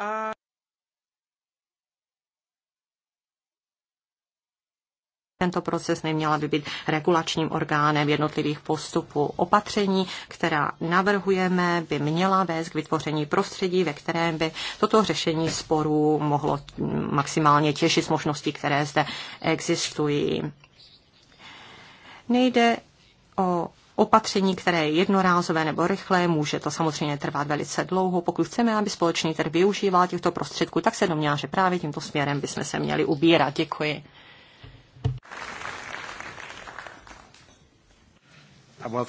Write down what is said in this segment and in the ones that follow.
a tento proces neměla by být regulačním orgánem jednotlivých postupů. Opatření, která navrhujeme, by měla vést k vytvoření prostředí, ve kterém by toto řešení sporů mohlo maximálně těšit z možností, které zde existují. Nejde o opatření, které je jednorázové nebo rychlé, může to samozřejmě trvat velice dlouho. Pokud chceme, aby společný trh využíval těchto prostředků, tak se domnívám, že právě tímto směrem bychom se měli ubírat. Děkuji. Uh,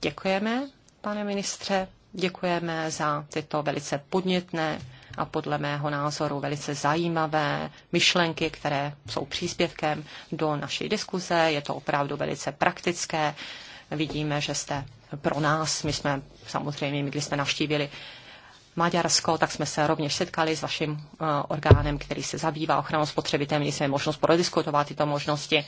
děkujeme, pane ministře, děkujeme za tyto velice podnětné a podle mého názoru velice zajímavé myšlenky, které jsou příspěvkem do naší diskuze. Je to opravdu velice praktické. Vidíme, že jste pro nás, my jsme samozřejmě, my když jsme navštívili Maďarsko, tak jsme se rovněž setkali s vaším eh, orgánem, který se zabývá ochranou spotřebitelů, měli jsme možnost prodiskutovat tyto možnosti.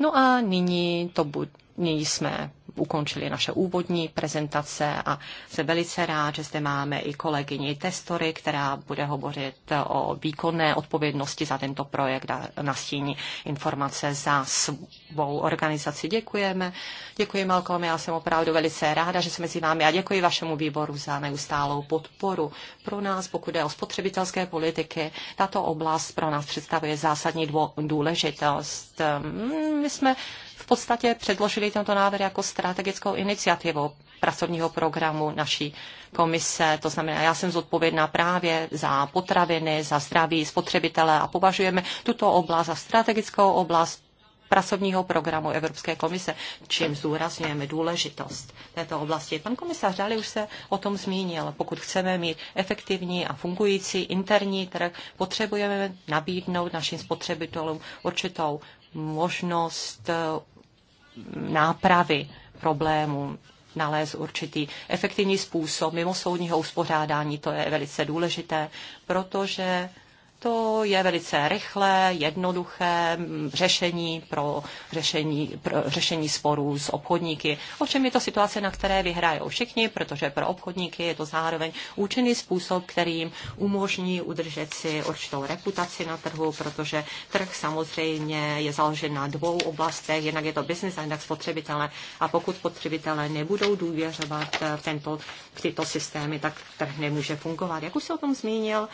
No a nyní, to bu- nyní jsme ukončili naše úvodní prezentace a jsem velice rád, že zde máme i kolegyni Testory, která bude hovořit o výkonné odpovědnosti za tento projekt a nastíní informace za svou organizaci. Děkujeme. Děkuji, Malcolm. Já jsem opravdu velice ráda, že jsme mezi vámi a děkuji vašemu výboru za neustálou podporu. Pro nás, pokud je o spotřebitelské politiky, tato oblast pro nás představuje zásadní důležitost. My jsme v podstatě předložili tento návrh jako strategickou iniciativu pracovního programu naší komise. To znamená, já jsem zodpovědná právě za potraviny, za zdraví spotřebitele a považujeme tuto oblast za strategickou oblast pracovního programu Evropské komise, čím zdůrazňujeme důležitost této oblasti. Pan komisař Dali už se o tom zmínil. Pokud chceme mít efektivní a fungující interní trh, potřebujeme nabídnout našim spotřebitelům určitou možnost eh, nápravy problémů, nalézt určitý efektivní způsob mimo soudního uspořádání. To je velice důležité, protože to je velice rychlé, jednoduché řešení pro řešení, pro řešení sporů s obchodníky. Ovšem je to situace, na které vyhrajou všichni, protože pro obchodníky je to zároveň účinný způsob, kterým umožní udržet si určitou reputaci na trhu, protože trh samozřejmě je založen na dvou oblastech, jednak je to business a jednak spotřebitele. A pokud spotřebitele nebudou důvěřovat v, eh, tento, v tyto systémy, tak trh nemůže fungovat. Jak už se o tom zmínil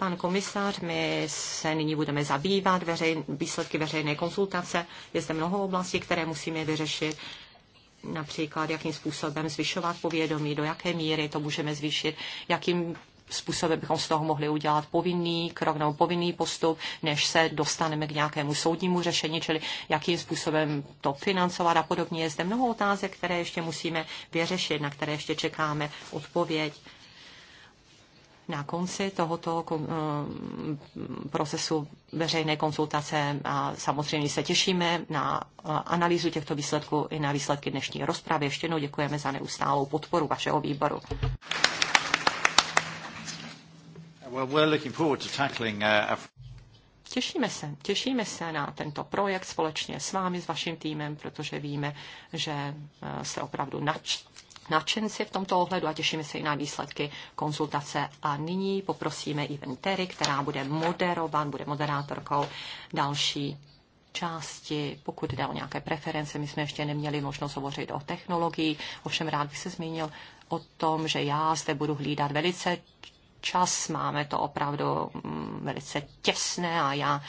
Pan komisář, my se nyní budeme zabývat veřej, výsledky veřejné konsultace. Je zde mnoho oblastí, které musíme vyřešit například jakým způsobem zvyšovat povědomí, do jaké míry to můžeme zvýšit, jakým způsobem bychom z toho mohli udělat povinný krok nebo povinný postup, než se dostaneme k nějakému soudnímu řešení, čili jakým způsobem to financovat a podobně. Je zde mnoho otázek, které ještě musíme vyřešit, na které ještě čekáme odpověď na konci tohoto eh, procesu veřejné konzultace a samozřejmě se těšíme na eh, analýzu těchto výsledků i na výsledky dnešní rozpravy. Ještě jednou děkujeme za neustálou podporu vašeho výboru. Uh, těšíme se, těšíme se na tento projekt společně s vámi, s vaším týmem, protože víme, že eh, jste opravdu nadšení nadšenci v tomto ohledu a těšíme se i na výsledky konzultace. A nyní poprosíme Ivan Terry, která bude moderovat, bude moderátorkou další části, pokud jde o nějaké preference, my jsme ještě neměli možnost hovořit o technologii, ovšem rád bych se zmínil o tom, že já zde budu hlídat velice čas, máme to opravdu mm, velice těsné a já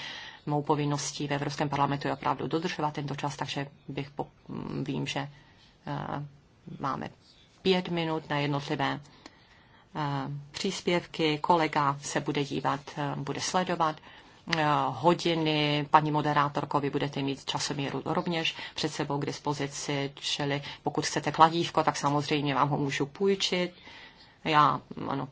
mou povinností ve Evropském parlamentu je opravdu dodržovat tento čas, takže bych po, mm, vím, že eh, máme pět minut na jednotlivé eh, příspěvky. Kolega se bude dívat, eh, bude sledovat eh, hodiny. Paní moderátorkovi budete mít časomíru rovněž před sebou k dispozici, čili pokud chcete kladívko, tak samozřejmě vám ho můžu půjčit. Já ano,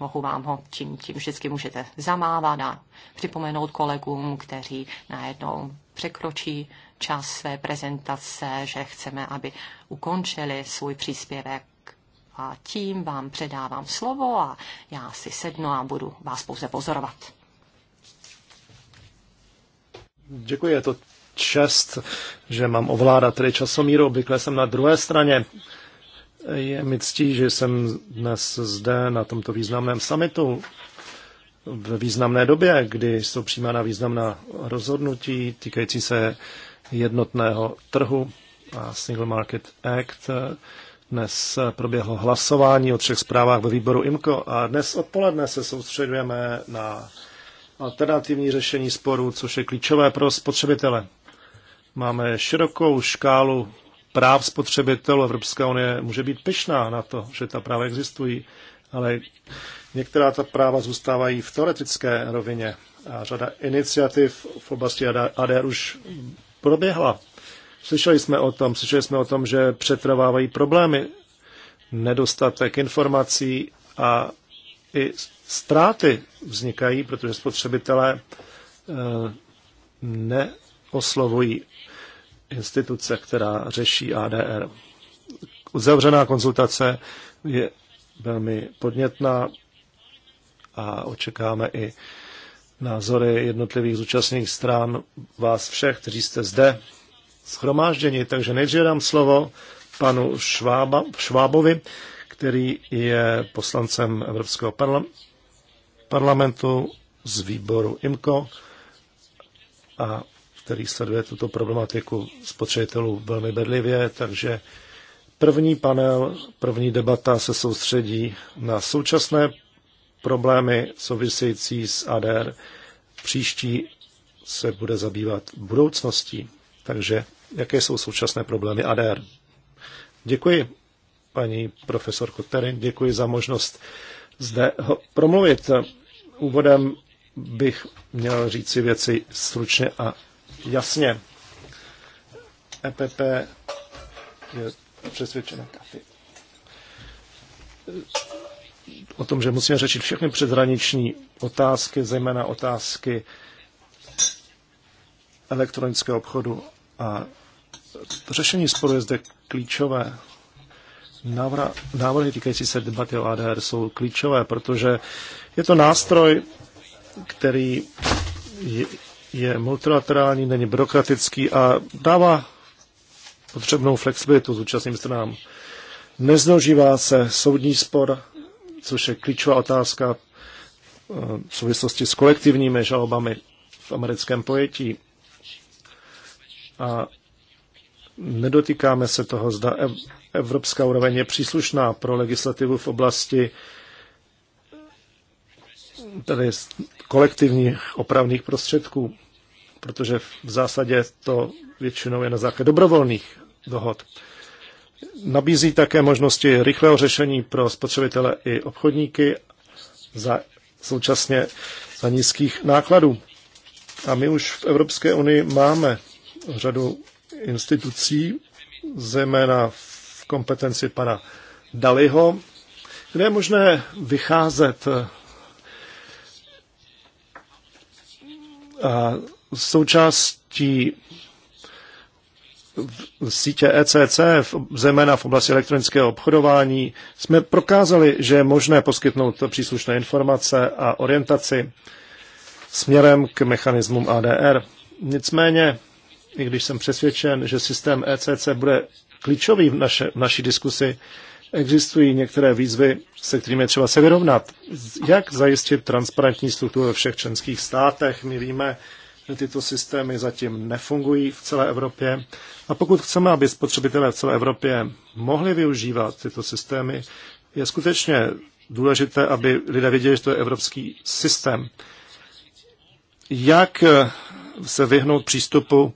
mohu vám ho tím, tím vždycky můžete zamávat a připomenout kolegům, kteří najednou překročí čas své prezentace, že chceme, aby ukončili svůj příspěvek a tím vám předávám slovo a já si sednu a budu vás pouze pozorovat. Děkuji, je to čest, že mám ovládat tedy časomíru. Obvykle jsem na druhé straně je mi ctí, že jsem dnes zde na tomto významném summitu v významné době, kdy jsou přijímána významná rozhodnutí týkající se jednotného trhu a Single Market Act. Dnes proběhlo hlasování o třech zprávách ve výboru IMCO a dnes odpoledne se soustředujeme na alternativní řešení sporů, což je klíčové pro spotřebitele. Máme širokou škálu práv spotřebitelů Evropská unie může být pyšná na to, že ta práva existují, ale některá ta práva zůstávají v teoretické rovině a řada iniciativ v oblasti ADR už proběhla. Slyšeli jsme o tom, slyšeli jsme o tom, že přetrvávají problémy, nedostatek informací a i ztráty vznikají, protože spotřebitelé eh, neoslovují instituce, která řeší ADR. Uzavřená konzultace je velmi podnětná a očekáme i názory jednotlivých zúčastněných stran vás všech, kteří jste zde schromážděni. Takže nejdříve dám slovo panu Švába, Švábovi, který je poslancem Evropského parla- parlamentu z výboru IMCO a který sleduje tuto problematiku spotřebitelů velmi bedlivě, takže první panel, první debata se soustředí na současné problémy související s ADR. Příští se bude zabývat budoucností. Takže jaké jsou současné problémy ADR? Děkuji, paní profesorko Terin, děkuji za možnost zde promluvit. Úvodem bych měl říci věci stručně a jasně. EPP je přesvědčena o tom, že musíme řešit všechny předhraniční otázky, zejména otázky elektronického obchodu a řešení sporu je zde klíčové. návrhy týkající se debaty o ADR jsou klíčové, protože je to nástroj, který je multilaterální, není byrokratický a dává potřebnou flexibilitu zúčastným stranám. Nezneužívá se soudní spor, což je klíčová otázka eh, v souvislosti s kolektivními žalobami v americkém pojetí. A nedotýkáme se toho, zda evropská úroveň je příslušná pro legislativu v oblasti tedy kolektivních opravných prostředků protože v zásadě to většinou je na základě dobrovolných dohod. Nabízí také možnosti rychlého řešení pro spotřebitele i obchodníky za současně za nízkých nákladů. A my už v Evropské unii máme řadu institucí, zejména v kompetenci pana Daliho, kde je možné vycházet a součástí v sítě ECC, zejména v oblasti elektronického obchodování, jsme prokázali, že je možné poskytnout příslušné informace a orientaci směrem k mechanismům ADR. Nicméně, i když jsem přesvědčen, že systém ECC bude klíčový v, naše, v naší diskusi, existují některé výzvy, se kterými je třeba se vyrovnat. Jak zajistit transparentní strukturu ve všech členských státech? My víme, že tyto systémy zatím nefungují v celé Evropě. A pokud chceme, aby spotřebitelé v celé Evropě mohli využívat tyto systémy, je skutečně důležité, aby lidé věděli, že to je evropský systém. Jak se vyhnout přístupu,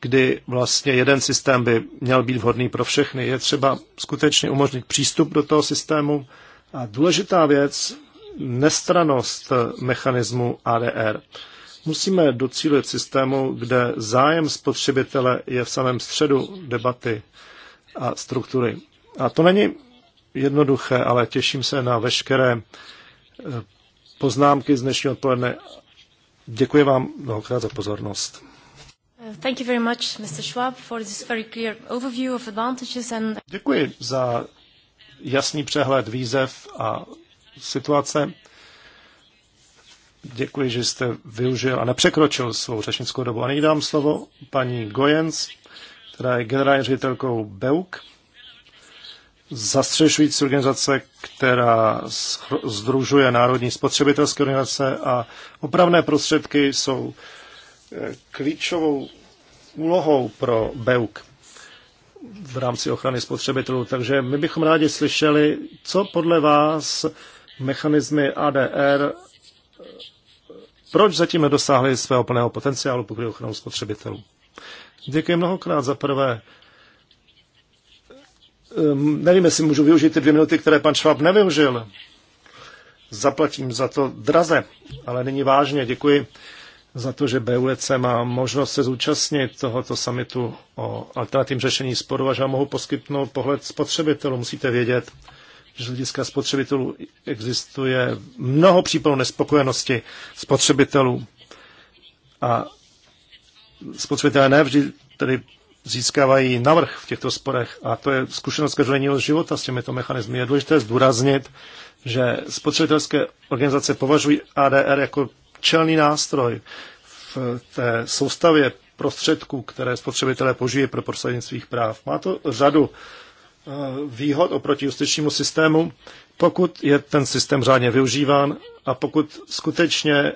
kdy vlastně jeden systém by měl být vhodný pro všechny. Je třeba skutečně umožnit přístup do toho systému. A důležitá věc, nestranost mechanismu ADR. Musíme docílit systému, kde zájem spotřebitele je v samém středu debaty a struktury. A to není jednoduché, ale těším se na veškeré eh, poznámky z dnešního odpoledne. Děkuji vám mnohokrát za pozornost. Uh, Děkuji za jasný přehled výzev a situace. Děkuji, že jste využil a nepřekročil svou řečnickou dobu. A nyní dám slovo paní Gojens, která je generální ředitelkou BEUK, zastřešující organizace, která združuje národní spotřebitelské organizace a opravné prostředky jsou eh, klíčovou úlohou pro BEUK v rámci ochrany spotřebitelů. Takže my bychom rádi slyšeli, co podle vás mechanizmy ADR proč zatím nedosáhli svého plného potenciálu, pokud je ochranu spotřebitelů. Děkuji mnohokrát za prvé. Um, nevím, jestli můžu využít ty dvě minuty, které pan Šváb nevyužil. Zaplatím za to draze, ale nyní vážně. Děkuji za to, že BULC má možnost se zúčastnit tohoto samitu o alternativním řešení sporu a že vám mohu poskytnout pohled spotřebitelů. Musíte vědět, z hlediska spotřebitelů existuje mnoho případů nespokojenosti spotřebitelů a spotřebitelé ne vždy tedy získávají navrh v těchto sporech a to je zkušenost každodenního života s těmito mechanizmy. Je důležité zdůraznit, že spotřebitelské organizace považují ADR jako čelný nástroj v té soustavě prostředků, které spotřebitelé požijí pro prosadení svých práv. Má to řadu Eh, výhod oproti justičnímu systému, pokud je ten systém řádně využíván a pokud skutečně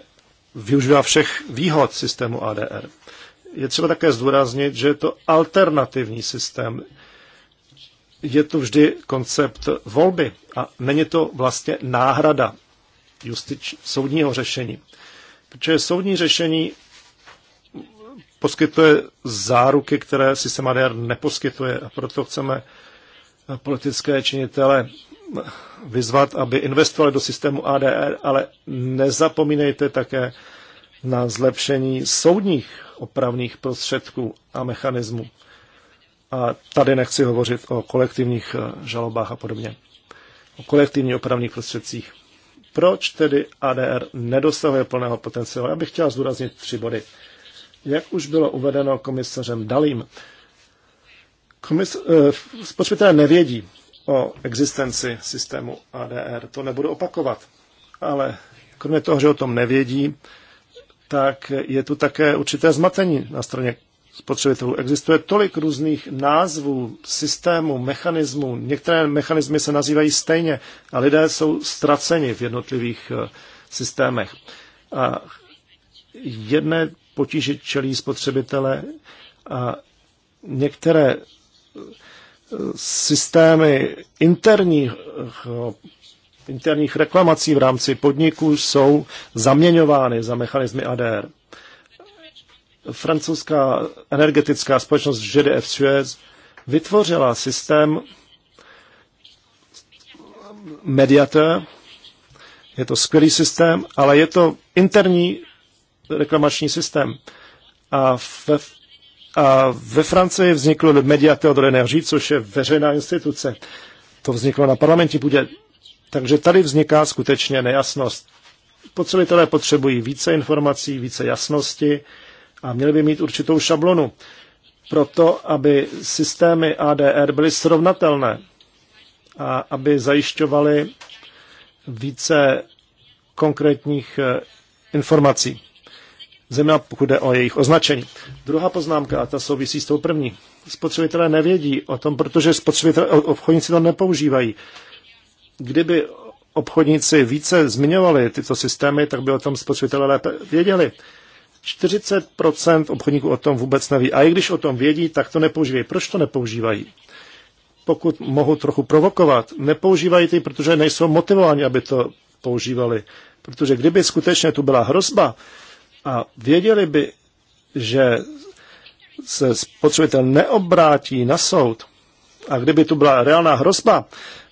využívá všech výhod systému ADR. Je třeba také zdůraznit, že je to alternativní systém. Je to vždy koncept volby a není to vlastně náhrada justič, soudního řešení. Protože soudní řešení poskytuje záruky, které systém ADR neposkytuje a proto chceme politické činitele vyzvat, aby investovali do systému ADR, ale nezapomínejte také na zlepšení soudních opravných prostředků a mechanismů. A tady nechci hovořit o kolektivních eh, žalobách a podobně. O kolektivních opravných prostředcích. Proč tedy ADR nedosahuje plného potenciálu? Já bych chtěl zdůraznit tři body. Jak už bylo uvedeno komisařem Dalím, Komis, eh, spotřebitelé nevědí o existenci systému ADR, to nebudu opakovat, ale kromě toho, že o tom nevědí, tak je tu také určité zmatení na straně spotřebitelů. Existuje tolik různých názvů, systémů, mechanismů. Některé mechanismy se nazývají stejně a lidé jsou ztraceni v jednotlivých eh, systémech. A jedné potíži čelí spotřebitele a některé systémy interních, interních reklamací v rámci podniků jsou zaměňovány za mechanizmy ADR. Francouzská energetická společnost GDF Suez vytvořila systém mediator. Je to skvělý systém, ale je to interní reklamační systém. A ve a ve Francii vznikl Media Theodore Energy, což je veřejná instituce. To vzniklo na parlamentní půdě. Takže tady vzniká skutečně nejasnost. Potřebitelé potřebují více informací, více jasnosti a měli by mít určitou šablonu pro to, aby systémy ADR byly srovnatelné a aby zajišťovaly více konkrétních eh, informací zejména pokud jde o jejich označení. Druhá poznámka, a ta souvisí s tou první. Spotřebitelé nevědí o tom, protože spotřebitelé, obchodníci to nepoužívají. Kdyby obchodníci více zmiňovali tyto systémy, tak by o tom spotřebitelé lépe věděli. 40% obchodníků o tom vůbec neví. A i když o tom vědí, tak to nepoužívají. Proč to nepoužívají? Pokud mohu trochu provokovat, nepoužívají ty, protože nejsou motivováni, aby to používali. Protože kdyby skutečně tu byla hrozba, a věděli by, že se spotřebitel neobrátí na soud, a kdyby tu byla reálná hrozba,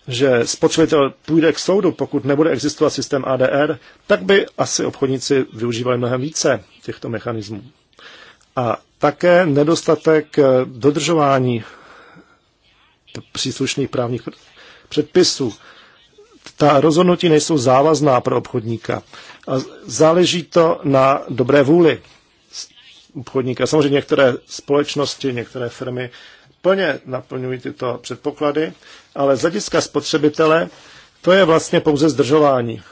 že spotřebitel půjde k soudu, pokud nebude existovat systém ADR, tak by asi obchodníci využívali mnohem více těchto mechanismů. A také nedostatek eh, dodržování příslušných právních předpisů ta rozhodnutí nejsou závazná pro obchodníka. A záleží to na dobré vůli obchodníka. Samozřejmě některé společnosti, některé firmy plně naplňují tyto předpoklady, ale z hlediska spotřebitele to je vlastně pouze zdržování.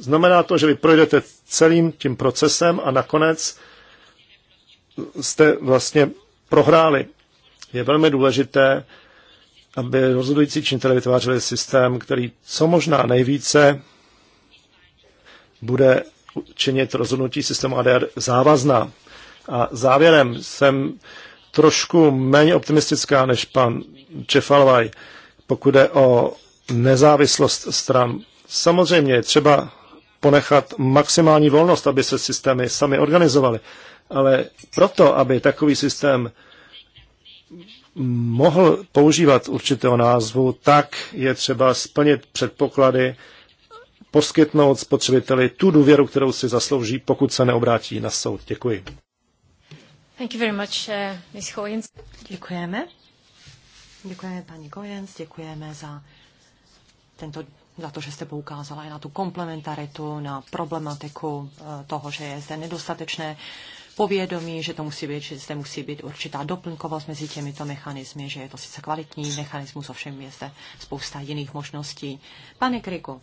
Znamená to, že vy projdete celým tím procesem a nakonec jste vlastně prohráli. Je velmi důležité, aby rozhodující činitelé vytvářeli systém, který co možná nejvíce bude činit rozhodnutí systému ADR závazná. A závěrem jsem trošku méně optimistická než pan Čefalvaj, pokud je o nezávislost stran. Samozřejmě je třeba ponechat maximální volnost, aby se systémy sami organizovaly, ale proto, aby takový systém mohl používat určitého názvu, tak je třeba splnit předpoklady, poskytnout spotřebiteli tu důvěru, kterou si zaslouží, pokud se neobrátí na soud. Děkuji. Thank you very much, uh, eh, Ms. Hoyens. Děkujeme. Děkujeme paní Goyens, děkujeme za, tento, za to, že jste poukázala i na tu komplementaritu, na problematiku eh, toho, že je zde nedostatečné uh, povědomí, že to musí být, že zde musí být určitá doplňkovost mezi těmito mechanismy, že je to sice kvalitní mechanismus, ovšem je zde spousta jiných možností. Pane Kriku,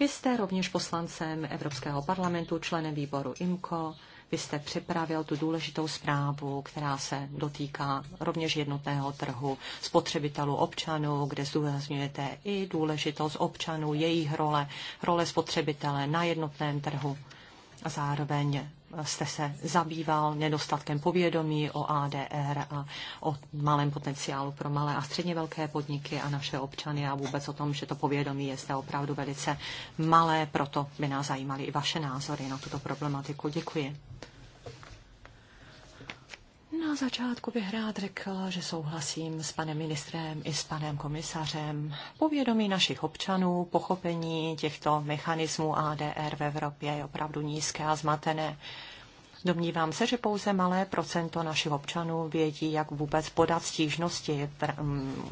vy jste rovněž poslancem Evropského parlamentu, členem výboru IMCO, vy jste připravil tu důležitou zprávu, která se dotýká rovněž jednotného trhu spotřebitelů občanů, kde zdůrazňujete i důležitost občanů, jejich role, role spotřebitele na jednotném trhu a zároveň jste se zabýval nedostatkem povědomí o ADR a o malém potenciálu pro malé a středně velké podniky a naše občany a vůbec o tom, že to povědomí je zde opravdu velice malé, proto by nás zajímaly i vaše názory na tuto problematiku. Děkuji. Na začátku bych rád řekl, že souhlasím s panem ministrem i s panem komisařem. Povědomí našich občanů, pochopení těchto mechanismů ADR v Evropě je opravdu nízké a zmatené. Domnívám se, že pouze malé procento našich občanů vědí, jak vůbec podat stížnosti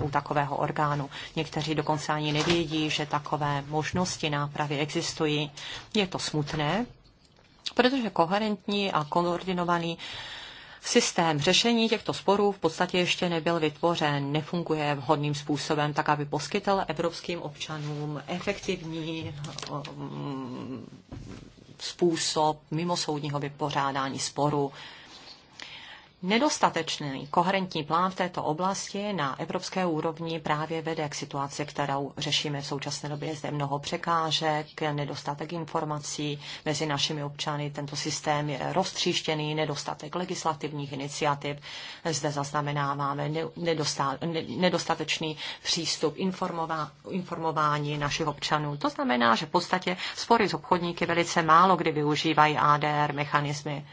u takového orgánu. Někteří dokonce ani nevědí, že takové možnosti nápravy existují. Je to smutné, protože koherentní a koordinovaný uh, systém řešení těchto sporů v podstatě ještě nebyl vytvořen, nefunguje vhodným způsobem, tak aby poskytl evropským občanům efektivní um, způsob způsob mimosoudního vypořádání sporu nedostatečný koherentní plán v této oblasti na evropské úrovni právě vede k situaci, kterou řešíme v současné době. Je zde mnoho překážek, nedostatek informací mezi našimi občany. Tento systém je roztříštěný, nedostatek legislativních iniciativ. Zde zaznamenáváme nedostatečný přístup informová, informování našich občanů. To znamená, že v podstatě spory s obchodníky velice málo kdy využívají ADR mechanizmy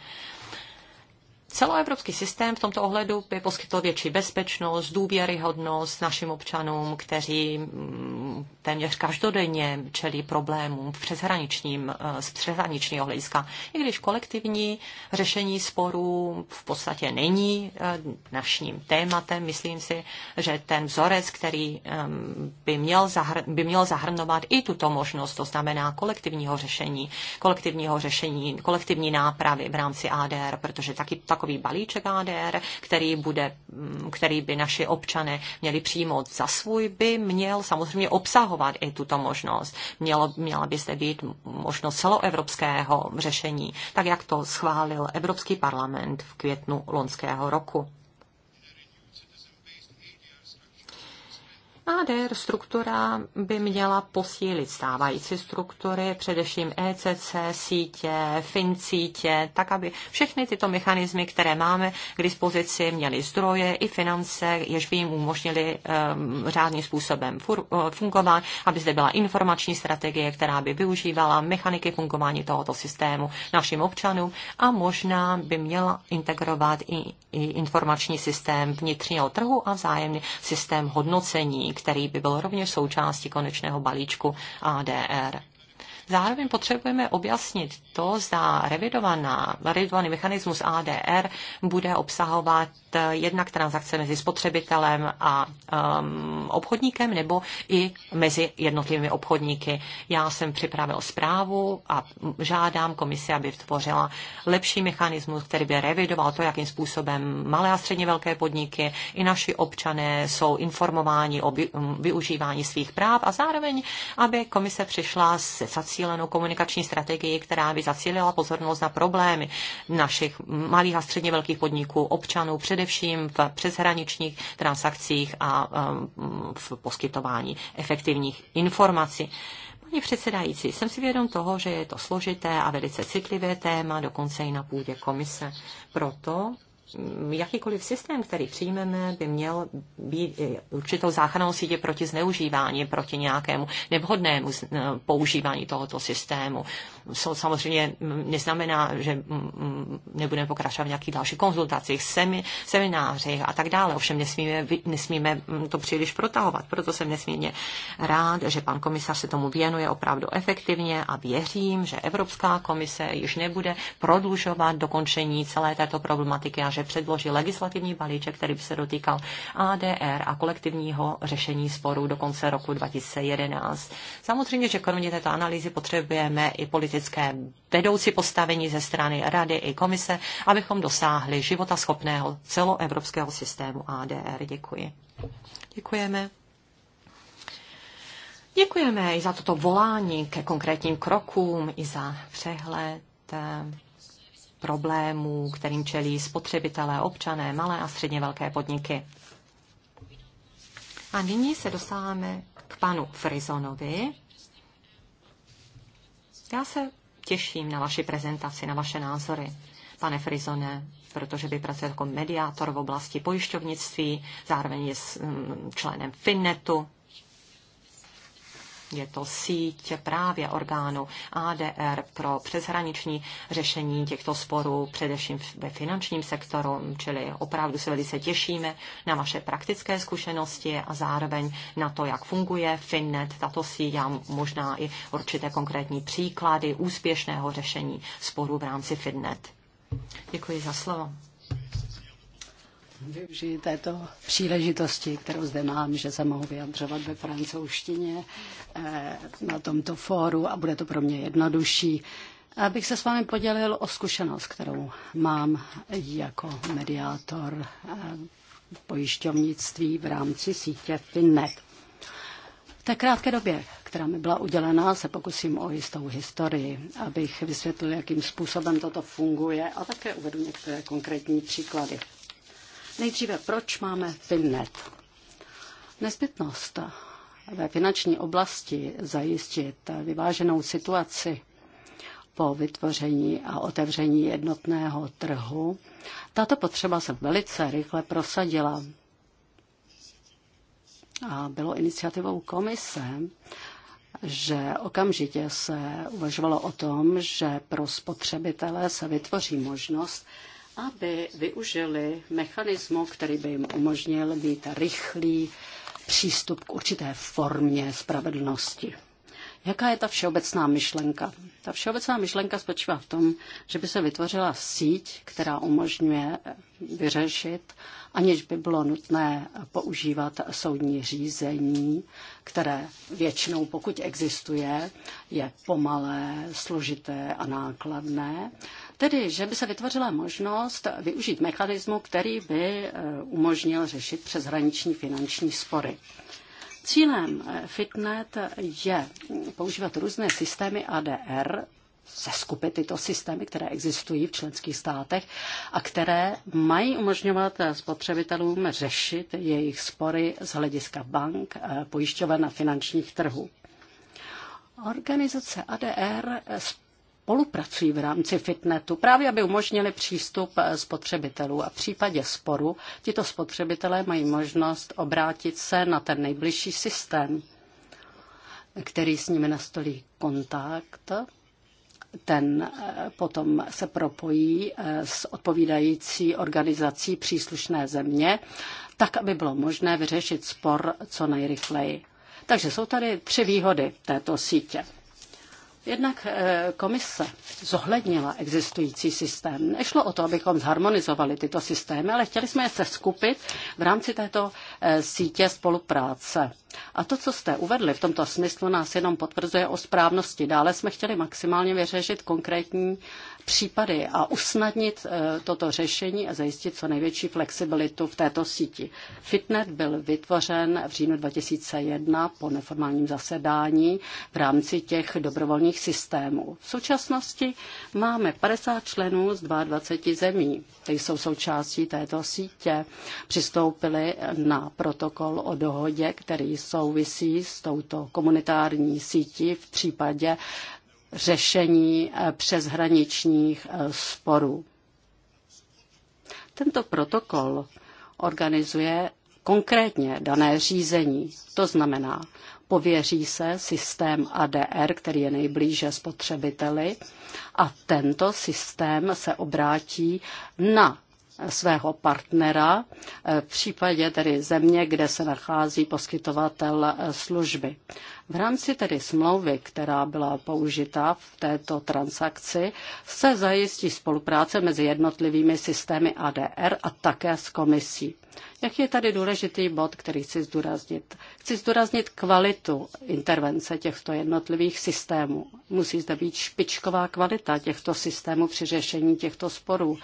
celoevropský systém v tomto ohledu by poskytl větší bezpečnost, důvěryhodnost našim občanům, kteří mm, téměř každodenně čelí problémům v přeshraničním, eh, z přeshraničního hlediska. I když kolektivní řešení sporů v podstatě není eh, naším tématem, myslím si, že ten vzorec, který ehm, by měl, zahr- by měl zahrnovat i tuto možnost, to znamená kolektivního řešení, kolektivního řešení, kolektivní nápravy v rámci ADR, protože taky tak takový balíček ADR, který, bude, mm, který by naši občané měli přijmout za svůj, by měl samozřejmě obsahovat i tuto možnost. Mělo, měla by zde být možnost celoevropského řešení, tak jak to schválil Evropský parlament v květnu loňského roku. ADR struktura by měla posílit stávající struktury, především ECC, sítě, fin sítě, tak aby všechny tyto mechanismy, které máme k dispozici, měly zdroje i finance, jež by jim umožnili um, ehm, řádným způsobem fur, uh, fungovat, aby zde byla informační strategie, která by využívala mechaniky fungování tohoto systému našim občanům a možná by měla integrovat i, i informační systém vnitřního trhu a vzájemný systém hodnocení který by byl rovněž součástí konečného balíčku ADR. Zároveň potřebujeme objasnit to, zda revidovaná, revidovaný mechanismus ADR bude obsahovat eh, jednak transakce mezi spotřebitelem a um, obchodníkem nebo i mezi jednotlivými obchodníky. Já jsem připravil zprávu a žádám komisi, aby vytvořila lepší mechanismus, který by revidoval to, jakým způsobem malé a středně velké podniky i naši občané jsou informováni o využívání svých práv a zároveň, aby komise přišla se sací cílenou komunikační strategii, která by zacílila pozornost na problémy našich malých a středně velkých podniků, občanů, především v přeshraničních transakcích a um, v poskytování efektivních informací. Pani předsedající, jsem si vědom toho, že je to složité a velice citlivé téma, dokonce i na půdě komise. Proto jakýkoliv systém, který přijmeme, by měl být určitou záchranou sítě proti zneužívání, proti nějakému nevhodnému eh, používání tohoto systému. Samozřejmě neznamená, že mm, mm, nebudeme pokračovat v nějakých dalších konzultacích, seminářích a tak dále. Ovšem nesmíme, nesmíme mm, to příliš protahovat. Proto jsem nesmírně rád, že pan komisař se tomu věnuje opravdu efektivně a věřím, že Evropská komise již nebude prodlužovat dokončení celé této problematiky a že že předloží legislativní balíček, který by se dotýkal ADR a kolektivního řešení sporů do konce roku 2011. Samozřejmě, že kromě této analýzy potřebujeme i politické vedoucí postavení ze strany Rady i komise, abychom dosáhli životaschopného celoevropského systému ADR. Děkuji. Děkujeme. Děkujeme i za toto volání ke konkrétním krokům, i za přehled eh, problémů, kterým čelí spotřebitelé, občané, malé a středně velké podniky. A nyní se dostáváme k panu Frizonovi. Já se těším na vaši prezentaci, na vaše názory, pane Frizone, protože vy pracujete jako mediátor v oblasti pojišťovnictví, zároveň je mm, členem Finnetu, je to síť právě orgánu ADR pro přeshraniční řešení těchto sporů, především ve finančním sektoru, čili opravdu se velice těšíme na vaše praktické zkušenosti a zároveň na to, jak funguje Finnet, tato síť a možná i určité konkrétní příklady úspěšného řešení sporů v rámci Finnet. Děkuji za slovo využiji této příležitosti, kterou zde mám, že se mohu vyjadřovat ve francouzštině eh, na tomto fóru a bude to pro mě jednodušší. Abych se s vámi podělil o zkušenost, kterou mám jako mediátor eh, pojišťovnictví v rámci sítě Finnet. V té krátké době, která mi byla udělená, se pokusím o jistou historii, abych vysvětlil, jakým způsobem toto funguje a také uvedu některé konkrétní příklady. Nejdříve, proč máme FinNet? Nezbytnost ve finanční oblasti zajistit vyváženou situaci po vytvoření a otevření jednotného trhu. Tato potřeba se velice rychle prosadila a bylo iniciativou komise, že okamžitě se uvažovalo o tom, že pro spotřebitele se vytvoří možnost aby využili mechanismu, který by jim umožnil mít rychlý přístup k určité formě spravedlnosti. Jaká je ta všeobecná myšlenka? Ta všeobecná myšlenka spočívá v tom, že by se vytvořila síť, která umožňuje vyřešit, aniž by bylo nutné používat soudní řízení, které většinou, pokud existuje, je pomalé, složité a nákladné. Tedy, že by se vytvořila možnost využít mechanismu, který by eh, umožnil řešit přeshraniční finanční spory. Cílem eh, FitNet je používat různé systémy ADR, seskupit tyto systémy, které existují v členských státech a které mají umožňovat eh, spotřebitelům řešit jejich spory z hlediska bank, pojišťoven a finančních trhů. Organizace ADR spolupracují v rámci fitnetu, právě aby umožnili přístup eh, spotřebitelů a v případě sporu tito spotřebitelé mají možnost obrátit se na ten nejbližší systém, který s nimi nastolí kontakt ten eh, potom se propojí eh, s odpovídající organizací příslušné země, tak, aby bylo možné vyřešit spor co nejrychleji. Takže jsou tady tři výhody této sítě. Jednak eh, komise zohlednila existující systém. Nešlo o to, abychom zharmonizovali tyto systémy, ale chtěli jsme je se skupit v rámci této eh, sítě spolupráce. A to, co jste uvedli v tomto smyslu, nás jenom potvrzuje o správnosti. Dále jsme chtěli maximálně vyřešit konkrétní případy a usnadnit eh, toto řešení a zajistit co největší flexibilitu v této síti. Fitnet byl vytvořen v říjnu 2001 po neformálním zasedání v rámci těch dobrovolných systémů. V současnosti máme 50 členů z 22 zemí, kteří jsou součástí této sítě. Přistoupili na protokol o dohodě, který souvisí s touto komunitární sítí v případě řešení eh, přeshraničních eh, sporů. Tento protokol organizuje konkrétně dané řízení. To znamená, pověří se systém ADR, který je nejblíže spotřebiteli, a tento systém se obrátí na svého partnera eh, v případě tedy země, kde se nachází poskytovatel eh, služby. V rámci tedy smlouvy, která byla použita v této transakci, se zajistí spolupráce mezi jednotlivými systémy ADR a také s komisí. Jak je tady důležitý bod, který chci zdůraznit? Chci zdůraznit kvalitu intervence těchto jednotlivých systémů. Musí zde být špičková kvalita těchto systémů při řešení těchto sporů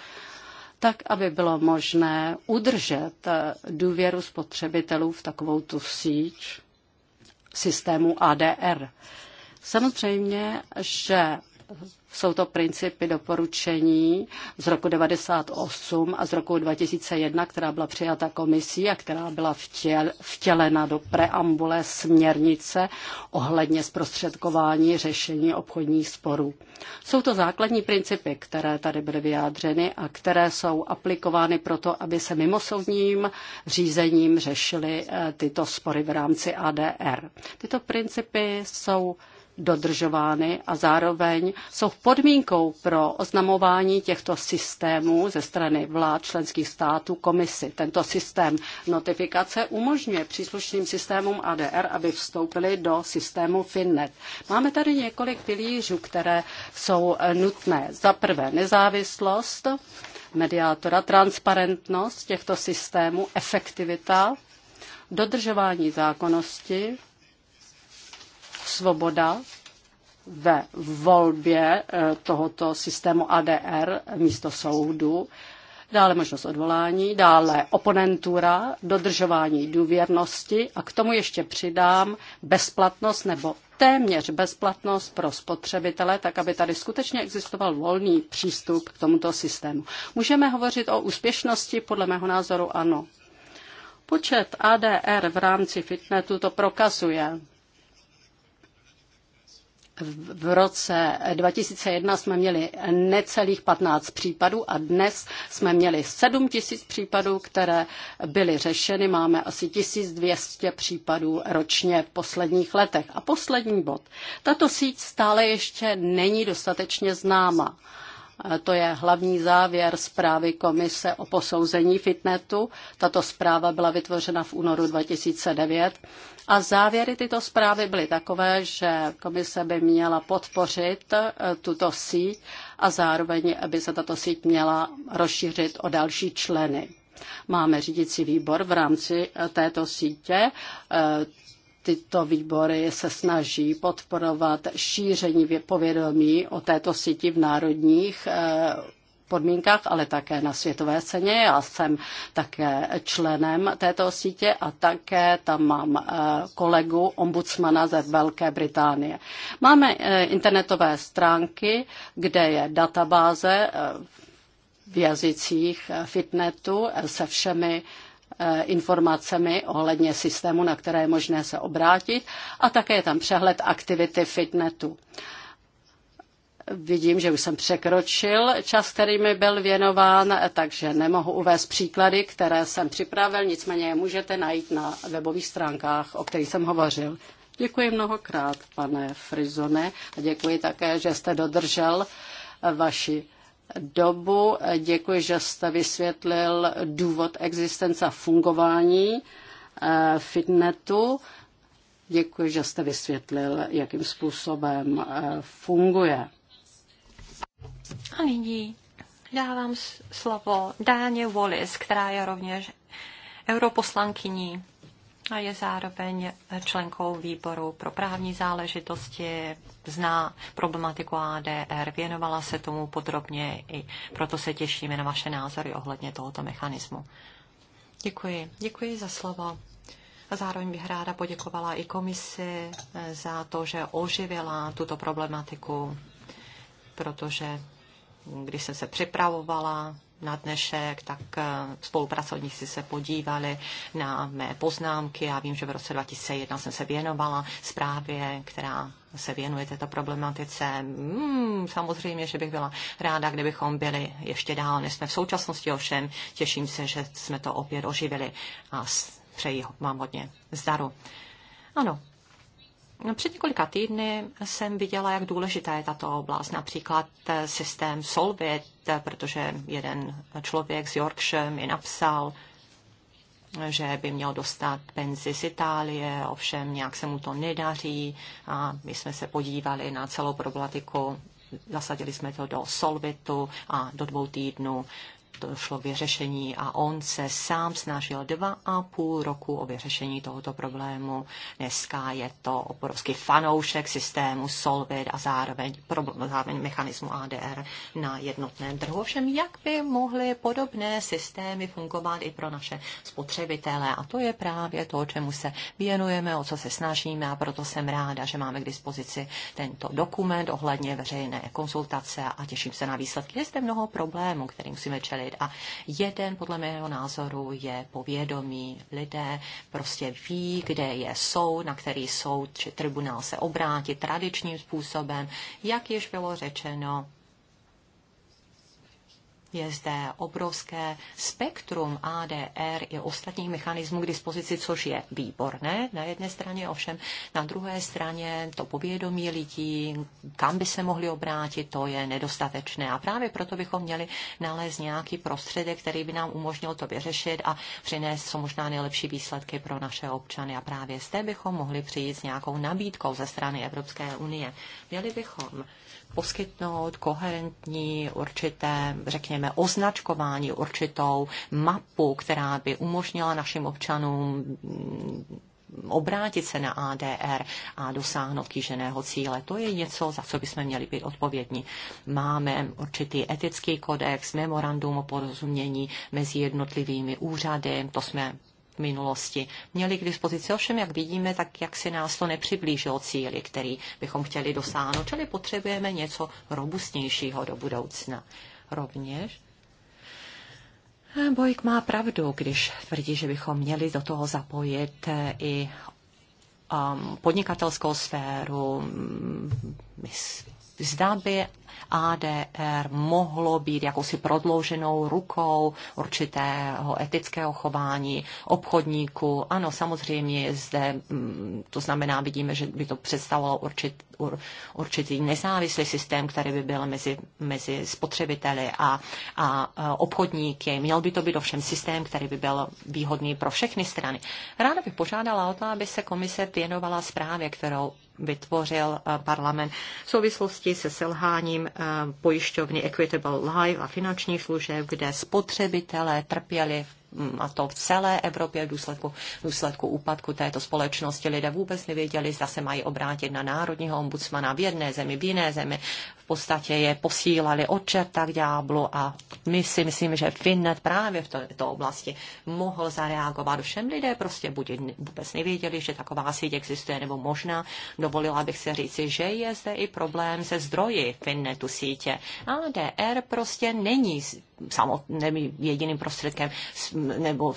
tak aby bylo možné udržet eh, důvěru spotřebitelů v takovou tu síť systému ADR. Samozřejmě, že jsou to principy doporučení z roku 1998 a z roku 2001, která byla přijata komisí a která byla vtěl, vtělena do preambule směrnice ohledně zprostředkování řešení obchodních sporů. Jsou to základní principy, které tady byly vyjádřeny a které jsou aplikovány proto, aby se mimosoudním řízením řešily eh, tyto spory v rámci ADR. Tyto principy jsou dodržovány a zároveň jsou podmínkou pro oznamování těchto systémů ze strany vlád členských států komisy. Tento systém notifikace umožňuje příslušným systémům ADR, aby vstoupili do systému FINNET. Máme tady několik pilířů, které jsou nutné. Za prvé nezávislost mediátora, transparentnost těchto systémů, efektivita, dodržování zákonnosti, svoboda ve volbě eh, tohoto systému ADR místo soudu, dále možnost odvolání, dále oponentura, dodržování důvěrnosti a k tomu ještě přidám bezplatnost nebo téměř bezplatnost pro spotřebitele, tak aby tady skutečně existoval volný přístup k tomuto systému. Můžeme hovořit o úspěšnosti? Podle mého názoru ano. Počet ADR v rámci fitnetu to prokazuje v roce 2001 jsme měli necelých 15 případů a dnes jsme měli 7 tisíc případů, které byly řešeny. Máme asi 1200 případů ročně v posledních letech. A poslední bod. Tato síť stále ještě není dostatečně známa. To je hlavní závěr zprávy Komise o posouzení fitnetu. Tato zpráva byla vytvořena v únoru 2009. A závěry tyto zprávy byly takové, že komise by měla podpořit e, tuto síť a zároveň by se tato síť měla rozšířit o další členy. Máme řídící výbor v rámci e, této sítě. E, tyto výbory se snaží podporovat šíření povědomí o této síti v národních eh, podmínkách, ale také na světové ceně. Já jsem také členem této sítě a také tam mám eh, kolegu ombudsmana ze Velké Británie. Máme eh, internetové stránky, kde je databáze v jazycích fitnetu se všemi Eh, informacemi ohledně systému, na které je možné se obrátit a také je tam přehled aktivity fitnetu. Vidím, že už jsem překročil čas, který mi byl věnován, takže nemohu uvést příklady, které jsem připravil, nicméně je můžete najít na webových stránkách, o kterých jsem hovořil. Děkuji mnohokrát, pane Frizone, a děkuji také, že jste dodržel vaši dobu. Děkuji, že jste vysvětlil důvod existence a fungování eh, fitnetu. Děkuji, že jste vysvětlil, jakým způsobem eh, funguje. A nyní dávám slovo Dáně Wallis, která je rovněž europoslankyní a je zároveň členkou výboru pro právní záležitosti, zná problematiku ADR, věnovala se tomu podrobně i proto se těšíme na vaše názory ohledně tohoto mechanismu. Děkuji. Děkuji za slovo. A zároveň bych ráda poděkovala i komisi eh, za to, že oživila tuto problematiku, protože mm, když jsem se připravovala na dnešek, tak eh, spolupracovníci se podívali na mé poznámky. Já vím, že v roce 2001 jsem se věnovala zprávě, která se věnuje této problematice. Hmm, samozřejmě, že bych byla ráda, kdybychom byli ještě dál, než jsme v současnosti ovšem. Těším se, že jsme to opět oživili a přeji vám hodně zdaru. Ano, před několika týdny jsem viděla, jak důležitá je tato oblast, například eh, systém Solvit, eh, protože jeden člověk z Yorkshire mi napsal, že by měl dostat penzi z Itálie, ovšem nějak se mu to nedaří a my jsme se podívali na celou problematiku, zasadili jsme to do Solvitu a do dvou týdnů došlo k vyřešení a on se sám snažil dva a půl roku o vyřešení tohoto problému. Dneska je to obrovský fanoušek systému Solvit a zároveň, problém, zároveň mechanismu ADR na jednotném trhu. Ovšem, jak by mohly podobné systémy fungovat i pro naše spotřebitele? A to je právě to, čemu se věnujeme, o co se snažíme a proto jsem ráda, že máme k dispozici tento dokument ohledně veřejné konsultace a těším se na výsledky. Je zde mnoho problémů, které musíme čelit mluvit. A jeden, podle mého názoru, je povědomí. Lidé prostě ví, kde je soud, na který soud či tribunál se obrátí tradičním způsobem, jak již bylo řečeno, je zde obrovské spektrum ADR i ostatních mechanismů k dispozici, což je výborné na jedné straně, ovšem na druhé straně to povědomí lidí, kam by se mohli obrátit, to je nedostatečné. A právě proto bychom měli nalézt nějaký prostředek, který by nám umožnil to vyřešit a přinést co možná nejlepší výsledky pro naše občany. A právě zde bychom mohli přijít s nějakou nabídkou ze strany Evropské unie. Měli bychom poskytnout koherentní určité, řekněme, označkování, určitou mapu, která by umožnila našim občanům obrátit se na ADR a dosáhnout kýženého cíle. To je něco, za co bychom měli být odpovědní. Máme určitý etický kodex, memorandum o porozumění mezi jednotlivými úřady, to jsme minulosti měli k dispozici. Ovšem, jak vidíme, tak jak si nás to nepřiblížilo cíli, který bychom chtěli dosáhnout, čili potřebujeme něco robustnějšího do budoucna. Rovněž Bojk má pravdu, když tvrdí, že bychom měli do toho zapojit eh, i um, podnikatelskou sféru. Mm, zda by ADR mohlo být jakousi prodlouženou rukou určitého etického chování obchodníků. Ano, samozřejmě zde, mm, to znamená, vidíme, že by to představovalo určit, ur, určitý nezávislý systém, který by byl mezi, mezi spotřebiteli a, a e, obchodníky. Měl by to být ovšem systém, který by byl výhodný pro všechny strany. Ráda bych požádala o to, aby se komise věnovala zprávě, kterou vytvořil eh, parlament v souvislosti se selháním eh, pojišťovny Equitable Life a finančních služeb, kde spotřebitelé trpěli mm, a to v celé Evropě v důsledku, v důsledku úpadku této společnosti. Lidé vůbec nevěděli, zda se mají obrátit na národního ombudsmana v jedné zemi, v jiné zemi podstatě je posílali od čerta k ďáblu a my si myslíme, že Finnet právě v této oblasti mohl zareagovat. Všem lidé prostě buď vůbec nevěděli, že taková síť existuje, nebo možná dovolila bych se říci, že je zde i problém se zdroji Finnetu sítě. ADR prostě není samotným jediným prostředkem nebo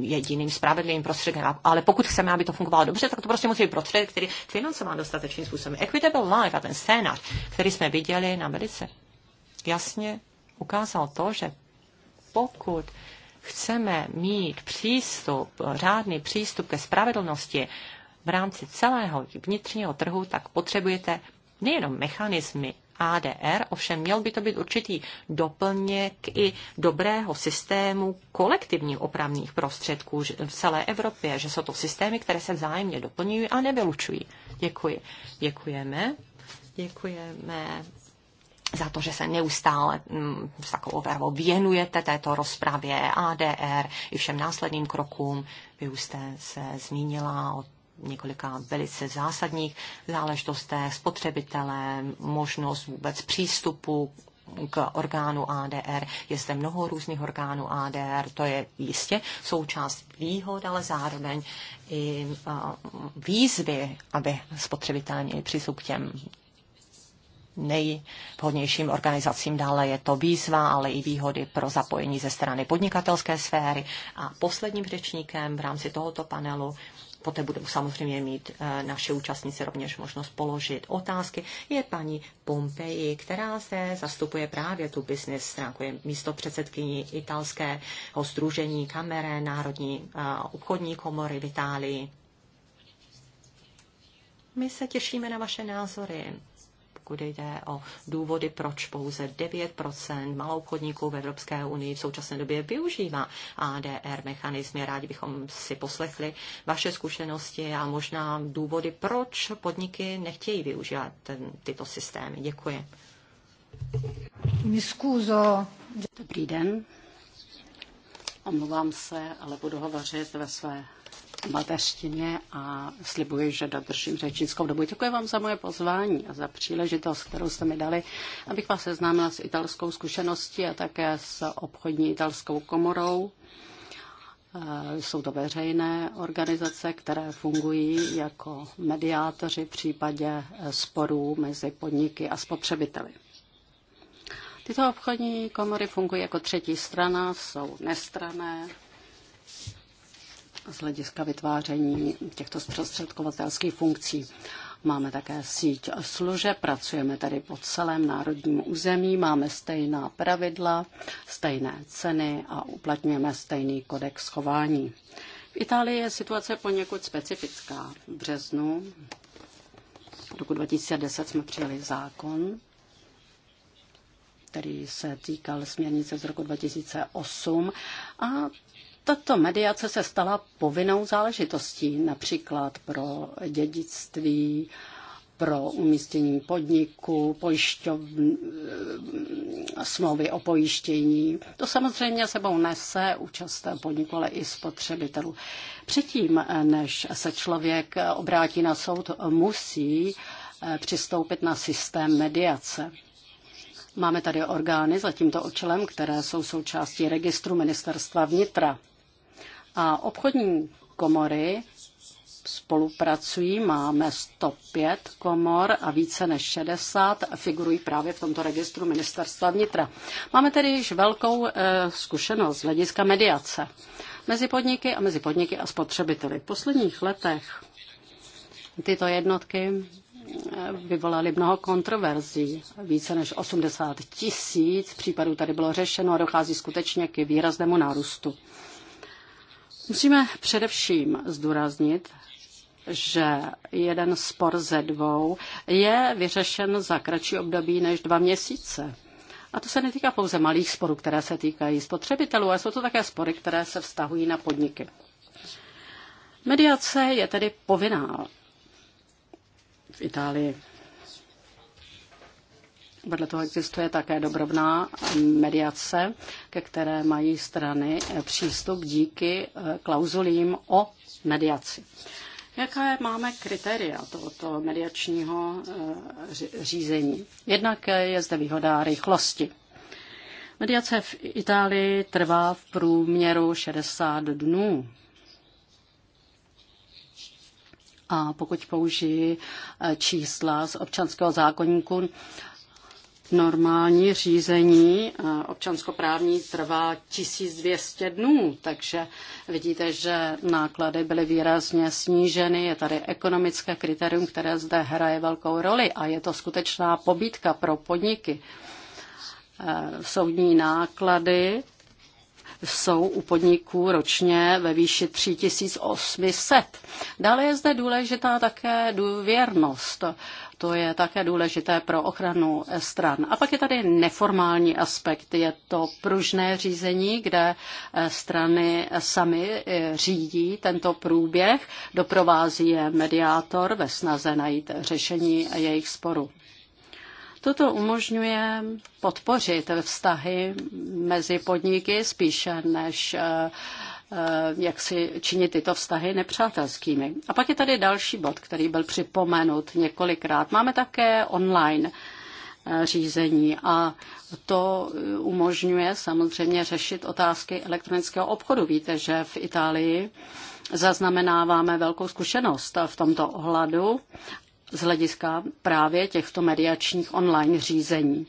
jediným spravedlivým prostředkem. Ale pokud chceme, aby to fungovalo dobře, tak to prostě musí být prostředek, který financován dostatečným způsobem. Equitable Life a ten scénář, který jsme viděli na velice jasně ukázal to, že pokud chceme mít přístup, řádný přístup ke spravedlnosti v rámci celého vnitřního trhu, tak potřebujete nejenom mechanismy ADR, ovšem měl by to být určitý doplněk i dobrého systému kolektivních opravných prostředků v celé Evropě, že jsou to systémy, které se vzájemně doplňují a nevylučují. Děkuji. Děkujeme. Děkujeme za to, že se neustále m, mm, s takovou vervou věnujete této rozpravě ADR i všem následným krokům. Vy už jste se zmínila o několika velice zásadních záležitostech, spotřebitele, možnost vůbec přístupu k orgánu ADR. Je zde mnoho různých orgánů ADR, to je jistě součást výhod, ale zároveň i výzvy, aby spotřebitelé měli přístup k těm nejvhodnějším organizacím. Dále je to výzva, ale i výhody pro zapojení ze strany podnikatelské sféry. A posledním řečníkem v rámci tohoto panelu poté budou samozřejmě mít eh, naše účastníci rovněž možnost položit otázky, je paní Pompeji, která se zastupuje právě tu business stránku, je místo předsedkyní italského združení Kamere, Národní eh, obchodní komory v Itálii. My se těšíme na vaše názory, pokud jde o důvody, proč pouze 9% malou podniků v Evropské unii v současné době využívá ADR mechanizmy. Rádi bychom si poslechli vaše zkušenosti a možná důvody, proč podniky nechtějí využívat ten, tyto systémy. Děkuji. Mi Dobrý den. Omlouvám se, ale budu hovořit ve své mateřštině a slibuji, že dodržím řečnickou dobu. Děkuji vám za moje pozvání a za příležitost, kterou jste mi dali, abych vás seznámila s italskou zkušeností a také s obchodní italskou komorou. Eh, jsou to veřejné organizace, které fungují jako mediátoři v případě eh, sporů mezi podniky a spotřebiteli. Tyto obchodní komory fungují jako třetí strana, jsou nestrané z hlediska vytváření těchto zprostředkovatelských funkcí. Máme také síť služeb, pracujeme tady po celém národním území, máme stejná pravidla, stejné ceny a uplatňujeme stejný kodex chování. V Itálii je situace poněkud specifická. V březnu roku 2010 jsme přijali zákon, který se týkal směrnice z roku 2008 a tato mediace se stala povinnou záležitostí, například pro dědictví, pro umístění podniku, pojišťov, eh, smlouvy o pojištění. To samozřejmě sebou nese účast podniku, ale i spotřebitelů. Předtím, než se člověk obrátí na soud, musí eh, přistoupit na systém mediace. Máme tady orgány za tímto očelem, které jsou součástí registru ministerstva vnitra. A obchodní komory spolupracují, máme 105 komor a více než 60 figurují právě v tomto registru ministerstva vnitra. Máme tedy již velkou e, zkušenost z hlediska mediace mezi podniky a mezi podniky a spotřebiteli. V posledních letech tyto jednotky vyvolaly mnoho kontroverzí. Více než 80 tisíc případů tady bylo řešeno a dochází skutečně k výraznému nárůstu. Musíme především zdůraznit, že jeden spor ze dvou je vyřešen za kratší období než dva měsíce. A to se netýká pouze malých sporů, které se týkají spotřebitelů, ale jsou to také spory, které se vztahují na podniky. Mediace je tedy povinná v Itálii. Vedle toho existuje také dobrovná mediace, ke které mají strany přístup díky eh, klauzulím o mediaci. Jaké máme kritéria tohoto mediačního eh, řízení? Jednak eh, je zde výhoda rychlosti. Mediace v Itálii trvá v průměru 60 dnů. A pokud použiji eh, čísla z občanského zákonníku, normální řízení eh, občanskoprávní trvá 1200 dnů, takže vidíte, že náklady byly výrazně sníženy. Je tady ekonomické kritérium, které zde hraje velkou roli a je to skutečná pobídka pro podniky. Eh, soudní náklady jsou u podniků ročně ve výši 3800. Dále je zde důležitá také důvěrnost. To je také důležité pro ochranu stran. A pak je tady neformální aspekt. Je to pružné řízení, kde eh, strany eh, sami eh, řídí tento průběh, doprovází je mediátor ve snaze najít řešení jejich sporu. Toto umožňuje podpořit vztahy mezi podniky spíše než eh, eh, jak si činit tyto vztahy nepřátelskými. A pak je tady další bod, který byl připomenut několikrát. Máme také online eh, řízení a to umožňuje samozřejmě řešit otázky elektronického obchodu. Víte, že v Itálii zaznamenáváme velkou zkušenost v tomto ohledu z hlediska právě těchto mediačních online řízení.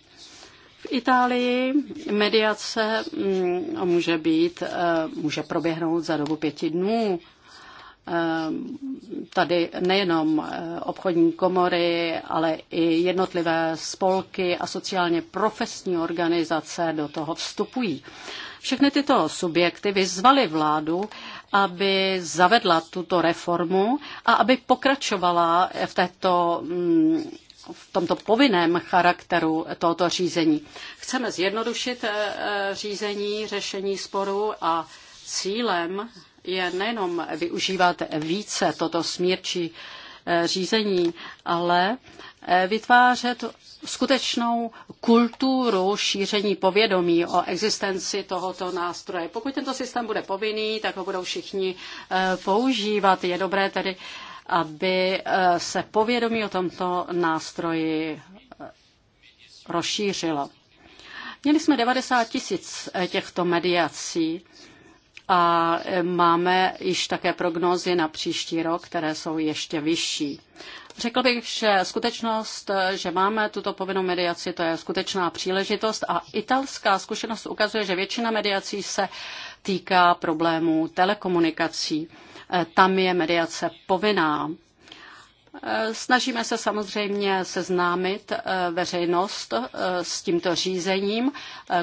V Itálii mediace mm, může být, eh, může proběhnout za dobu pěti dnů. Eh, tady nejenom eh, obchodní komory, ale i jednotlivé spolky a sociálně profesní organizace do toho vstupují. Všechny tyto subjekty vyzvaly vládu, aby zavedla tuto reformu a aby pokračovala v této mm, v tomto povinném charakteru tohoto řízení. Chceme zjednodušit eh, eh, řízení, řešení sporů a cílem je nejenom využívat více toto smírčí eh, řízení, ale Eh, vytvářet skutečnou kulturu šíření povědomí o existenci tohoto nástroje. Pokud tento systém bude povinný, tak ho budou všichni eh, používat. Je dobré tedy, aby eh, se povědomí o tomto nástroji rozšířilo. Měli jsme 90 tisíc těchto mediací a máme již také prognózy na příští rok, které jsou ještě vyšší. Řekl bych, že skutečnost, že máme tuto povinnou mediaci, to je skutečná příležitost a italská zkušenost ukazuje, že většina mediací se týká problémů telekomunikací. Eh, tam je mediace povinná. Eh, snažíme se samozřejmě seznámit eh, veřejnost s tímto řízením.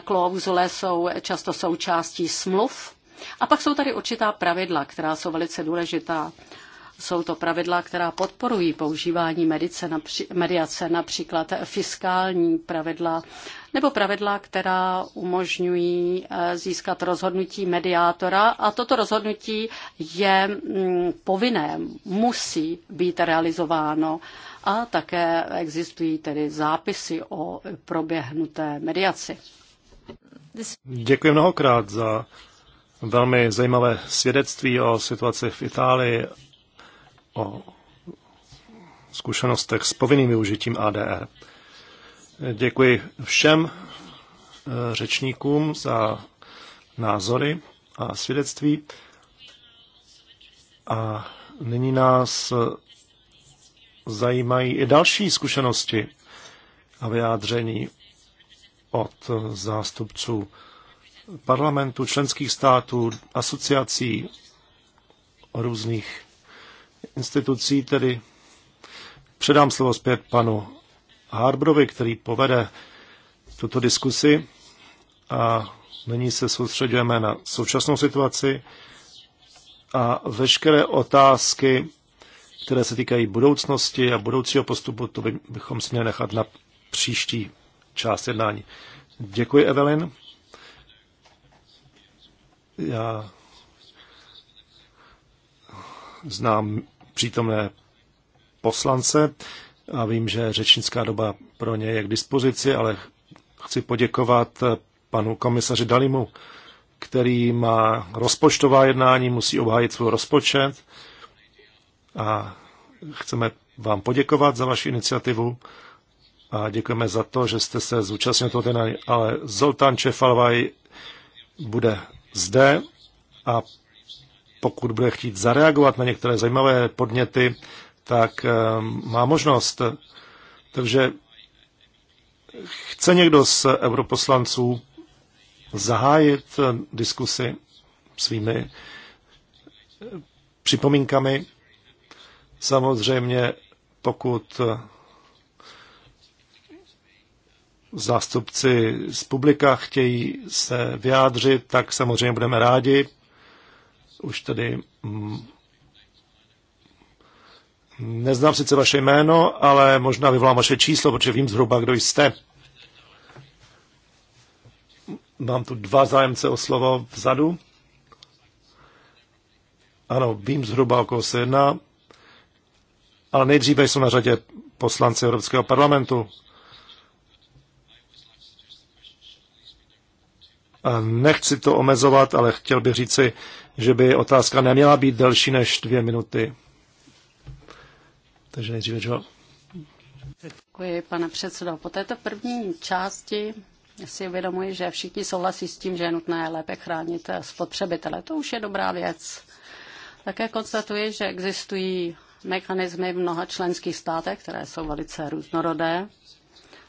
Klouzule jsou často součástí smluv. A pak jsou tady určitá pravidla, která jsou velice důležitá. Jsou to pravidla, která podporují používání medice, napří, mediace, například fiskální pravidla nebo pravidla, která umožňují eh, získat rozhodnutí mediátora a toto rozhodnutí je mm, povinné, musí být realizováno a také existují tedy zápisy o proběhnuté mediaci. Děkuji mnohokrát za velmi zajímavé svědectví o situaci v Itálii o zkušenostech s povinným využitím ADR. E. Děkuji všem eh, řečníkům za názory a svědectví. A nyní nás eh, zajímají i další zkušenosti a vyjádření od eh, zástupců parlamentu, členských států, asociací různých institucí, tedy předám slovo zpět panu Harbrovi, který povede tuto diskusi a nyní se soustředujeme na současnou situaci a veškeré otázky, které se týkají budoucnosti a budoucího postupu, to bychom si měli nechat na příští část jednání. Děkuji, Evelyn. Já znám přítomné poslance a vím, že řečnická doba pro ně je k dispozici, ale chci poděkovat panu komisaři Dalimu, který má rozpočtová jednání, musí obhájit svůj rozpočet a chceme vám poděkovat za vaši iniciativu a děkujeme za to, že jste se zúčastnil toho jednání, ale Zoltán Čefalvaj bude zde a pokud bude chtít zareagovat na některé zajímavé podněty, tak eh, má možnost. Takže chce někdo z europoslanců zahájit eh, diskusy svými eh, připomínkami. Samozřejmě, pokud zástupci z publika chtějí se vyjádřit, tak samozřejmě budeme rádi už tady mm, neznám sice vaše jméno, ale možná vyvolám vaše číslo, protože vím zhruba, kdo jste. Mám tu dva zájemce o slovo vzadu. Ano, vím zhruba, o koho se jedná, ale nejdříve jsou na řadě poslanci Evropského parlamentu. nechci to omezovat, ale chtěl bych říci, že by otázka neměla být delší než dvě minuty. Takže nejdříve, že Děkuji, pane předsedo. Po této první části si uvědomuji, že všichni souhlasí s tím, že je nutné lépe chránit spotřebitele. To už je dobrá věc. Také konstatuji, že existují mechanismy v mnoha členských státech, které jsou velice různorodé.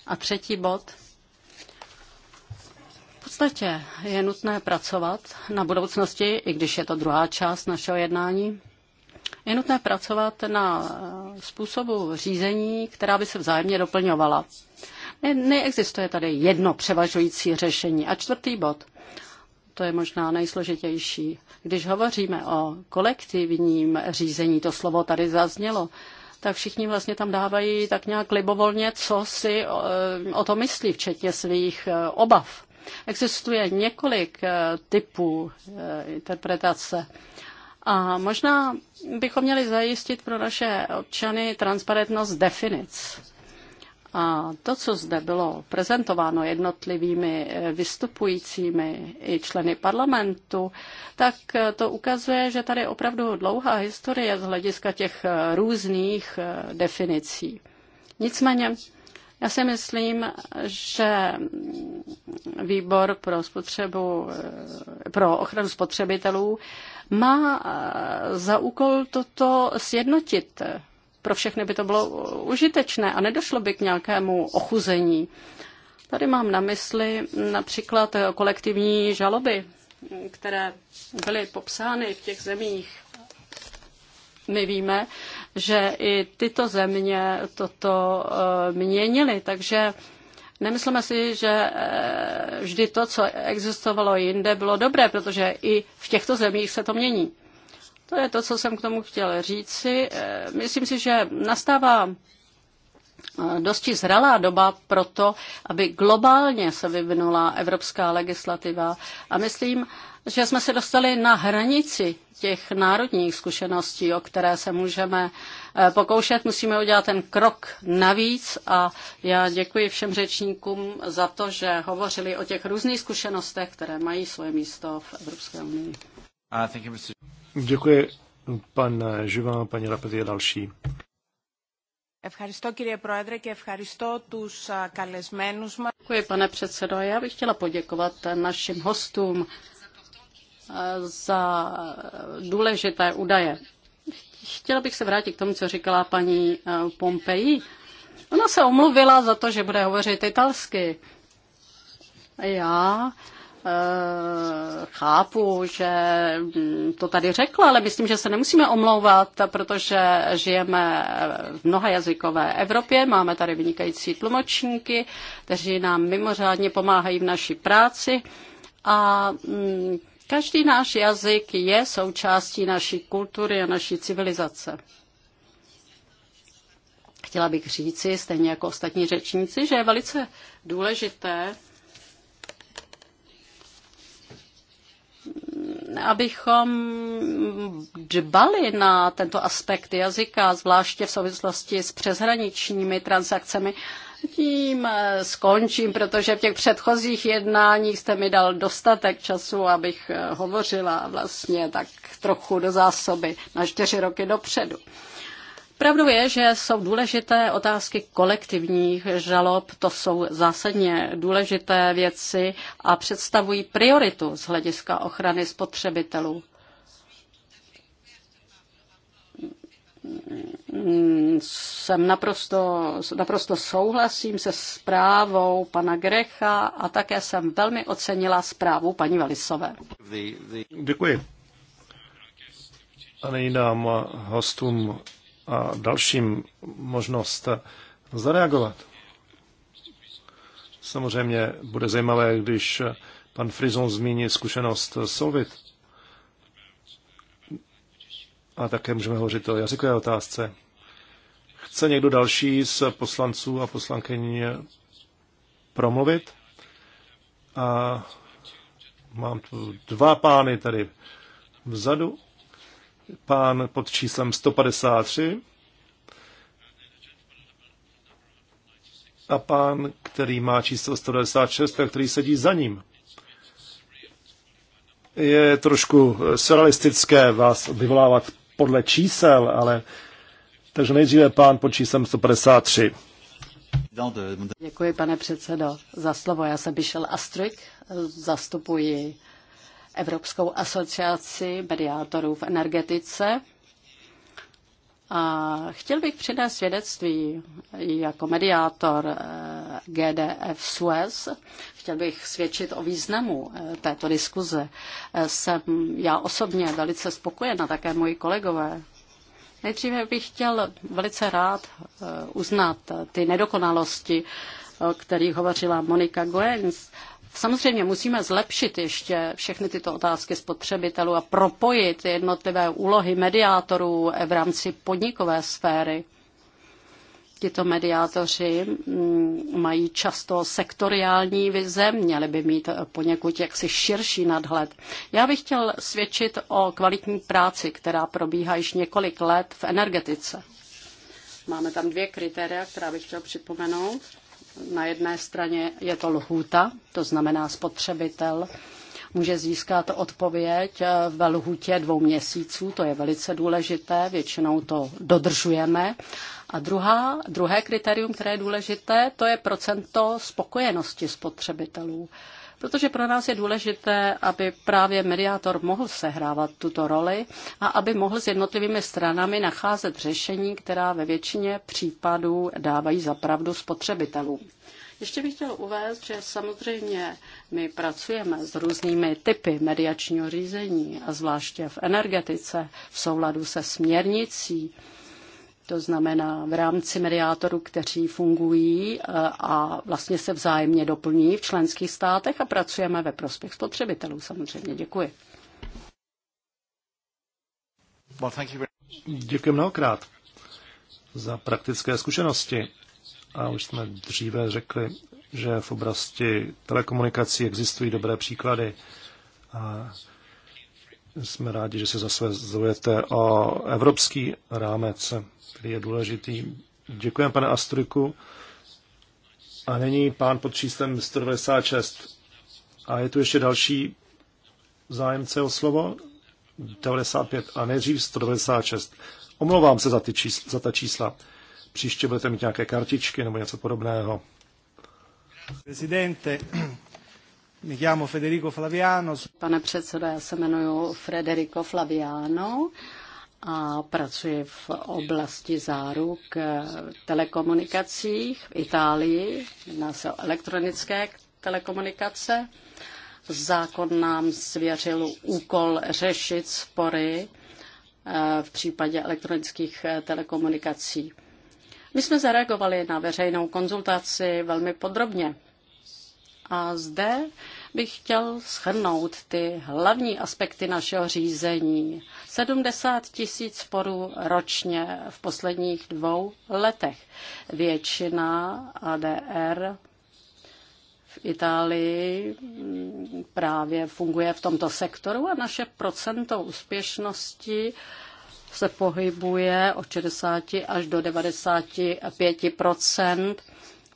A třetí bod, podstatě je nutné pracovat na budoucnosti, i když je to druhá část našeho jednání. Je nutné pracovat na způsobu řízení, která by se vzájemně doplňovala. Ne- neexistuje tady jedno převažující řešení. A čtvrtý bod, to je možná nejsložitější. Když hovoříme o kolektivním řízení, to slovo tady zaznělo, tak všichni vlastně tam dávají tak nějak libovolně, co si o, eh, o to myslí, včetně svých eh, obav. Existuje několik eh, typů eh, interpretace. A možná bychom měli zajistit pro naše občany transparentnost definic. A to, co zde bylo prezentováno jednotlivými eh, vystupujícími i členy parlamentu, tak to ukazuje, že tady je opravdu dlouhá historie z hlediska těch různých definicí. Nicméně já si myslím, že výbor pro, spotřebu, pro ochranu spotřebitelů má za úkol toto sjednotit. Pro všechny by to bylo užitečné a nedošlo by k nějakému ochuzení. Tady mám na mysli například kolektivní žaloby, které byly popsány v těch zemích. My víme, že i tyto země toto eh, měnily. Takže nemyslíme si, že eh, vždy to, co existovalo jinde, bylo dobré, protože i v těchto zemích se to mění. To je to, co jsem k tomu chtěl říci. Eh, myslím si, že nastává dosti zralá doba pro to, aby globálně se vyvinula evropská legislativa. A myslím, že jsme se dostali na hranici těch národních zkušeností, o které se můžeme eh, pokoušet. Musíme udělat ten krok navíc a já děkuji všem řečníkům za to, že hovořili o těch různých zkušenostech, které mají svoje místo v Evropské unii. Uh, děkuji, pan Živá, paní Rapet je další. Děkuji pane předsedo, já bych chtěla poděkovat našim hostům za důležité údaje. Chtěla bych se vrátit k tomu, co říkala paní eh, Pompeji. Ona se omluvila za to, že bude hovořit italsky. Já eh, chápu, že hm, to tady řekla, ale myslím, že se nemusíme omlouvat, protože žijeme v mnoha jazykové Evropě, máme tady vynikající tlumočníky, kteří nám mimořádně pomáhají v naší práci a hm, Každý náš jazyk je součástí naší kultury a naší civilizace. Chtěla bych říci, stejně jako ostatní řečníci, že je velice důležité, abychom dbali na tento aspekt jazyka, zvláště v souvislosti s přeshraničními transakcemi, tím eh, skončím, protože v těch předchozích jednáních jste mi dal dostatek času, abych eh, hovořila vlastně tak trochu do zásoby na čtyři roky dopředu. Pravdou je, že jsou důležité otázky kolektivních žalob, to jsou zásadně důležité věci a představují prioritu z hlediska ochrany spotřebitelů. Mm, jsem naprosto, naprosto souhlasím se zprávou pana Grecha a také jsem velmi ocenila zprávu paní Velisové. Děkuji. A nyní dám hostům a dalším možnost zareagovat. Samozřejmě bude zajímavé, když pan Frizon zmíní zkušenost Solvit a také můžeme hovořit o jazykové otázce. Chce někdo další z poslanců a poslankyní promluvit? A mám tu dva pány tady vzadu. Pán pod číslem 153 a pán, který má číslo 196 a který sedí za ním. Je trošku surrealistické vás vyvolávat podle čísel, ale takže nejdříve pán pod číslem 153. Děkuji, pane předsedo, za slovo. Já jsem Michel Astrik, zastupuji Evropskou asociaci mediátorů v energetice a chtěl bych přinést svědectví jako mediátor eh, GDF Suez. Chtěl bych svědčit o významu eh, této diskuze. Eh, jsem já osobně velice spokojena, také moji kolegové. Nejdříve bych chtěl velice rád uznat ty nedokonalosti, o kterých hovořila Monika Goens Samozřejmě musíme zlepšit ještě všechny tyto otázky spotřebitelů a propojit jednotlivé úlohy mediátorů v rámci podnikové sféry. Tito mediátoři mm, mají často sektoriální vize, měli by mít poněkud jaksi širší nadhled. Já bych chtěl svědčit o kvalitní práci, která probíhá již několik let v energetice. Máme tam dvě kritéria, která bych chtěl připomenout. Na jedné straně je to lhůta, to znamená spotřebitel může získat odpověď eh, ve lhůtě dvou měsíců, to je velice důležité, většinou to dodržujeme. A druhá, druhé kritérium, které je důležité, to je procento spokojenosti spotřebitelů protože pro nás je důležité, aby právě mediátor mohl sehrávat tuto roli a aby mohl s jednotlivými stranami nacházet řešení, která ve většině případů dávají zapravdu spotřebitelům. Ještě bych chtěl uvést, že samozřejmě my pracujeme s různými typy mediačního řízení a zvláště v energetice v souladu se směrnicí to znamená v rámci mediátorů, kteří fungují eh, a vlastně se vzájemně doplňují v členských státech a pracujeme ve prospěch spotřebitelů samozřejmě. Děkuji. Děkuji mnohokrát za praktické zkušenosti. A už jsme dříve řekli, že v oblasti telekomunikací existují dobré příklady. A jsme rádi, že se zasvezujete o evropský rámec, který je důležitý. Děkujeme, pane Astriku. A není pán pod číslem 196. A je tu ještě další zájemce o slovo? 95 a nejdřív 196. Omlouvám se za, ty čísla, za ta čísla. Příště budete mít nějaké kartičky nebo něco podobného. Prezidente, Pane předsedo, já se jmenuji Federico Flaviano a pracuji v oblasti záruk eh, telekomunikacích v Itálii. Jedná se o elektronické telekomunikace. Zákon nám svěřil úkol řešit spory eh, v případě elektronických eh, telekomunikací. My jsme zareagovali na veřejnou konzultaci velmi podrobně. A zde bych chtěl shrnout ty hlavní aspekty našeho řízení. 70 tisíc sporů ročně v posledních dvou letech. Většina ADR v Itálii mm, právě funguje v tomto sektoru a naše procento úspěšnosti se pohybuje od 60 až do 95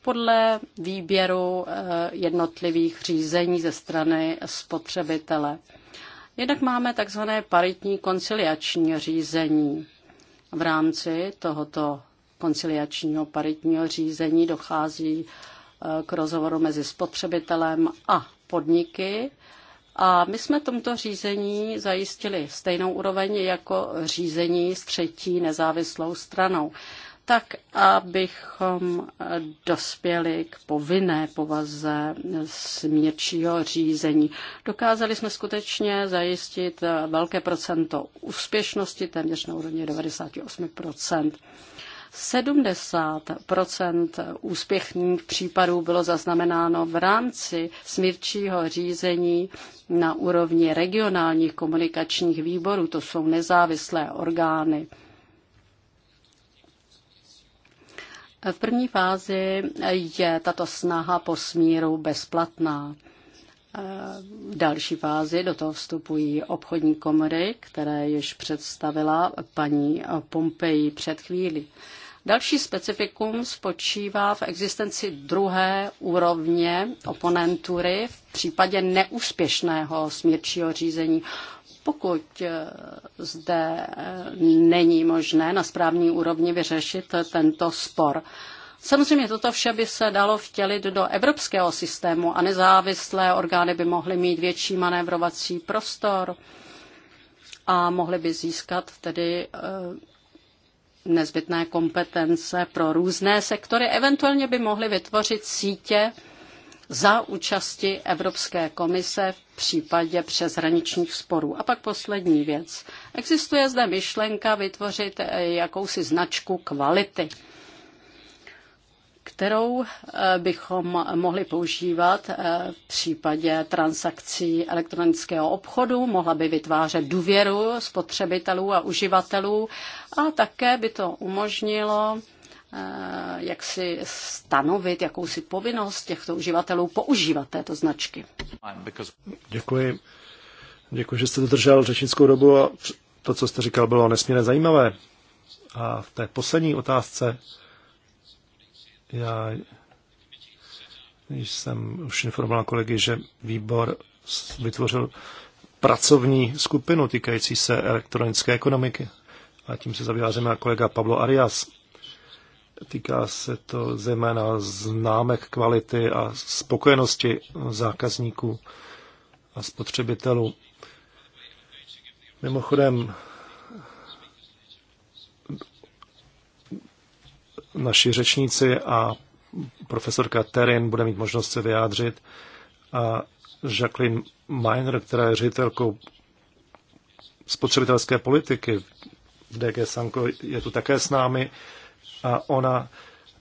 podle výběru eh, jednotlivých řízení ze strany spotřebitele. Jednak máme takzvané paritní konciliační řízení. V rámci tohoto konciliačního paritního řízení dochází eh, k rozhovoru mezi spotřebitelem a podniky. A my jsme tomto řízení zajistili stejnou úroveň jako řízení s třetí nezávislou stranou tak abychom eh, dospěli k povinné povaze smírčího řízení. Dokázali jsme skutečně zajistit eh, velké procento úspěšnosti, téměř na úrovni 98%. 70 úspěšných případů bylo zaznamenáno v rámci smírčího řízení na úrovni regionálních komunikačních výborů, to jsou nezávislé orgány. V první fázi je tato snaha po smíru bezplatná. V další fázi do toho vstupují obchodní komory, které již představila paní Pompeji před chvíli. Další specifikum spočívá v existenci druhé úrovně oponentury v případě neúspěšného smírčího řízení. Pokud eh, zde eh, není možné na správní úrovni vyřešit tento spor, Samozřejmě toto vše by se dalo vtělit do evropského systému a nezávislé orgány by mohly mít větší manévrovací prostor a mohly by získat tedy eh, nezbytné kompetence pro různé sektory. Eventuálně by mohly vytvořit sítě za účasti Evropské komise v případě přeshraničních sporů. A pak poslední věc. Existuje zde myšlenka vytvořit eh, jakousi značku kvality kterou eh, bychom mohli používat eh, v případě transakcí elektronického obchodu, mohla by vytvářet důvěru spotřebitelů a uživatelů a také by to umožnilo Eh, jak si stanovit jakousi povinnost těchto uživatelů používat této značky. Děkuji. Děkuji, že jste dodržel řečnickou dobu a to, co jste říkal, bylo nesmírně zajímavé. A v té poslední otázce já jsem už informoval kolegy, že výbor vytvořil pracovní skupinu týkající se elektronické ekonomiky. A tím se zabývá zejména kolega Pablo Arias. Týká se to zejména známek kvality a spokojenosti zákazníků a spotřebitelů. Mimochodem, naši řečníci a profesorka Terin bude mít možnost se vyjádřit a Jacqueline Miner, která je ředitelkou spotřebitelské politiky v DG Sanko, je tu také s námi a ona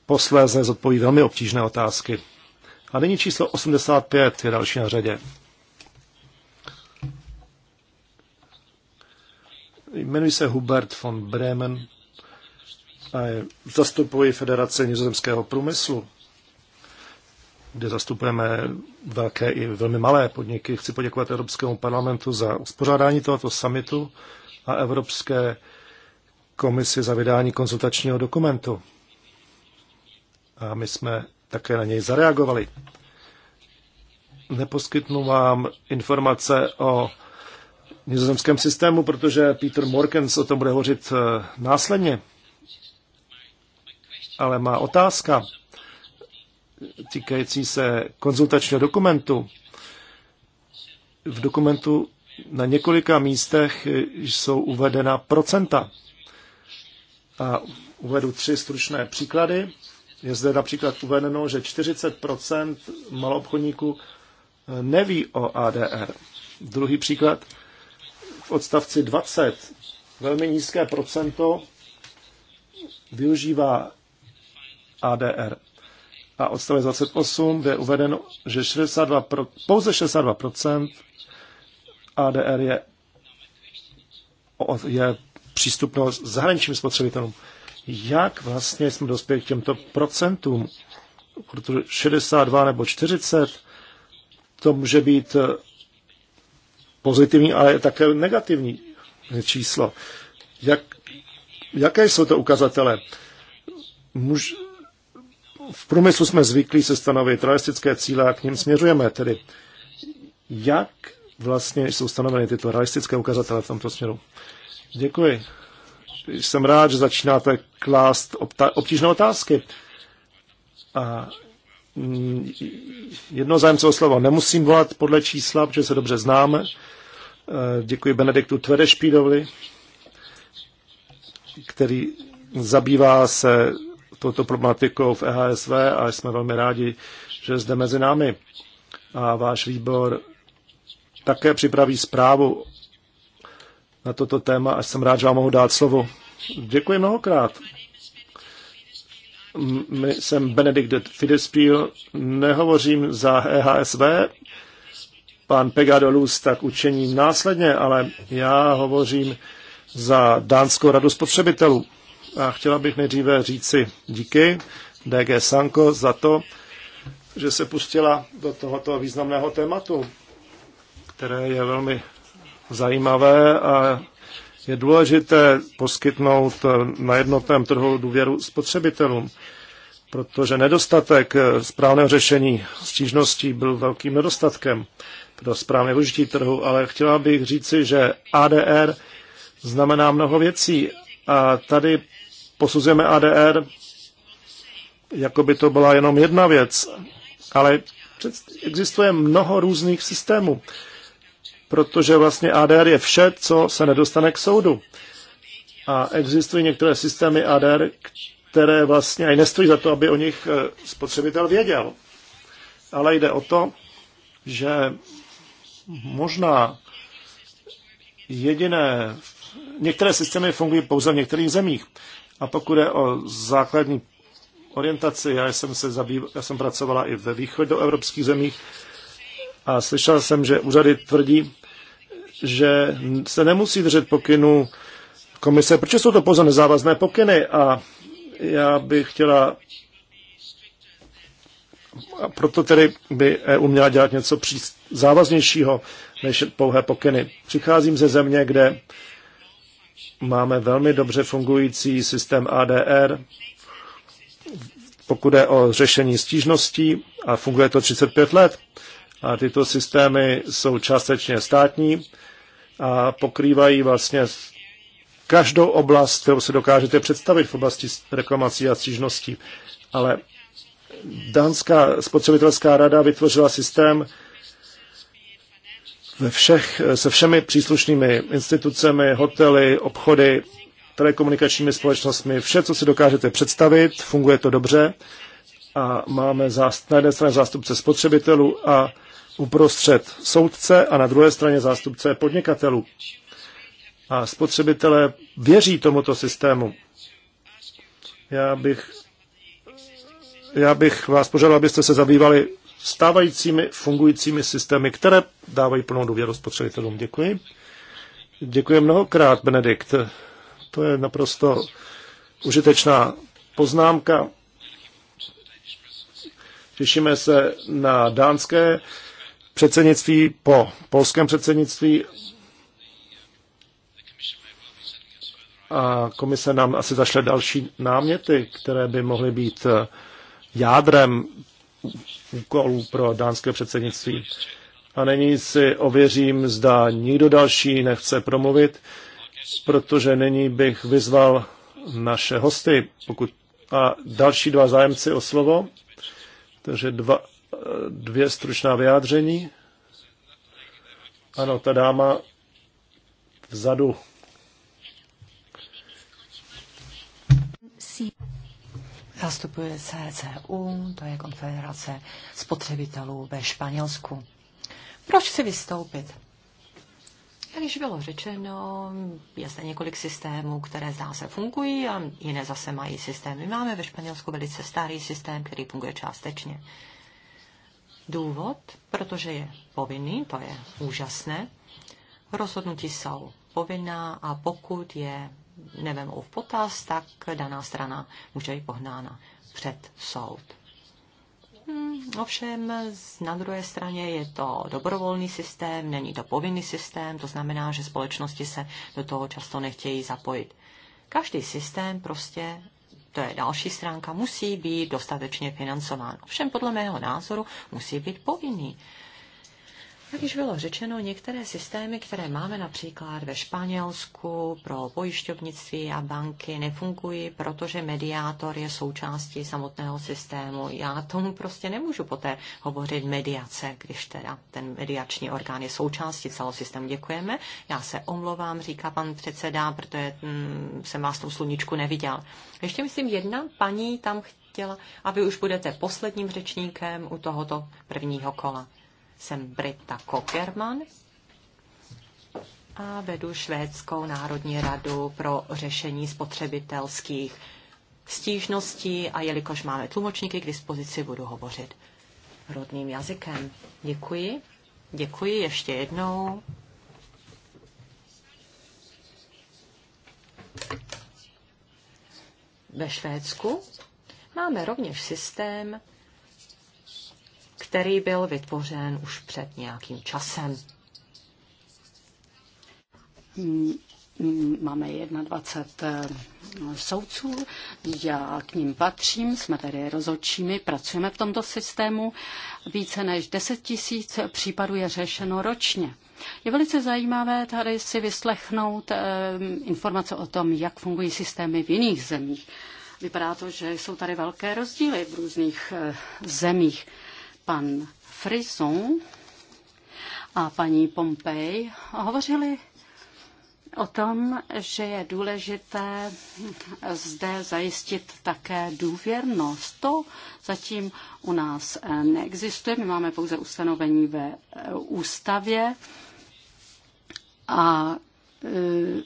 posléze zodpoví velmi obtížné otázky. A nyní číslo 85 je další na řadě. Jmenuji se Hubert von Bremen a zastupuji Federaci nizozemského průmyslu, kde zastupujeme velké i velmi malé podniky. Chci poděkovat Evropskému parlamentu za uspořádání tohoto summitu a Evropské komisi za vydání konzultačního dokumentu. A my jsme také na něj zareagovali. Neposkytnu vám informace o nizozemském systému, protože Peter Morkens o tom bude hovořit eh, následně. Ale má otázka týkající se konzultačního dokumentu. V dokumentu na několika místech jsou uvedena procenta a uvedu tři stručné příklady. Je zde například uvedeno, že 40 maloobchodníků eh, neví o ADR. Druhý příklad. V odstavci 20 velmi nízké procento využívá ADR. A odstavec 28, kde je uvedeno, že 62 pro, pouze 62 ADR je, je přístupnost zahraničním spotřebitelům. Jak vlastně jsme dospěli k těmto procentům? Protože 62 nebo 40, to může být eh, pozitivní, ale také negativní číslo. Jak, jaké jsou to ukazatele? Muž, v průmyslu jsme zvyklí se stanovit realistické cíle a k ním směřujeme. Tedy jak vlastně jsou stanoveny tyto realistické ukazatele v tomto směru? Děkuji. Jsem rád, že začínáte klást obtížné otázky. A mm, jedno zájemce o slovo. Nemusím volat podle čísla, protože se dobře známe. Děkuji Benediktu Tverešpídovi, který zabývá se touto problematikou v EHSV a jsme velmi rádi, že zde mezi námi. A váš výbor také připraví zprávu na toto téma a jsem rád, že vám mohu dát slovo. Děkuji mnohokrát. My jsem Benedikt Fidespiel, nehovořím za EHSV, pan Pegadolus tak učení následně, ale já hovořím za Dánskou radu spotřebitelů. A chtěla bych nejdříve říci díky DG Sanko za to, že se pustila do tohoto významného tématu, které je velmi zajímavé a je důležité poskytnout eh, na jednotném trhu důvěru spotřebitelům, protože nedostatek eh, správného řešení stížností byl velkým nedostatkem pro správné využití trhu, ale chtěla bych říci, že ADR znamená mnoho věcí a tady posuzujeme ADR, jako by to byla jenom jedna věc, ale existuje mnoho různých systémů protože vlastně ADR je vše, co se nedostane k soudu. A existují některé systémy ADR, které vlastně ani nestojí za to, aby o nich eh, spotřebitel věděl. Ale jde o to, že možná jediné, některé systémy fungují pouze v některých zemích. A pokud je o základní orientaci, já jsem, se zabýval, já jsem pracovala i ve východoevropských zemích a slyšel jsem, že úřady tvrdí, že se nemusí držet pokynů komise, protože jsou to pouze nezávazné pokyny a já bych chtěla a proto tedy by EU měla dělat něco příst, závaznějšího než pouhé pokyny. Přicházím ze země, kde máme velmi dobře fungující systém ADR, pokud je o řešení stížností a funguje to 35 let. A tyto systémy jsou částečně státní a pokrývají vlastně každou oblast, kterou se dokážete představit v oblasti reklamací a stížností. Ale Dánská spotřebitelská rada vytvořila systém ve všech, se všemi příslušnými institucemi, hotely, obchody, telekomunikačními společnostmi, vše, co si dokážete představit, funguje to dobře a máme na jedné straně zástupce spotřebitelů a uprostřed soudce a na druhé straně zástupce podnikatelů. A spotřebitelé věří tomuto systému. Já bych, já bych vás požádal, abyste se zabývali stávajícími fungujícími systémy, které dávají plnou důvěru spotřebitelům. Děkuji. Děkuji mnohokrát, Benedikt. To je naprosto užitečná poznámka. Těšíme se na dánské předsednictví po polském předsednictví a komise nám asi zašle další náměty, které by mohly být eh, jádrem úkolů pro dánské předsednictví. A nyní si ověřím, zda nikdo další nechce promluvit, protože nyní bych vyzval naše hosty pokud, a další dva zájemci o slovo. Takže dva, dvě stručná vyjádření. Ano, ta dáma vzadu. Zastupuje CCU, to je Konfederace spotřebitelů ve Španělsku. Proč chci vystoupit? Jak již bylo řečeno, je zde několik systémů, které zdá se fungují a jiné zase mají systémy. Máme ve Španělsku velice starý systém, který funguje částečně důvod, protože je povinný, to je úžasné. Rozhodnutí jsou povinná a pokud je nevemou v potaz, tak daná strana může být pohnána před soud. Hmm, ovšem, na druhé straně je to dobrovolný systém, není to povinný systém, to znamená, že společnosti se do toho často nechtějí zapojit. Každý systém prostě to je další stránka, musí být dostatečně financován. Ovšem podle mého názoru musí být povinný. Jak již bylo řečeno, některé systémy, které máme například ve Španělsku pro pojišťovnictví a banky, nefungují, protože mediátor je součástí samotného systému. Já tomu prostě nemůžu poté hovořit mediace, když teda ten mediační orgán je součástí celého systému. Děkujeme. Já se omlouvám, říká pan předseda, protože hm, jsem vás tu sluníčku neviděl. Ještě myslím jedna paní tam chtěla, aby už budete posledním řečníkem u tohoto prvního kola. Jsem Brita Kokerman a vedu Švédskou národní radu pro řešení spotřebitelských stížností a jelikož máme tlumočníky k dispozici, budu hovořit rodným jazykem. Děkuji. Děkuji ještě jednou. Ve Švédsku máme rovněž systém který byl vytvořen už před nějakým časem. Máme 21 eh, soudců, já k ním patřím, jsme tedy rozhodčími, pracujeme v tomto systému. Více než 10 tisíc případů je řešeno ročně. Je velice zajímavé tady si vyslechnout eh, informace o tom, jak fungují systémy v jiných zemích. Vypadá to, že jsou tady velké rozdíly v různých eh, zemích pan Frison a paní Pompej hovořili o tom, že je důležité zde zajistit také důvěrnost. To zatím u nás neexistuje. My máme pouze ustanovení ve ústavě a e,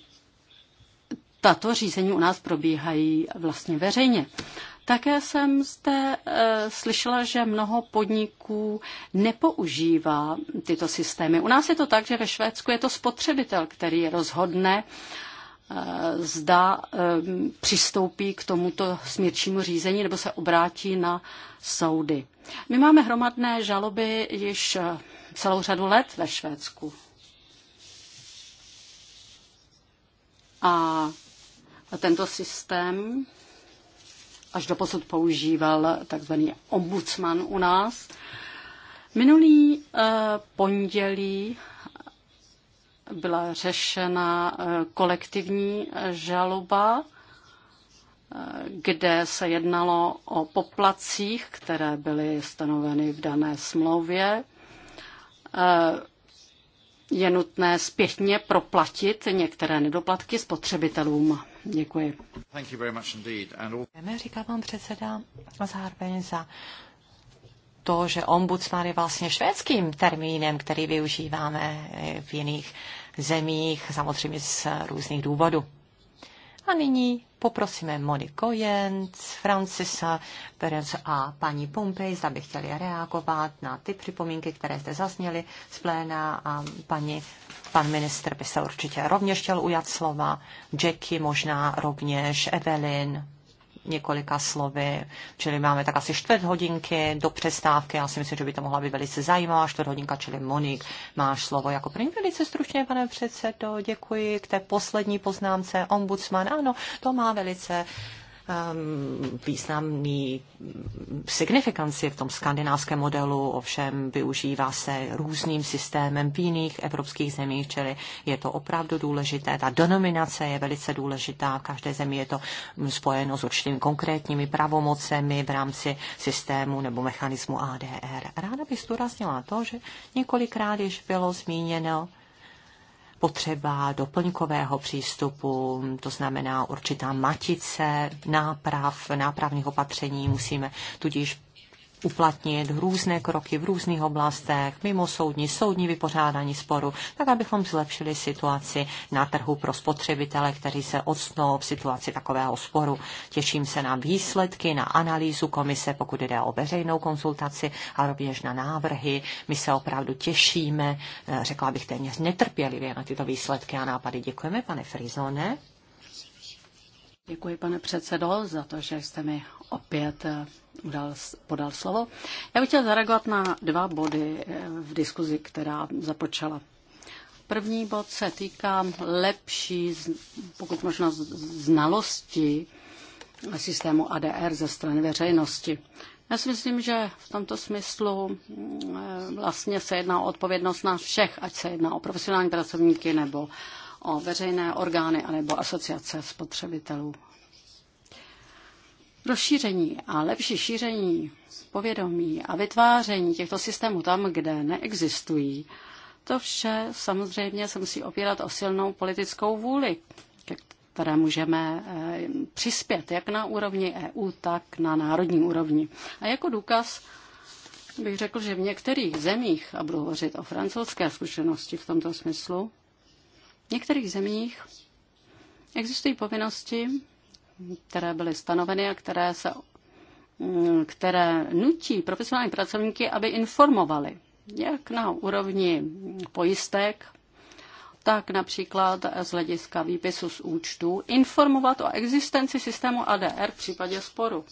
tato řízení u nás probíhají vlastně veřejně. Také jsem zde e, slyšela, že mnoho podniků nepoužívá tyto systémy. U nás je to tak, že ve Švédsku je to spotřebitel, který rozhodne, eh, zda eh, přistoupí k tomuto smírčímu řízení nebo se obrátí na soudy. My máme hromadné žaloby již celou řadu let ve Švédsku. A tento systém až do posud používal takzvaný ombudsman u nás. Minulý eh, pondělí byla řešena eh, kolektivní eh, žaloba, kde se jednalo o poplacích, které byly stanoveny v dané smlouvě. Je nutné zpětně proplatit některé nedoplatky spotřebitelům. Děkuji. Říká pan předseda a zároveň za to, že ombudsman je vlastně švédským termínem, který využíváme v jiných zemích, samozřejmě z různých důvodů. A nyní poprosíme Moniko Jens, Francisa Perez a paní Pompej, zda by chtěli reagovat na ty připomínky, které zde zazněly z pléna a paní, pan ministr by se určitě rovněž chtěl ujat slova, Jackie možná rovněž, Evelyn, několika slovy, čili máme tak asi čtvrt hodinky do přestávky. Já si myslím, že by to mohla být velice zajímavá čtvrt hodinka, čili Monik, máš slovo jako první. Velice stručně, pane předsedo, děkuji k té poslední poznámce. Ombudsman, ano, to má velice um, významný signifikanci v tom skandinávském modelu, ovšem využívá se různým systémem v jiných evropských zemích, čili je to opravdu důležité. Ta denominace je velice důležitá, v každé zemi je to spojeno s určitými konkrétními pravomocemi v rámci systému nebo mechanismu ADR. Ráda bych zdůraznila to, že několikrát již bylo zmíněno, potřeba doplňkového přístupu, to znamená určitá matice náprav, nápravných opatření. Musíme tudíž uplatnit různé kroky v různých oblastech, mimo soudní, soudní vypořádání sporu, tak abychom zlepšili situaci na trhu pro spotřebitele, kteří se odstnou v situaci takového sporu. Těším se na výsledky, na analýzu komise, pokud jde o veřejnou konzultaci a rovněž na návrhy. My se opravdu těšíme, eh, řekla bych téměř netrpělivě na tyto výsledky a nápady. Děkujeme, pane Frizone. Děkuji, pane předsedo, za to, že jste mi opět eh, udal, podal slovo. Já bych chtěl zareagovat na dva body eh, v diskuzi, která započala. První bod se týká lepší, pokud možno, znalosti systému ADR ze strany veřejnosti. Já si myslím, že v tomto smyslu mm, eh, vlastně se jedná o odpovědnost nás všech, ať se jedná o profesionální pracovníky nebo o veřejné orgány anebo asociace spotřebitelů. Rozšíření a lepší šíření povědomí a vytváření těchto systémů tam, kde neexistují, to vše samozřejmě se musí opírat o silnou politickou vůli, které můžeme eh, přispět jak na úrovni EU, tak na národní úrovni. A jako důkaz bych řekl, že v některých zemích, a budu hovořit o francouzské zkušenosti v tomto smyslu, některých zemích existují povinnosti, které byly stanoveny a které, se, mm, které nutí profesionální pracovníky, aby informovali, jak na úrovni pojistek, tak například z hlediska výpisu z účtu informovat o existenci systému ADR v případě sporu.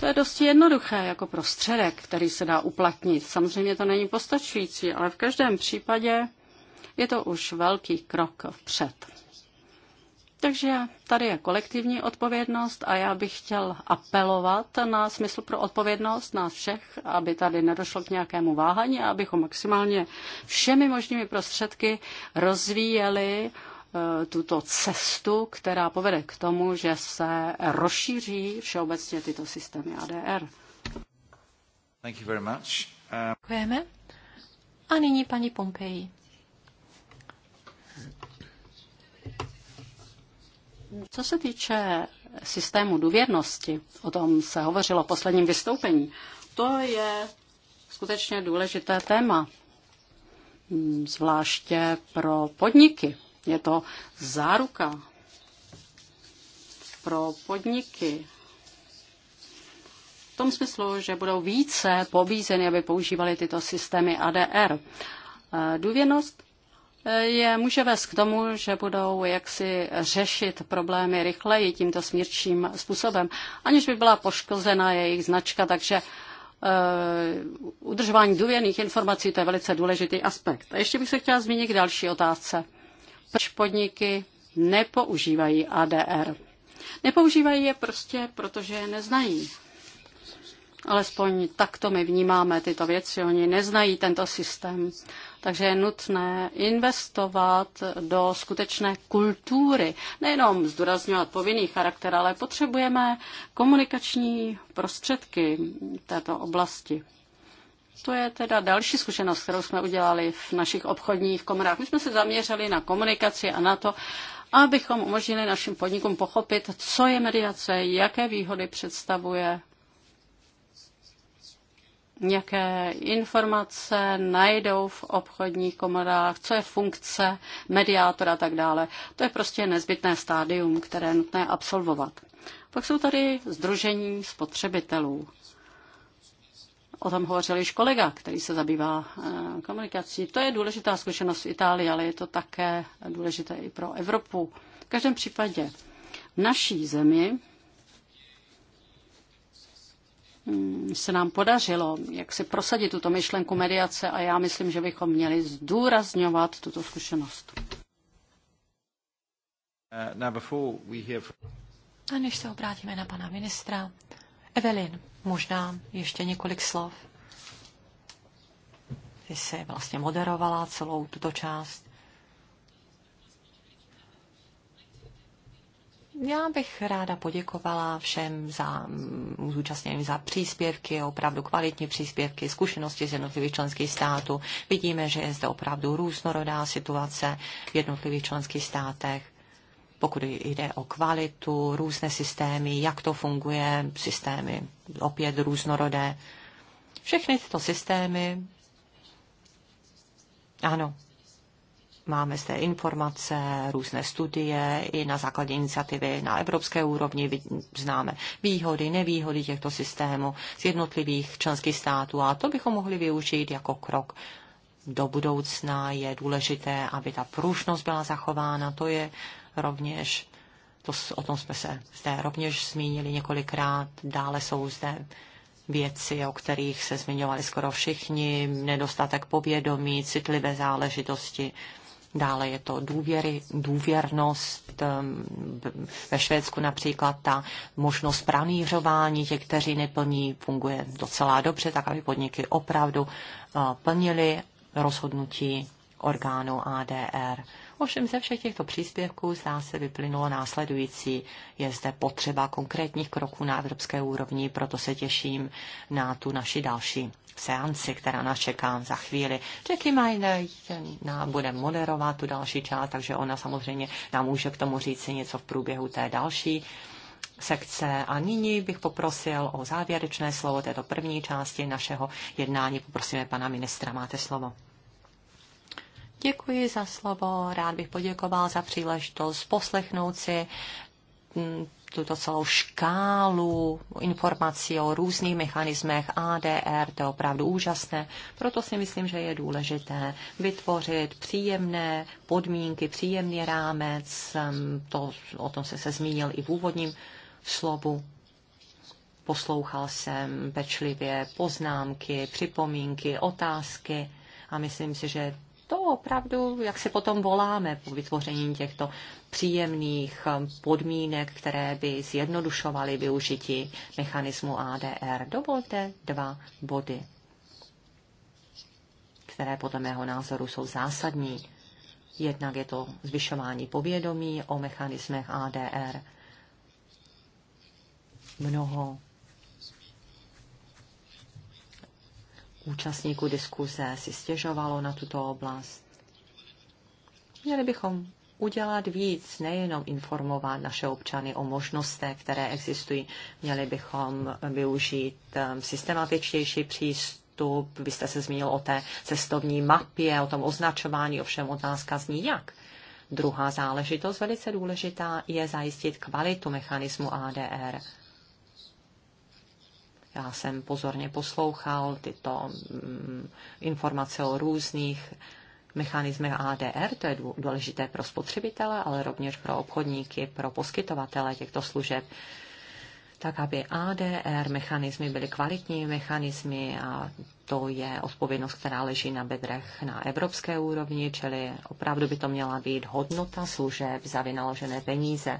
To je dosti jednoduché jako prostředek, který se dá uplatnit. Samozřejmě to není postačující, ale v každém případě je to už velký krok vpřed. Takže tady je kolektivní odpovědnost a já bych chtěl apelovat na smysl pro odpovědnost nás všech, aby tady nedošlo k nějakému váhání a abychom maximálně všemi možnými prostředky rozvíjeli eh, tuto cestu, která povede k tomu, že se rozšíří všeobecně tyto systémy ADR. Děkujeme. Um, a nyní paní Pompeji. Co se týče systému důvěrnosti, o tom se hovořilo v posledním vystoupení, to je skutečně důležité téma, mm, zvláště pro podniky. Je to záruka pro podniky v tom smyslu, že budou více pobízeny, aby používali tyto systémy ADR. E, důvěrnost je může vést k tomu, že budou jaksi řešit problémy rychleji tímto smírčím způsobem, aniž by byla poškozena jejich značka, takže uh, udržování důvěrných informací to je velice důležitý aspekt. A ještě bych se chtěla zmínit k další otázce. Proč podniky nepoužívají ADR? Nepoužívají je prostě, protože je neznají. Alespoň takto my vnímáme tyto věci. Oni neznají tento systém. Takže je nutné investovat do skutečné kultury. Nejenom zdůrazňovat povinný charakter, ale potřebujeme komunikační prostředky této oblasti. To je teda další zkušenost, kterou jsme udělali v našich obchodních komorách. My jsme se zaměřili na komunikaci a na to, abychom umožnili našim podnikům pochopit, co je mediace, jaké výhody představuje jaké informace najdou v obchodních komorách, co je funkce mediátora a tak dále. To je prostě nezbytné stádium, které je nutné absolvovat. Pak jsou tady združení spotřebitelů. O tom hovořil již kolega, který se zabývá eh, komunikací. To je důležitá zkušenost v Itálii, ale je to také důležité i pro Evropu. V každém případě v naší zemi Mm, se nám podařilo jak si prosadit tuto myšlenku mediace a já myslím, že bychom měli zdůrazňovat tuto zkušenost. Uh, a než se obrátíme na pana ministra, Evelyn, možná ještě několik slov. Ty jsi vlastně moderovala celou tuto část. Já bych ráda poděkovala všem za mm, zúčastnění za příspěvky, opravdu kvalitní příspěvky, zkušenosti z jednotlivých členských států. Vidíme, že je zde opravdu různorodá situace v jednotlivých členských státech pokud jde o kvalitu, různé systémy, jak to funguje, systémy opět různorodé. Všechny tyto systémy, ano, Máme zde informace, různé studie i na základě iniciativy na evropské úrovni. Známe výhody, nevýhody těchto systémů z jednotlivých členských států a to bychom mohli využít jako krok do budoucna. Je důležité, aby ta pružnost byla zachována. To je rovněž, to, o tom jsme se zde rovněž zmínili několikrát. Dále jsou zde věci, o kterých se zmiňovali skoro všichni, nedostatek povědomí, citlivé záležitosti. Dále je to důvěry, důvěrnost ehm, ve Švédsku například ta možnost pranířování těch, kteří neplní, funguje docela dobře, tak aby podniky opravdu eh, plnili rozhodnutí orgánu ADR. Ovšem ze všech těchto příspěvků zdá se vyplynulo následující. Je zde potřeba konkrétních kroků na evropské úrovni, proto se těším na tu naši další seanci, která nás čeká za chvíli. Jackie Miner nám bude moderovat tu další část, takže ona samozřejmě nám může k tomu říct si něco v průběhu té další sekce. A nyní bych poprosil o závěrečné slovo této první části našeho jednání. Poprosíme pana ministra, máte slovo. Děkuji za slovo. Rád bych poděkoval za příležitost poslechnout si mm, tuto celou škálu informací o různých mechanismech ADR, to je opravdu úžasné. Proto si myslím, že je důležité vytvořit příjemné podmínky, příjemný rámec, to, o tom se se zmínil i v úvodním slovu. Poslouchal jsem pečlivě poznámky, připomínky, otázky a myslím si, že to opravdu, jak se potom voláme po vytvoření těchto příjemných um, podmínek, které by zjednodušovaly využití mechanismu ADR. Dovolte dva body, které podle mého názoru jsou zásadní. Jednak je to zvyšování povědomí o mechanismech ADR. Mnoho účastníků diskuze si stěžovalo na tuto oblast. Měli bychom udělat víc, nejenom informovat naše občany o možnostech, které existují. Měli bychom využít um, systematičtější přístup. Vy jste se zmínil o té cestovní mapě, o tom označování, ovšem otázka zní jak. Druhá záležitost, velice důležitá, je zajistit kvalitu mechanismu ADR já jsem pozorně poslouchal tyto mm, informace o různých mechanismech ADR, to je důležité pro spotřebitele, ale rovněž pro obchodníky, pro poskytovatele těchto služeb, tak aby ADR mechanismy byly kvalitní mechanismy a to je odpovědnost, která leží na bedrech na evropské úrovni, čili opravdu by to měla být hodnota služeb za vynaložené peníze.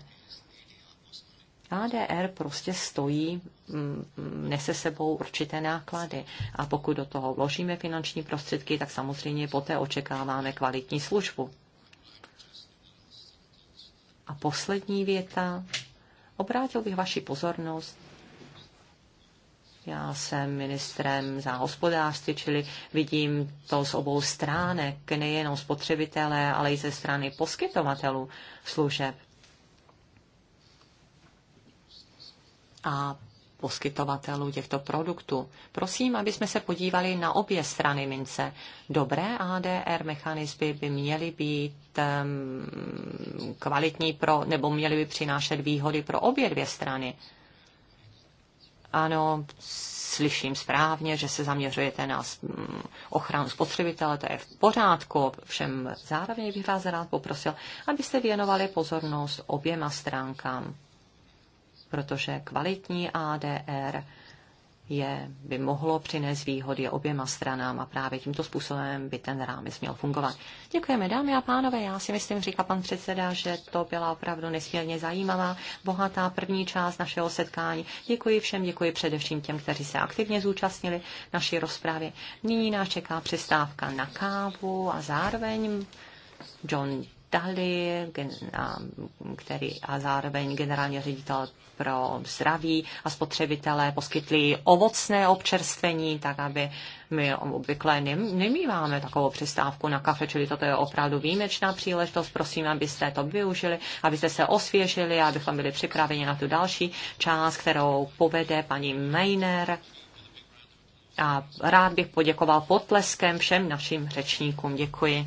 ADR prostě stojí, mm, nese sebou určité náklady a pokud do toho vložíme finanční prostředky, tak samozřejmě poté očekáváme kvalitní službu. A poslední věta. Obrátil bych vaši pozornost já jsem ministrem za hospodářství, čili vidím to z obou stránek, nejenom spotřebitelé, ale i ze strany poskytovatelů služeb. a poskytovatelů těchto produktů. Prosím, aby jsme se podívali na obě strany mince. Dobré ADR mechanizmy by měly být um, kvalitní pro, nebo měly by přinášet výhody pro obě dvě strany. Ano, slyším správně, že se zaměřujete na mm, ochranu spotřebitele, to je v pořádku, všem zároveň bych vás rád poprosil, abyste věnovali pozornost oběma stránkám protože kvalitní ADR je, by mohlo přinést výhody oběma stranám a právě tímto způsobem by ten rámec měl fungovat. Děkujeme, dámy a pánové. Já si myslím, říká pan předseda, že to byla opravdu nesmírně zajímavá, bohatá první část našeho setkání. Děkuji všem, děkuji především těm, kteří se aktivně zúčastnili naší rozpravy. Nyní nás čeká přestávka na kávu a zároveň John Dali, který a zároveň generální ředitel pro zdraví a spotřebitelé poskytli ovocné občerstvení, tak aby my obvykle nemýváme takovou přestávku na kafe, čili toto je opravdu výjimečná příležitost. Prosím, abyste to využili, abyste se osvěžili, abychom byli připraveni na tu další část, kterou povede paní Meiner. A rád bych poděkoval potleskem všem našim řečníkům. Děkuji.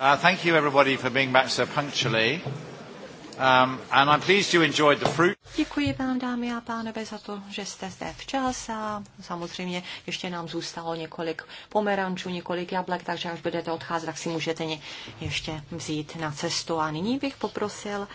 Uh, thank you everybody for being back so punctually. Um, and I'm pleased you enjoyed the fruit. Děkuji vám, dámy a pánové, za to, že jste zde včas a samozřejmě ještě nám zůstalo několik pomerančů, několik jablek, takže až budete odcházet, tak si můžete ně ještě vzít na cestu. A nyní bych poprosil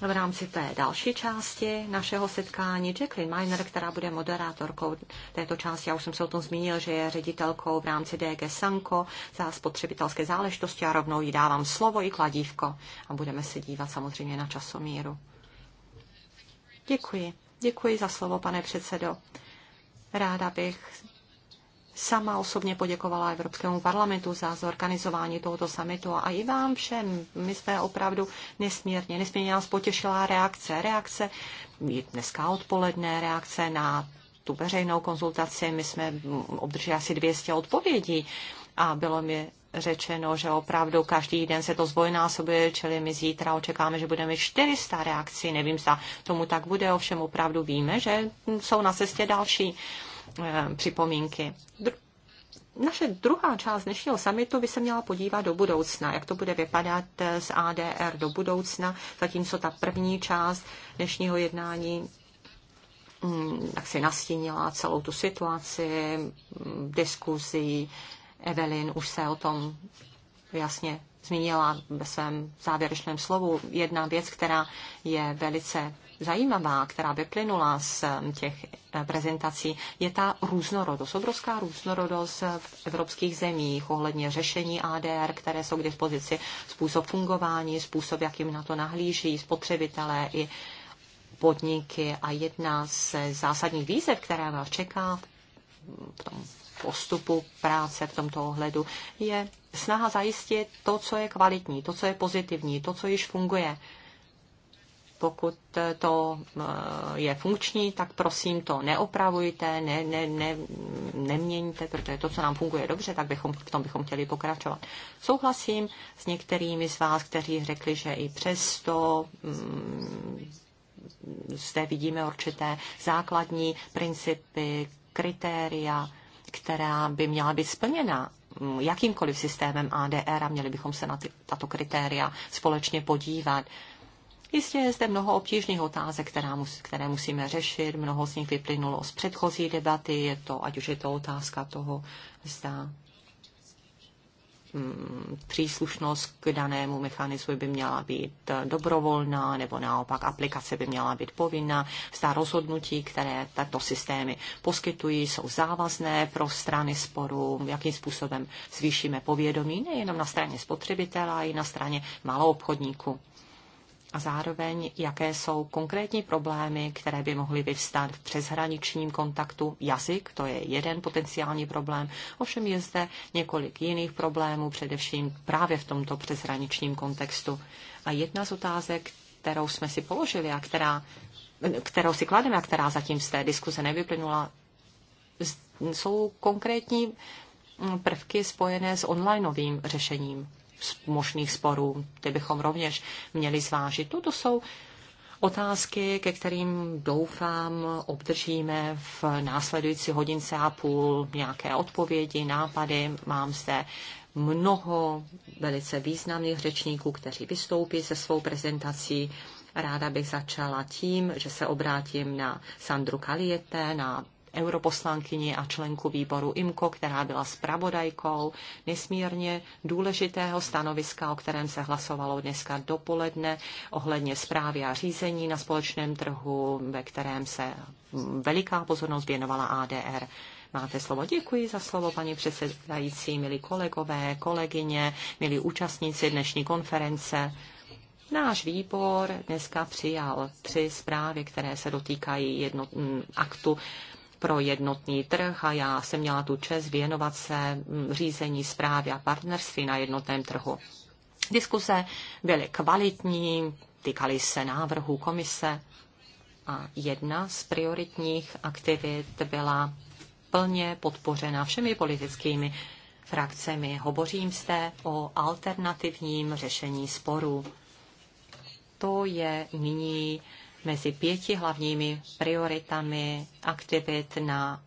v rámci té další části našeho setkání Jacqueline Miner, která bude moderátorkou této části. Já už jsem se o tom zmínil, že je ředitelkou v rámci DG Sanko za spotřebitelské záležitosti a rovnou jí dávám slovo i kladívko a budeme se dívat samozřejmě na časomíru. Děkuji. Děkuji za slovo, pane předsedo. Ráda bych sama osobně poděkovala Evropskému parlamentu za zorganizování tohoto samitu a i vám všem. My jsme opravdu nesmírně, nesmírně nás potěšila reakce. Reakce dneska odpoledne, reakce na tu veřejnou konzultaci. My jsme obdrželi asi 200 odpovědí a bylo mi řečeno, že opravdu každý den se to zvojnásobuje, čili my zítra očekáme, že budeme 400 reakcí. Nevím, zda tomu tak bude, ovšem opravdu víme, že jsou na cestě další. Eh, připomínky. Naše druhá část dnešního samitu by se měla podívat do budoucna, jak to bude vypadat z eh, ADR do budoucna, zatímco ta první část dnešního jednání mm, tak si nastínila celou tu situaci, mm, diskuzi. Evelyn už se o tom jasně zmínila ve svém závěrečném slovu. Jedna věc, která je velice zajímavá, která vyplynula z těch eh, prezentací, je ta různorodost, obrovská různorodost v evropských zemích ohledně řešení ADR, které jsou k dispozici, způsob fungování, způsob, jakým na to nahlíží spotřebitelé i podniky a jedna z zásadních výzev, která vás čeká v tom postupu práce v tomto ohledu, je snaha zajistit to, co je kvalitní, to, co je pozitivní, to, co již funguje pokud to eh, je funkční, tak prosím to neopravujte, ne, ne, ne, neměňte, protože to, co nám funguje dobře, tak bychom, v tom bychom chtěli pokračovat. Souhlasím s některými z vás, kteří řekli, že i přesto mm, zde vidíme určité základní principy, kritéria, která by měla být splněna mm, jakýmkoliv systémem ADR a měli bychom se na ty, tato kritéria společně podívat. Jistě je zde mnoho obtížných otázek, která mus, které musíme řešit. Mnoho z nich vyplynulo z předchozí debaty. Je to, ať už je to otázka toho, zda mm, příslušnost k danému mechanismu by měla být dobrovolná, nebo naopak aplikace by měla být povinná. Zda rozhodnutí, které tato systémy poskytují, jsou závazné pro strany sporu, jakým způsobem zvýšíme povědomí nejenom na straně spotřebitele, ale i na straně obchodníku a zároveň, jaké jsou konkrétní problémy, které by mohly vyvstat v přeshraničním kontaktu. Jazyk, to je jeden potenciální problém, ovšem je zde několik jiných problémů, především právě v tomto přeshraničním kontextu. A jedna z otázek, kterou jsme si položili a která, kterou si klademe a která zatím z té diskuze nevyplynula, jsou konkrétní prvky spojené s onlineovým řešením možných sporů, ty bychom rovněž měli zvážit. Toto no, jsou otázky, ke kterým doufám obdržíme v následující hodince a půl nějaké odpovědi, nápady. Mám zde mnoho velice významných řečníků, kteří vystoupí se svou prezentací. Ráda bych začala tím, že se obrátím na Sandru Kaliete, na europoslankyni a členku výboru IMKO, která byla spravodajkou nesmírně důležitého stanoviska, o kterém se hlasovalo dneska dopoledne ohledně zprávy a řízení na společném trhu, ve kterém se veliká pozornost věnovala ADR. Máte slovo. Děkuji za slovo, paní předsedající, milí kolegové, kolegyně, milí účastníci dnešní konference. Náš výbor dneska přijal tři zprávy, které se dotýkají jedno, aktu pro jednotný trh a já jsem měla tu čest věnovat se mm, řízení zprávy a partnerství na jednotném trhu. Diskuse byly kvalitní, týkaly se návrhů komise a jedna z prioritních aktivit byla plně podpořena všemi politickými frakcemi. Hovořím zde o alternativním řešení sporů. To je nyní mezi pěti hlavními prioritami aktivit na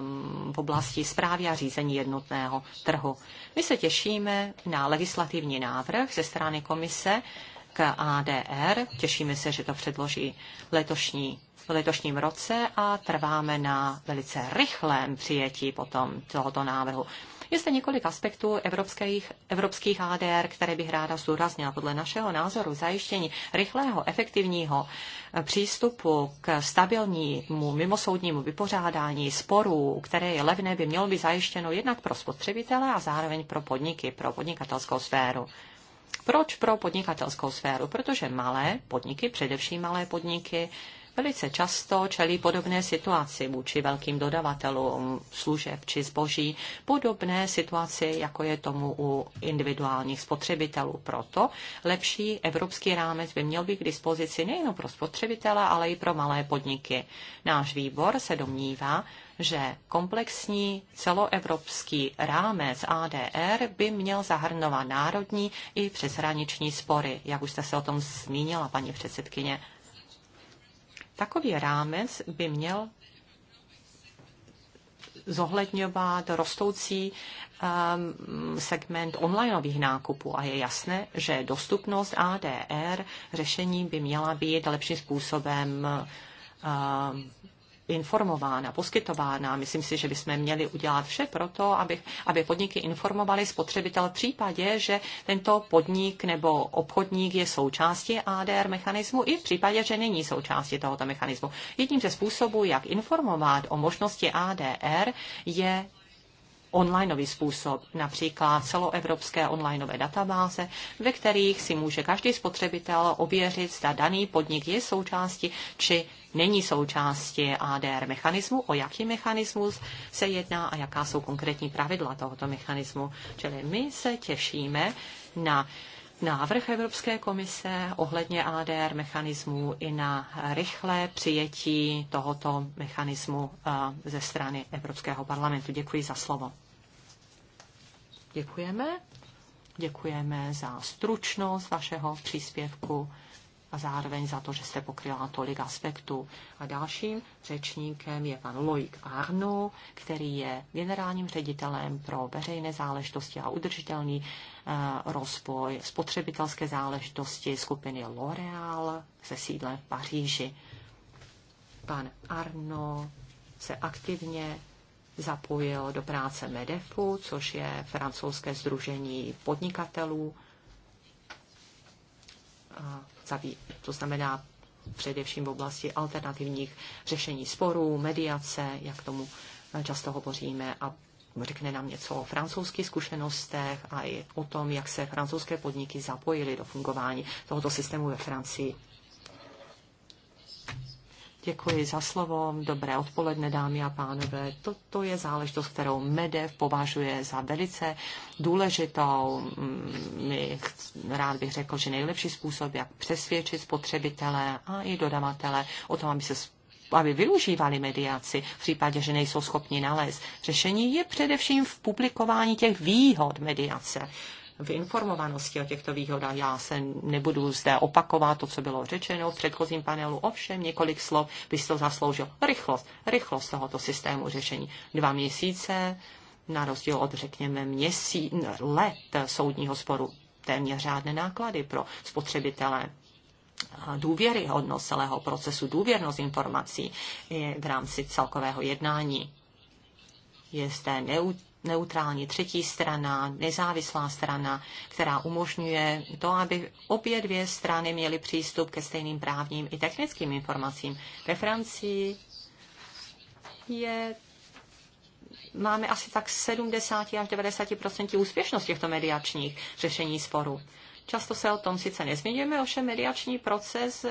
um, v oblasti zprávy a řízení jednotného trhu. My se těšíme na legislativní návrh ze strany komise k ADR. Těšíme se, že to předloží letošní, v letošním roce a trváme na velice rychlém přijetí potom tohoto návrhu. Je zde několik aspektů evropských, evropských ADR, které bych ráda zdůraznila. Podle našeho názoru zajištění rychlého, efektivního eh, přístupu k stabilnímu mimosoudnímu vypořádání sporů, které je levné, by mělo být zajištěno jednak pro spotřebitele a zároveň pro podniky, pro podnikatelskou sféru. Proč pro podnikatelskou sféru? Protože malé podniky, především malé podniky, velice často čelí podobné situaci vůči velkým dodavatelům služeb či zboží, podobné situaci, jako je tomu u individuálních spotřebitelů. Proto lepší evropský rámec by měl být k dispozici nejen pro spotřebitele, ale i pro malé podniky. Náš výbor se domnívá, že komplexní celoevropský rámec ADR by měl zahrnovat národní i přeshraniční spory, jak už jste se o tom zmínila, paní předsedkyně. Takový rámec by měl zohledňovat rostoucí um, segment onlineových nákupů a je jasné, že dostupnost ADR řešení by měla být lepším způsobem um, informována, poskytována. Myslím si, že bychom měli udělat vše pro to, aby, aby podniky informovaly spotřebitel v případě, že tento podnik nebo obchodník je součástí ADR mechanismu i v případě, že není součástí tohoto mechanismu. Jedním ze způsobů, jak informovat o možnosti ADR, je onlineový způsob, například celoevropské onlineové databáze, ve kterých si může každý spotřebitel ověřit, zda daný podnik je součástí či není součástí ADR mechanismu, o jaký mechanismus se jedná a jaká jsou konkrétní pravidla tohoto mechanismu. Čili my se těšíme na návrh Evropské komise ohledně ADR mechanismu i na rychlé přijetí tohoto mechanismu eh, ze strany Evropského parlamentu. Děkuji za slovo. Děkujeme. Děkujeme za stručnost vašeho příspěvku a zároveň za to, že jste pokryla tolik aspektů. A dalším řečníkem je pan Loik Arno, který je generálním ředitelem pro veřejné záležitosti a udržitelný eh, rozvoj spotřebitelské záležitosti skupiny L'Oréal se sídlem v Paříži. Pan Arno se aktivně zapojil do práce MEDEFu, což je francouzské združení podnikatelů. A zaví, to znamená především v oblasti alternativních řešení sporů, mediace, jak tomu eh, často hovoříme, a řekne nám něco o francouzských zkušenostech a i o tom, jak se francouzské podniky zapojily do fungování tohoto systému ve Francii. Děkuji za slovo. Dobré odpoledne, dámy a pánové. Toto je záležitost, kterou MEDEV považuje za velice důležitou. Mm, my rád bych řekl, že nejlepší způsob, jak přesvědčit spotřebitele a i dodavatele o tom, aby se aby využívali mediaci v případě, že nejsou schopni nalézt řešení, je především v publikování těch výhod mediace v informovanosti o těchto výhodách. Já se nebudu zde opakovat to, co bylo řečeno v předchozím panelu, ovšem několik slov by to zasloužil. Rychlost, rychlost tohoto systému řešení. Dva měsíce, na rozdíl od, řekněme, měsí, let soudního sporu, téměř žádné náklady pro spotřebitele důvěryhodnost celého procesu, důvěrnost informací v rámci celkového jednání. Je zde neut- neutrální třetí strana, nezávislá strana, která umožňuje to, aby obě dvě strany měly přístup ke stejným právním i technickým informacím. Ve Francii je máme asi tak 70 až 90 úspěšnost těchto mediačních řešení sporů. Často se o tom sice nezmíníme, ovšem mediační proces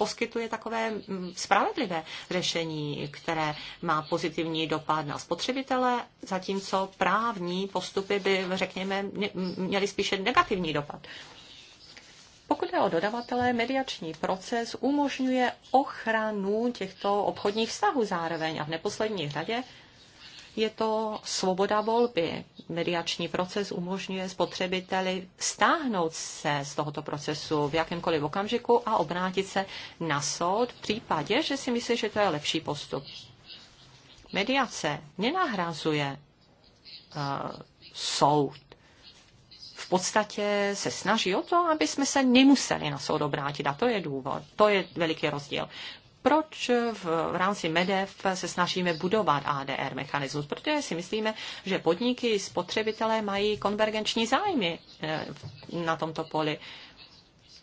poskytuje takové mm, spravedlivé řešení, které má pozitivní dopad na spotřebitele, zatímco právní postupy by, řekněme, měly spíše negativní dopad. Pokud je o dodavatele, mediační proces umožňuje ochranu těchto obchodních vztahů zároveň a v neposlední řadě je to svoboda volby. Mediační proces umožňuje spotřebiteli stáhnout se z tohoto procesu v jakémkoliv okamžiku a obrátit se na soud v případě, že si myslí, že to je lepší postup. Mediace nenahrazuje uh, soud. V podstatě se snaží o to, aby jsme se nemuseli na soud obrátit a to je důvod, to je veliký rozdíl proč v, v rámci MEDEV se snažíme budovat ADR mechanismus? Protože si myslíme, že podniky, spotřebitelé mají konvergenční zájmy eh, na tomto poli.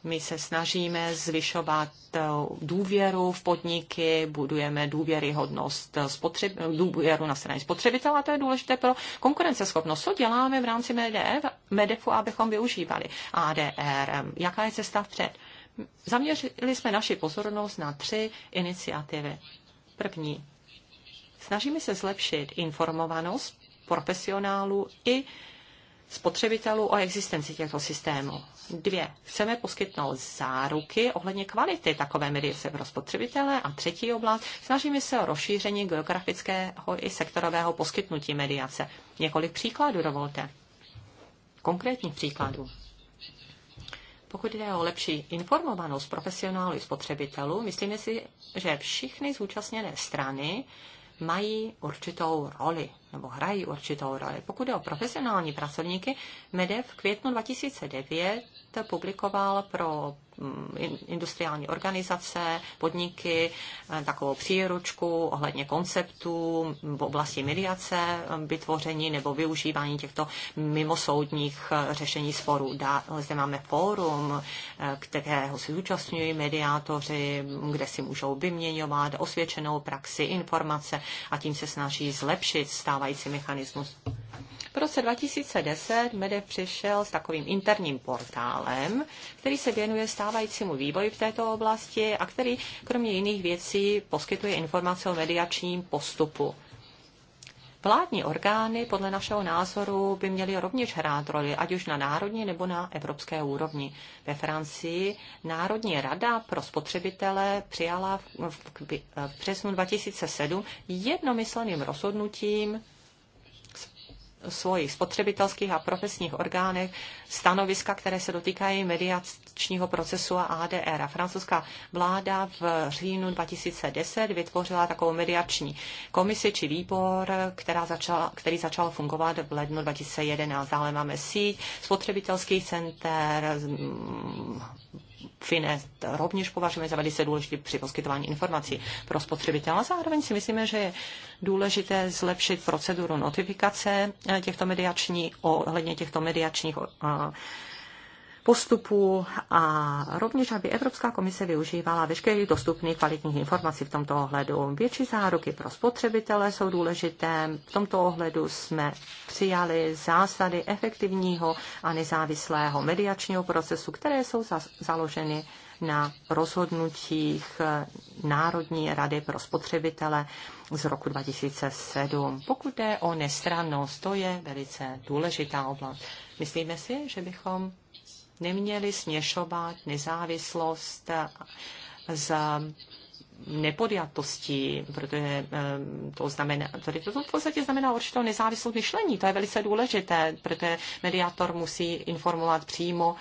My se snažíme zvyšovat eh, důvěru v podniky, budujeme důvěryhodnost eh, spotřeb, důvěru na straně spotřebitela, to je důležité pro konkurenceschopnost. Co děláme v rámci MEDEV, MEDEVu, abychom využívali ADR? Jaká je cesta vpřed? Zaměřili jsme naši pozornost na tři iniciativy. První. Snažíme se zlepšit informovanost profesionálů i spotřebitelů o existenci těchto systémů. Dvě. Chceme poskytnout záruky ohledně kvality takové mediace pro spotřebitele. A třetí oblast. Snažíme se o rozšíření geografického i sektorového poskytnutí mediace. Několik příkladů dovolte. Konkrétních příkladů pokud jde o lepší informovanost profesionálů spotřebitelů, myslíme si, že všechny zúčastněné strany mají určitou roli nebo hrají určitou roli. Pokud jde o profesionální pracovníky, MEDEV v květnu 2009 publikoval pro mm, industriální organizace, podniky, eh, takovou příručku ohledně konceptů v oblasti mediace, eh, vytvoření nebo využívání těchto mimosoudních eh, řešení sporů. Zde máme fórum, kterého si zúčastňují mediátoři, kde si můžou vyměňovat osvědčenou praxi, informace a tím se snaží zlepšit stávající mechanismus. V roce 2010 MEDEV přišel s takovým interním portálem, který se věnuje stávajícímu vývoji v této oblasti a který kromě jiných věcí poskytuje informace o mediačním postupu. Vládní orgány podle našeho názoru by měly rovněž hrát roli, ať už na národní nebo na evropské úrovni. Ve Francii Národní rada pro spotřebitele přijala v, v, v březnu 2007 jednomyslným rozhodnutím svojich spotřebitelských a profesních orgánech stanoviska, které se dotýkají mediačního procesu a ADR. A francouzská vláda v říjnu 2010 vytvořila takovou mediační komisi či výbor, která začala, který začal fungovat v lednu 2011. Dále máme síť spotřebitelských center, Finest rovněž považujeme za velice důležitý při poskytování informací pro spotřebitele. zároveň si myslíme, že je důležité zlepšit proceduru notifikace eh, těchto mediační, ohledně těchto mediačních uh, postupů a rovněž, aby Evropská komise využívala veškerých dostupných kvalitních informací v tomto ohledu. Větší záruky pro spotřebitele jsou důležité. V tomto ohledu jsme přijali zásady efektivního a nezávislého mediačního procesu, které jsou založeny na rozhodnutích Národní rady pro spotřebitele z roku 2007. Pokud jde o nestrannost, to je velice důležitá oblast. Myslíme si, že bychom neměli směšovat nezávislost s nepodjatostí, protože to znamená, tady to v podstatě znamená určitou nezávislost myšlení, to je velice důležité, protože mediátor musí informovat přímo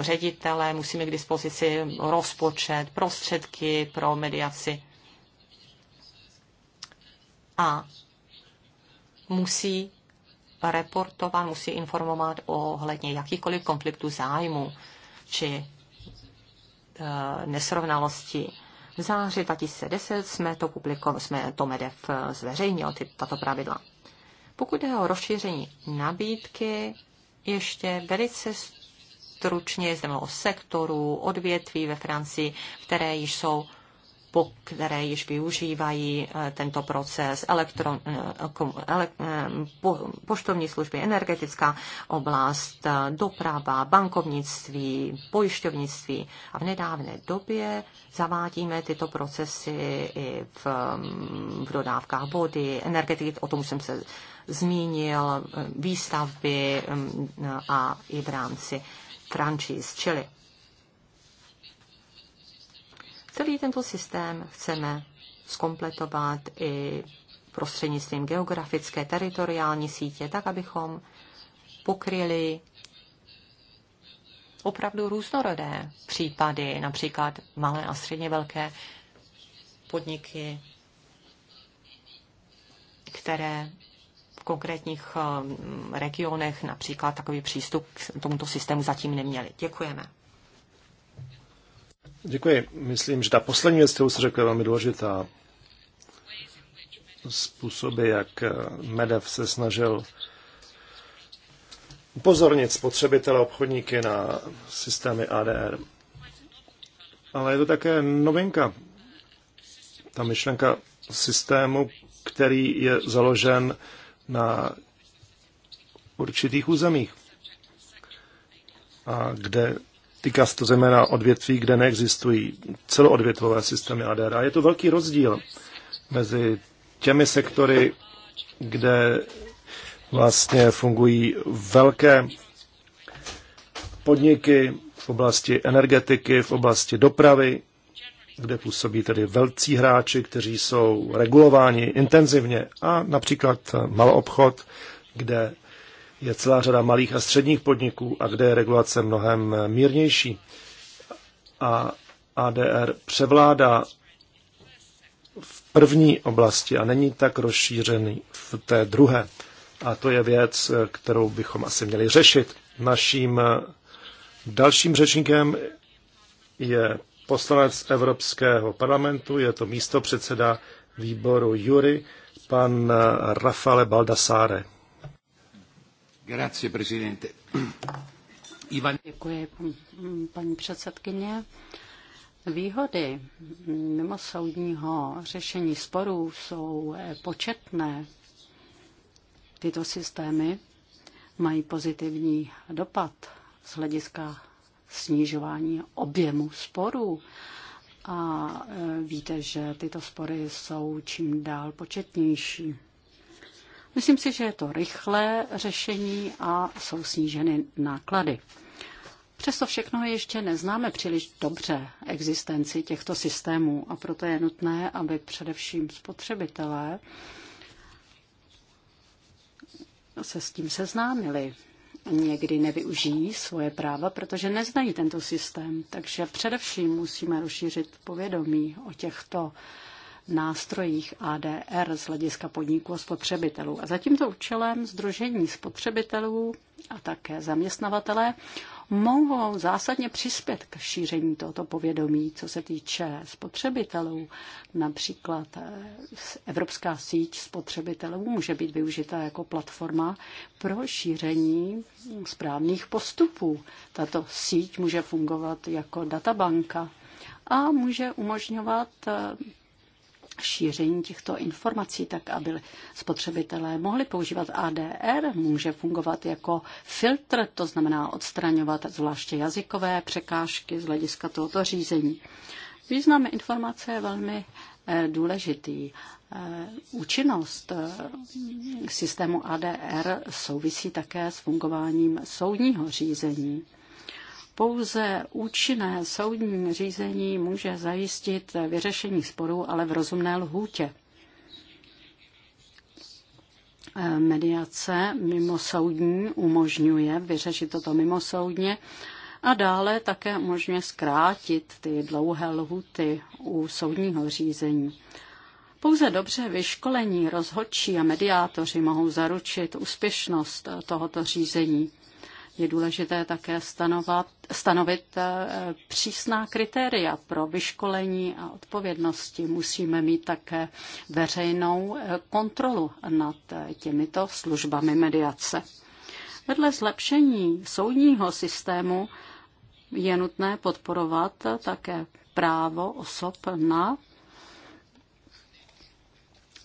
ředitele, musí mít k dispozici rozpočet, prostředky pro mediaci. A musí reportovat, musí informovat ohledně jakýkoliv konfliktu zájmu či e, nesrovnalosti. V září 2010 jsme to publiko, jsme to MEDEV e, zveřejnil, ty, tato pravidla. Pokud je o rozšíření nabídky, ještě velice stručně zde o sektoru, odvětví ve Francii, které již jsou po které již využívají eh, tento proces, elektro, eh, ele, eh, po, poštovní služby, energetická oblast, doprava, bankovnictví, pojišťovnictví. A v nedávné době zavádíme tyto procesy i v, mm, v dodávkách vody, energetiky, o tom jsem se zmínil, výstavby mm, a i v rámci franchise, čili Celý tento systém chceme skompletovat i prostřednictvím geografické teritoriální sítě, tak abychom pokryli opravdu různorodé případy, například malé a středně velké podniky, které v konkrétních eh, regionech například takový přístup k tomuto systému zatím neměli. Děkujeme. Děkuji. Myslím, že ta poslední věc, kterou jste řekl, je velmi důležitá. Způsoby, jak eh, Medev se snažil upozornit spotřebitele obchodníky na systémy ADR. Ale je to také novinka. Ta myšlenka systému, který je založen na určitých územích a kde Týká se to zejména odvětví, kde neexistují celoodvětvové systémy ADR. A je to velký rozdíl mezi těmi sektory, kde vlastně fungují velké podniky v oblasti energetiky, v oblasti dopravy, kde působí tedy velcí hráči, kteří jsou regulováni intenzivně a například maloobchod, kde je celá řada malých a středních podniků a kde je regulace mnohem mírnější. A ADR převládá v první oblasti a není tak rozšířený v té druhé. A to je věc, kterou bychom asi měli řešit. Naším dalším řečníkem je poslanec Evropského parlamentu, je to místo předseda výboru Jury, pan Rafale Baldassare. Děkuji, mm, paní předsedkyně. Výhody mimosoudního řešení sporů jsou eh, početné. Tyto systémy mají pozitivní dopad z hlediska snižování objemu sporů. A eh, víte, že tyto spory jsou čím dál početnější. Myslím si, že je to rychlé řešení a jsou sníženy náklady. Přesto všechno ještě neznáme příliš dobře existenci těchto systémů a proto je nutné, aby především spotřebitelé se s tím seznámili. Někdy nevyužijí svoje práva, protože neznají tento systém. Takže především musíme rozšířit povědomí o těchto nástrojích ADR z hlediska podniků a spotřebitelů. A za tímto účelem Združení spotřebitelů a také zaměstnavatele mohou zásadně přispět k šíření tohoto povědomí, co se týče spotřebitelů. Například eh, Evropská síť spotřebitelů může být využita jako platforma pro šíření správných postupů. Tato síť může fungovat jako databanka a může umožňovat eh, šíření těchto informací, tak aby spotřebitelé mohli používat ADR, může fungovat jako filtr, to znamená odstraňovat zvláště jazykové překážky z hlediska tohoto řízení. Význam informace je velmi eh, důležitý. Eh, účinnost eh, systému ADR souvisí také s fungováním soudního řízení. Pouze účinné soudní řízení může zajistit vyřešení sporů, ale v rozumné lhůtě. Mediace mimo soudní umožňuje vyřešit toto mimo soudně a dále také umožňuje zkrátit ty dlouhé lhuty u soudního řízení. Pouze dobře vyškolení rozhodčí a mediátoři mohou zaručit úspěšnost tohoto řízení. Je důležité také stanovat, stanovit eh, přísná kritéria pro vyškolení a odpovědnosti. Musíme mít také veřejnou eh, kontrolu nad eh, těmito službami mediace. Vedle zlepšení soudního systému je nutné podporovat také právo osob na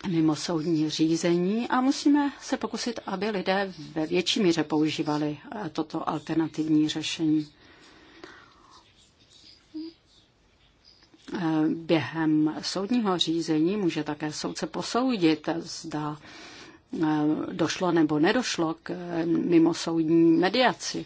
mimo soudní řízení a musíme se pokusit, aby lidé ve větší míře používali eh, toto alternativní řešení. Eh, během soudního řízení může také soudce posoudit, zda eh, došlo nebo nedošlo k mimo soudní mediaci.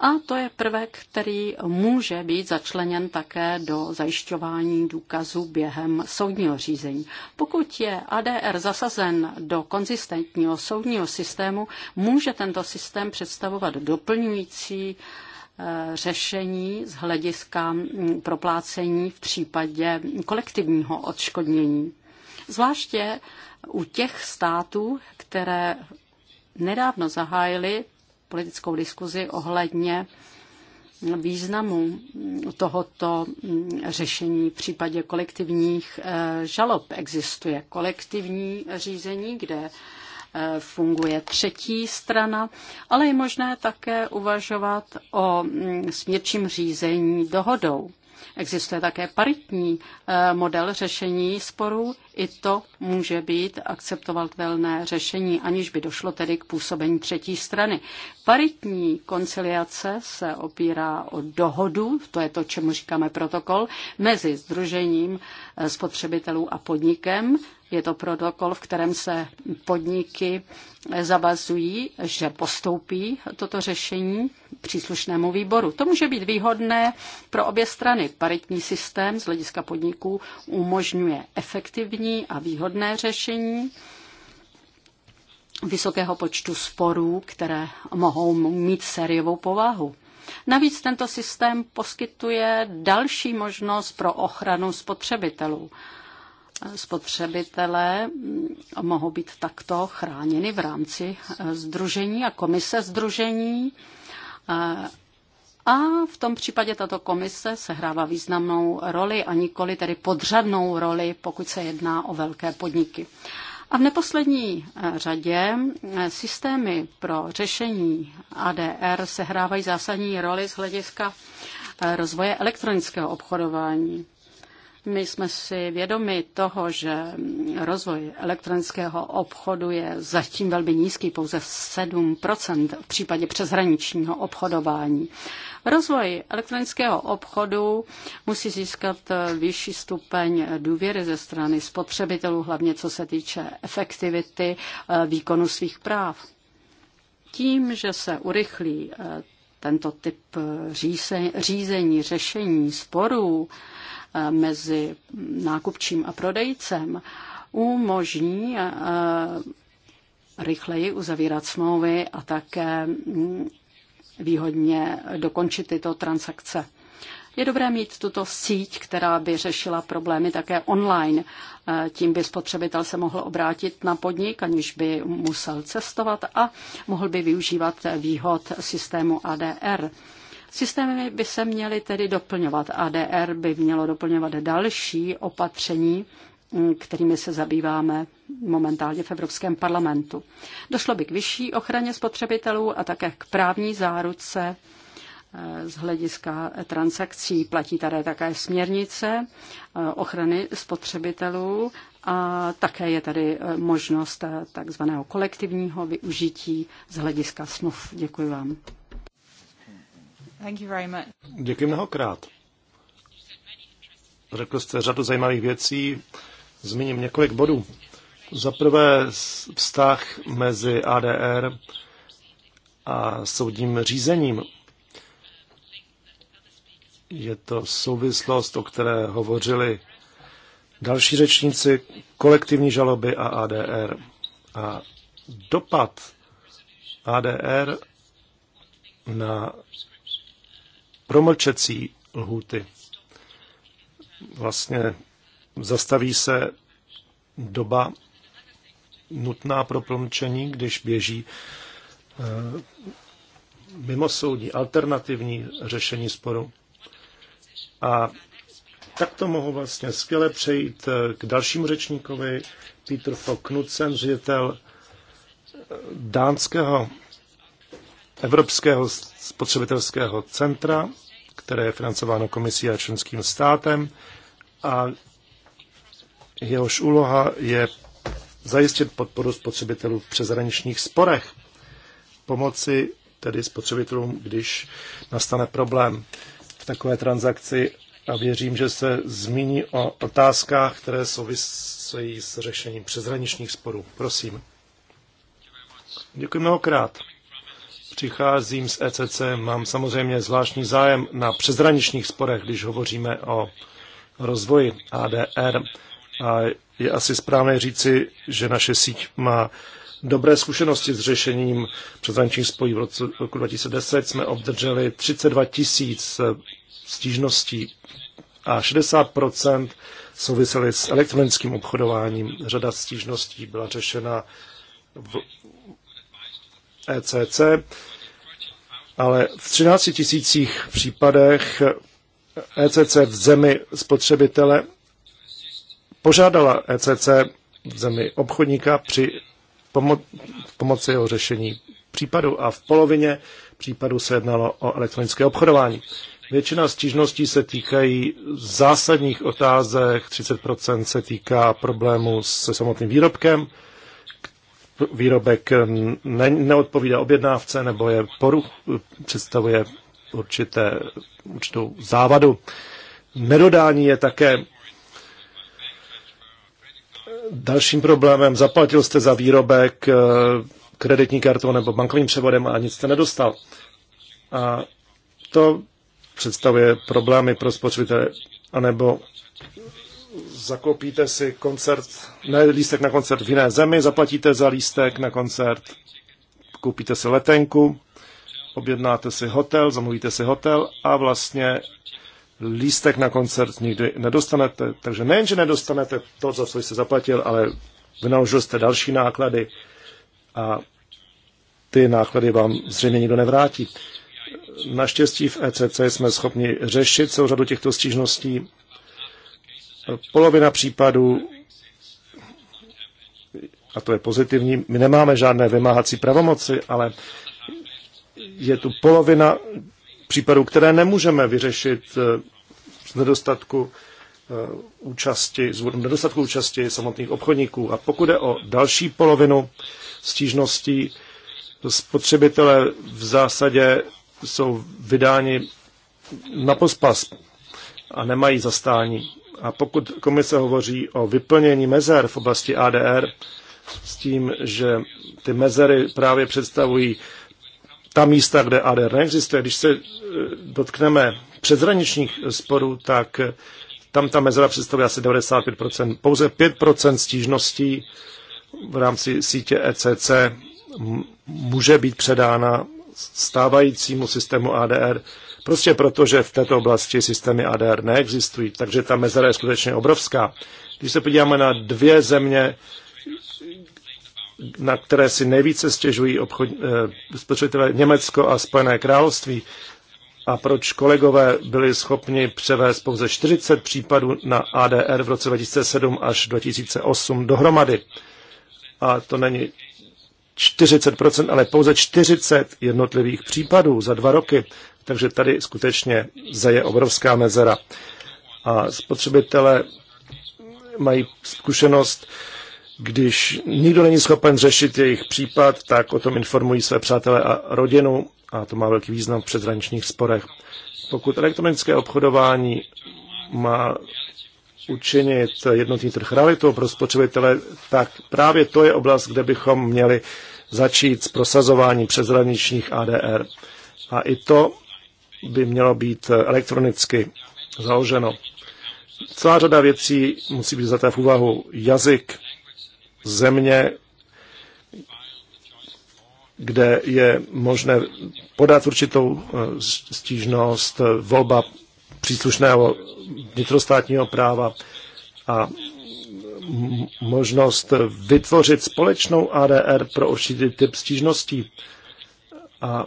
A to je prvek, který může být začleněn také do zajišťování důkazů během soudního řízení. Pokud je ADR zasazen do konzistentního soudního systému, může tento systém představovat doplňující eh, řešení z hlediska mm, proplácení v případě kolektivního odškodnění. Zvláště u těch států, které nedávno zahájily politickou diskuzi ohledně významu tohoto řešení v případě kolektivních eh, žalob. Existuje kolektivní řízení, kde eh, funguje třetí strana, ale je možné také uvažovat o mm, smírčím řízení dohodou. Existuje také paritní eh, model řešení sporů. I to může být akceptovatelné řešení, aniž by došlo tedy k působení třetí strany. Paritní konciliace se opírá o dohodu, to je to, čemu říkáme protokol, mezi Združením eh, spotřebitelů a podnikem, je to protokol, v kterém se podniky zavazují, že postoupí toto řešení příslušnému výboru. To může být výhodné pro obě strany. Paritní systém z hlediska podniků umožňuje efektivní a výhodné řešení vysokého počtu sporů, které mohou mít sériovou povahu. Navíc tento systém poskytuje další možnost pro ochranu spotřebitelů spotřebitelé mm, mohou být takto chráněni v rámci združení eh, a komise združení. Eh, a v tom případě tato komise sehrává významnou roli a nikoli tedy podřadnou roli, pokud se jedná o velké podniky. A v neposlední eh, řadě systémy pro řešení ADR sehrávají zásadní roli z hlediska rozvoje elektronického obchodování. My jsme si vědomi toho, že rozvoj elektronického obchodu je zatím velmi nízký, pouze 7 v případě přeshraničního obchodování. Rozvoj elektronického obchodu musí získat vyšší stupeň důvěry ze strany spotřebitelů, hlavně co se týče efektivity eh, výkonu svých práv. Tím, že se urychlí eh, tento typ eh, řízení, řešení sporů, mezi nákupčím a prodejcem umožní rychleji uzavírat smlouvy a také mm, výhodně dokončit tyto transakce. Je dobré mít tuto síť, která by řešila problémy také online. Tím by spotřebitel se mohl obrátit na podnik, aniž by musel cestovat a mohl by využívat výhod systému ADR. Systémy by se měly tedy doplňovat. ADR by mělo doplňovat další opatření, mm, kterými se zabýváme momentálně v Evropském parlamentu. Došlo by k vyšší ochraně spotřebitelů a také k právní záruce e, z hlediska transakcí. Platí tady také směrnice e, ochrany spotřebitelů a také je tady e, možnost takzvaného kolektivního využití z hlediska smluv. Děkuji vám. Děkuji mnohokrát. Řekl jste řadu zajímavých věcí, zmíním několik bodů. Za prvé vztah mezi ADR a soudním řízením. Je to souvislost, o které hovořili další řečníci, kolektivní žaloby a ADR. A dopad ADR na promlčecí lhůty. Vlastně zastaví se doba nutná pro promlčení, když běží eh, mimosoudní alternativní řešení sporu. A tak to mohu vlastně skvěle přejít eh, k dalšímu řečníkovi, Peter Fock Knudsen, ředitel eh, dánského Evropského spotřebitelského centra, které je financováno komisí a členským státem a jehož úloha je zajistit podporu spotřebitelů v přezraničních sporech, pomoci tedy spotřebitelům, když nastane problém v takové transakci a věřím, že se zmíní o otázkách, které souvisejí s řešením přezraničních sporů. Prosím. Děkuji mnohokrát přicházím z ECC, mám samozřejmě zvláštní zájem na přezraničních sporech, když hovoříme o rozvoji ADR. A je asi správné říci, že naše síť má dobré zkušenosti s řešením přezraničních spojí. V roce 2010 jsme obdrželi 32 tisíc eh, stížností a 60% souvisely s elektronickým obchodováním. Řada stížností byla řešena v, ECC, ale v 13 tisících případech ECC v zemi spotřebitele požádala ECC v zemi obchodníka při pomo- pomoci jeho řešení případu a v polovině případu se jednalo o elektronické obchodování. Většina stížností se týkají zásadních otázek, 30% se týká problémů se samotným výrobkem výrobek eh, ne, neodpovídá objednávce nebo je poruch, představuje určité, určitou závadu. Nedodání je také dalším problémem. Zaplatil jste za výrobek eh, kreditní kartou nebo bankovním převodem a nic jste nedostal. A to představuje problémy pro spotřebitele, anebo zakoupíte si koncert, ne lístek na koncert v jiné zemi, zaplatíte za lístek na koncert, koupíte si letenku, objednáte si hotel, zamluvíte si hotel a vlastně lístek na koncert nikdy nedostanete. Takže nejenže že nedostanete to, za co jste zaplatil, ale vynaložil jste další náklady a ty náklady vám zřejmě nikdo nevrátí. Naštěstí v ECC jsme schopni řešit celou řadu těchto stížností Polovina případů, a to je pozitivní, my nemáme žádné vymáhací pravomoci, ale je tu polovina případů, které nemůžeme vyřešit eh, z nedostatku eh, účasti, z nedostatku účasti samotných obchodníků. A pokud je o další polovinu stížností, spotřebitelé v zásadě jsou vydáni na pospas a nemají zastání. A pokud komise hovoří o vyplnění mezer v oblasti ADR s tím, že ty mezery právě představují ta místa, kde ADR neexistuje, když se eh, dotkneme přezraničních sporů, tak eh, tam ta mezera představuje asi 95%. Pouze 5% stížností v rámci sítě ECC může být předána stávajícímu systému ADR Prostě proto, že v této oblasti systémy ADR neexistují, takže ta mezera je skutečně obrovská. Když se podíváme na dvě země, na které si nejvíce stěžují obchod, eh, spotřebitelé Německo a Spojené království, a proč kolegové byli schopni převést pouze 40 případů na ADR v roce 2007 až 2008 dohromady. A to není 40%, ale pouze 40 jednotlivých případů za dva roky. Takže tady skutečně zaje obrovská mezera. A spotřebitelé mají zkušenost, když nikdo není schopen řešit jejich případ, tak o tom informují své přátelé a rodinu a to má velký význam v přeshraničních sporech. Pokud elektronické obchodování má učinit jednotný trh realitou pro spotřebitele, tak právě to je oblast, kde bychom měli začít s prosazováním přezraničních ADR. A i to by mělo být elektronicky založeno. Celá řada věcí musí být za v úvahu. Jazyk, země, kde je možné podat určitou eh, stížnost, volba příslušného vnitrostátního práva a možnost vytvořit společnou ADR pro určitý typ stížností a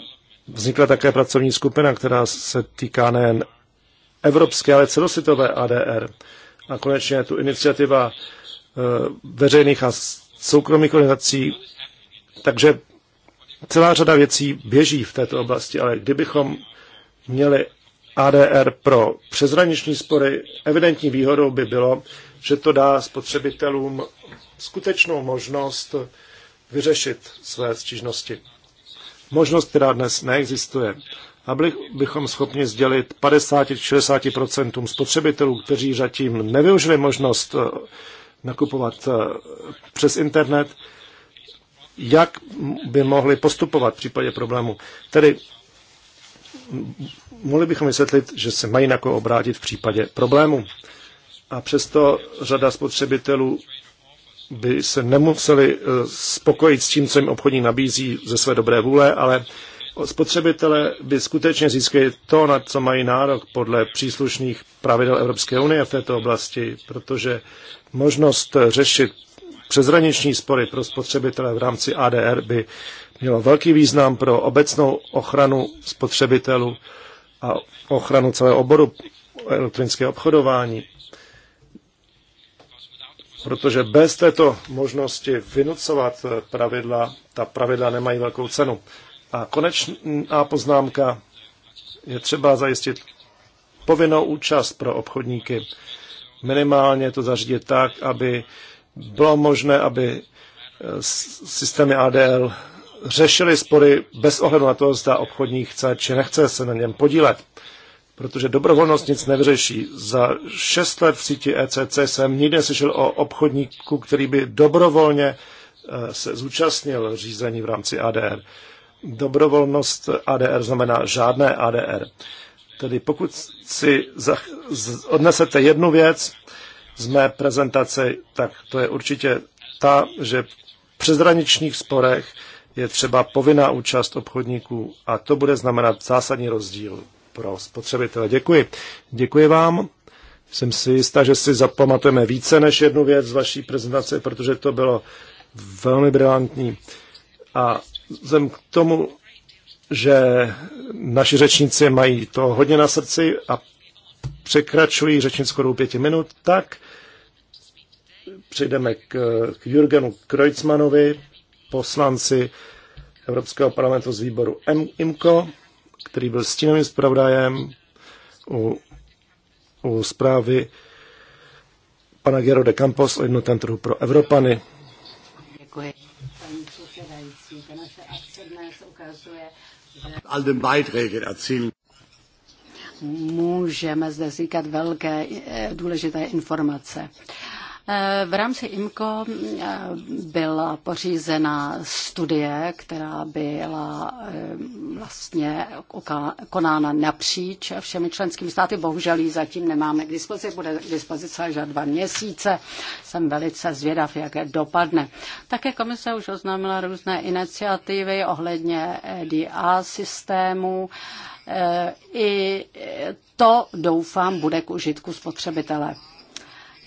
Vznikla také pracovní skupina, která se týká nejen evropské, ale celosvětové ADR. A konečně tu iniciativa eh, veřejných a soukromých organizací. Takže celá řada věcí běží v této oblasti, ale kdybychom měli ADR pro přezraniční spory, evidentní výhodou by bylo, že to dá spotřebitelům skutečnou možnost vyřešit své stížnosti možnost, která dnes neexistuje. A byli bychom schopni sdělit 50-60% spotřebitelů, kteří zatím nevyužili možnost eh, nakupovat eh, přes internet, jak by mohli postupovat v případě problému. Tedy mohli bychom vysvětlit, že se mají na koho obrátit v případě problému. A přesto řada spotřebitelů by se nemuseli eh, spokojit s tím, co jim obchodník nabízí ze své dobré vůle, ale spotřebitelé by skutečně získali to, na co mají nárok podle příslušných pravidel Evropské unie v této oblasti, protože možnost řešit přezraniční spory pro spotřebitele v rámci ADR by mělo velký význam pro obecnou ochranu spotřebitelů a ochranu celého oboru elektronického obchodování protože bez této možnosti vynucovat eh, pravidla, ta pravidla nemají velkou cenu. A konečná poznámka je třeba zajistit povinnou účast pro obchodníky. Minimálně to zařídit tak, aby bylo možné, aby eh, systémy ADL řešily spory bez ohledu na to, zda obchodník chce či nechce se na něm podílet protože dobrovolnost nic nevyřeší. Za šest let v síti ECC jsem nikdy neslyšel o obchodníku, který by dobrovolně eh, se zúčastnil řízení v rámci ADR. Dobrovolnost ADR znamená žádné ADR. Tedy pokud si odnesete jednu věc z mé prezentace, tak to je určitě ta, že v přezraničních sporech je třeba povinná účast obchodníků a to bude znamenat zásadní rozdíl pro spotřebitele. Děkuji. Děkuji vám. Jsem si jistá, že si zapamatujeme více než jednu věc z vaší prezentace, protože to bylo velmi brilantní. A vzhledem k tomu, že naši řečníci mají to hodně na srdci a překračují řečnickou dobu pěti minut, tak přejdeme k, k Jurgenu Kreutzmanovi, poslanci Evropského parlamentu z výboru M- IMCO, který byl stínovým zpravodajem u, u zprávy pana Gero de Campos o jednotném trhu pro Evropany. Děkuji. Můžeme zde říkat velké eh, důležité informace. V rámci IMCO eh, byla pořízena studie, která byla eh, vlastně konána napříč všemi členskými státy. Bohužel ji zatím nemáme k dispozici, bude k dispozici až za dva měsíce. Jsem velice zvědav, jaké dopadne. Také komise už oznámila různé iniciativy ohledně e DA systému. Eh, I to, doufám, bude k užitku spotřebitele.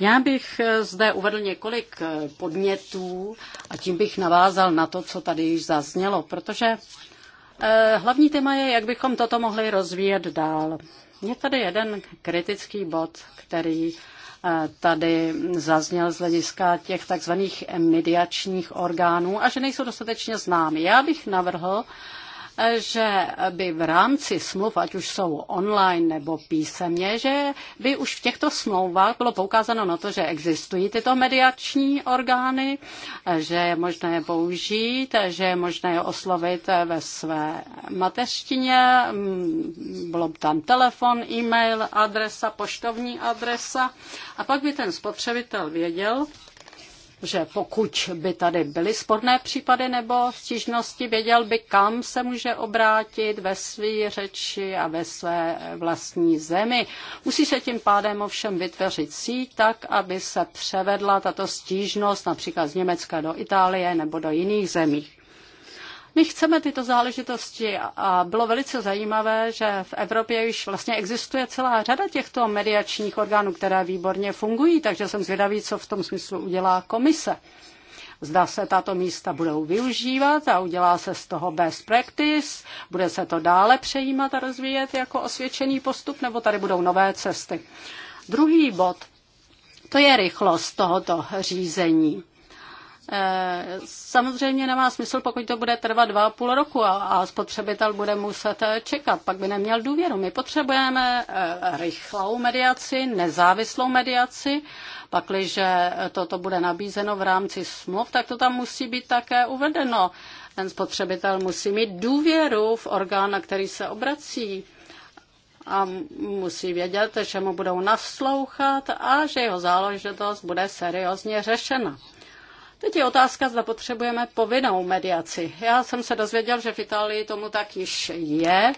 Já bych eh, zde uvedl několik eh, podnětů a tím bych navázal na to, co tady již zaznělo, protože eh, hlavní téma je, jak bychom toto mohli rozvíjet dál. Je tady jeden kritický bod, který tady zazněl z hlediska těch takzvaných mediačních orgánů a že nejsou dostatečně známy. Já bych navrhl, že by v rámci smluv, ať už jsou online nebo písemně, že by už v těchto smlouvách bylo poukázáno na to, že existují tyto mediační orgány, že je možné je použít, že je možné je oslovit ve své mateřštině, mm, bylo by tam telefon, e-mail, adresa, poštovní adresa a pak by ten spotřebitel věděl, že pokud by tady byly sporné případy nebo stížnosti, věděl by, kam se může obrátit ve své řeči a ve své vlastní zemi. Musí se tím pádem ovšem vytvořit síť tak, aby se převedla tato stížnost například z Německa do Itálie nebo do jiných zemí. My chceme tyto záležitosti a bylo velice zajímavé, že v Evropě již vlastně existuje celá řada těchto mediačních orgánů, které výborně fungují, takže jsem zvědavý, co v tom smyslu udělá komise. Zda se tato místa budou využívat a udělá se z toho best practice, bude se to dále přejímat a rozvíjet jako osvědčený postup, nebo tady budou nové cesty. Druhý bod, to je rychlost tohoto řízení. Eh, samozřejmě nemá smysl, pokud to bude trvat dva a půl roku a, a spotřebitel bude muset eh, čekat, pak by neměl důvěru. My potřebujeme eh, rychlou mediaci, nezávislou mediaci, pakliže toto bude nabízeno v rámci smluv, tak to tam musí být také uvedeno. Ten spotřebitel musí mít důvěru v orgán, na který se obrací a musí vědět, že mu budou naslouchat a že jeho záležitost bude seriózně řešena. Teď je otázka, zda potřebujeme povinnou mediaci. Já jsem se dozvěděl, že v Itálii tomu tak již je.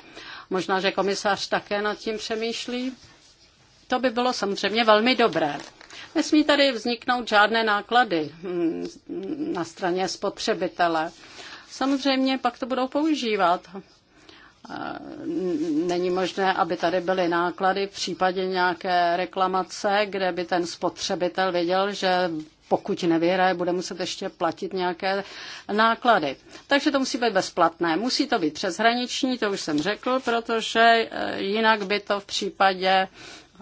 Možná, že komisař také nad tím přemýšlí. To by bylo samozřejmě velmi dobré. Nesmí tady vzniknout žádné náklady hm, na straně spotřebitele. Samozřejmě pak to budou používat. Není možné, aby tady byly náklady v případě nějaké reklamace, kde by ten spotřebitel věděl, že pokud nevyhraje, bude muset ještě platit nějaké náklady. Takže to musí být bezplatné. Musí to být přeshraniční, to už jsem řekl, protože e, jinak by to v případě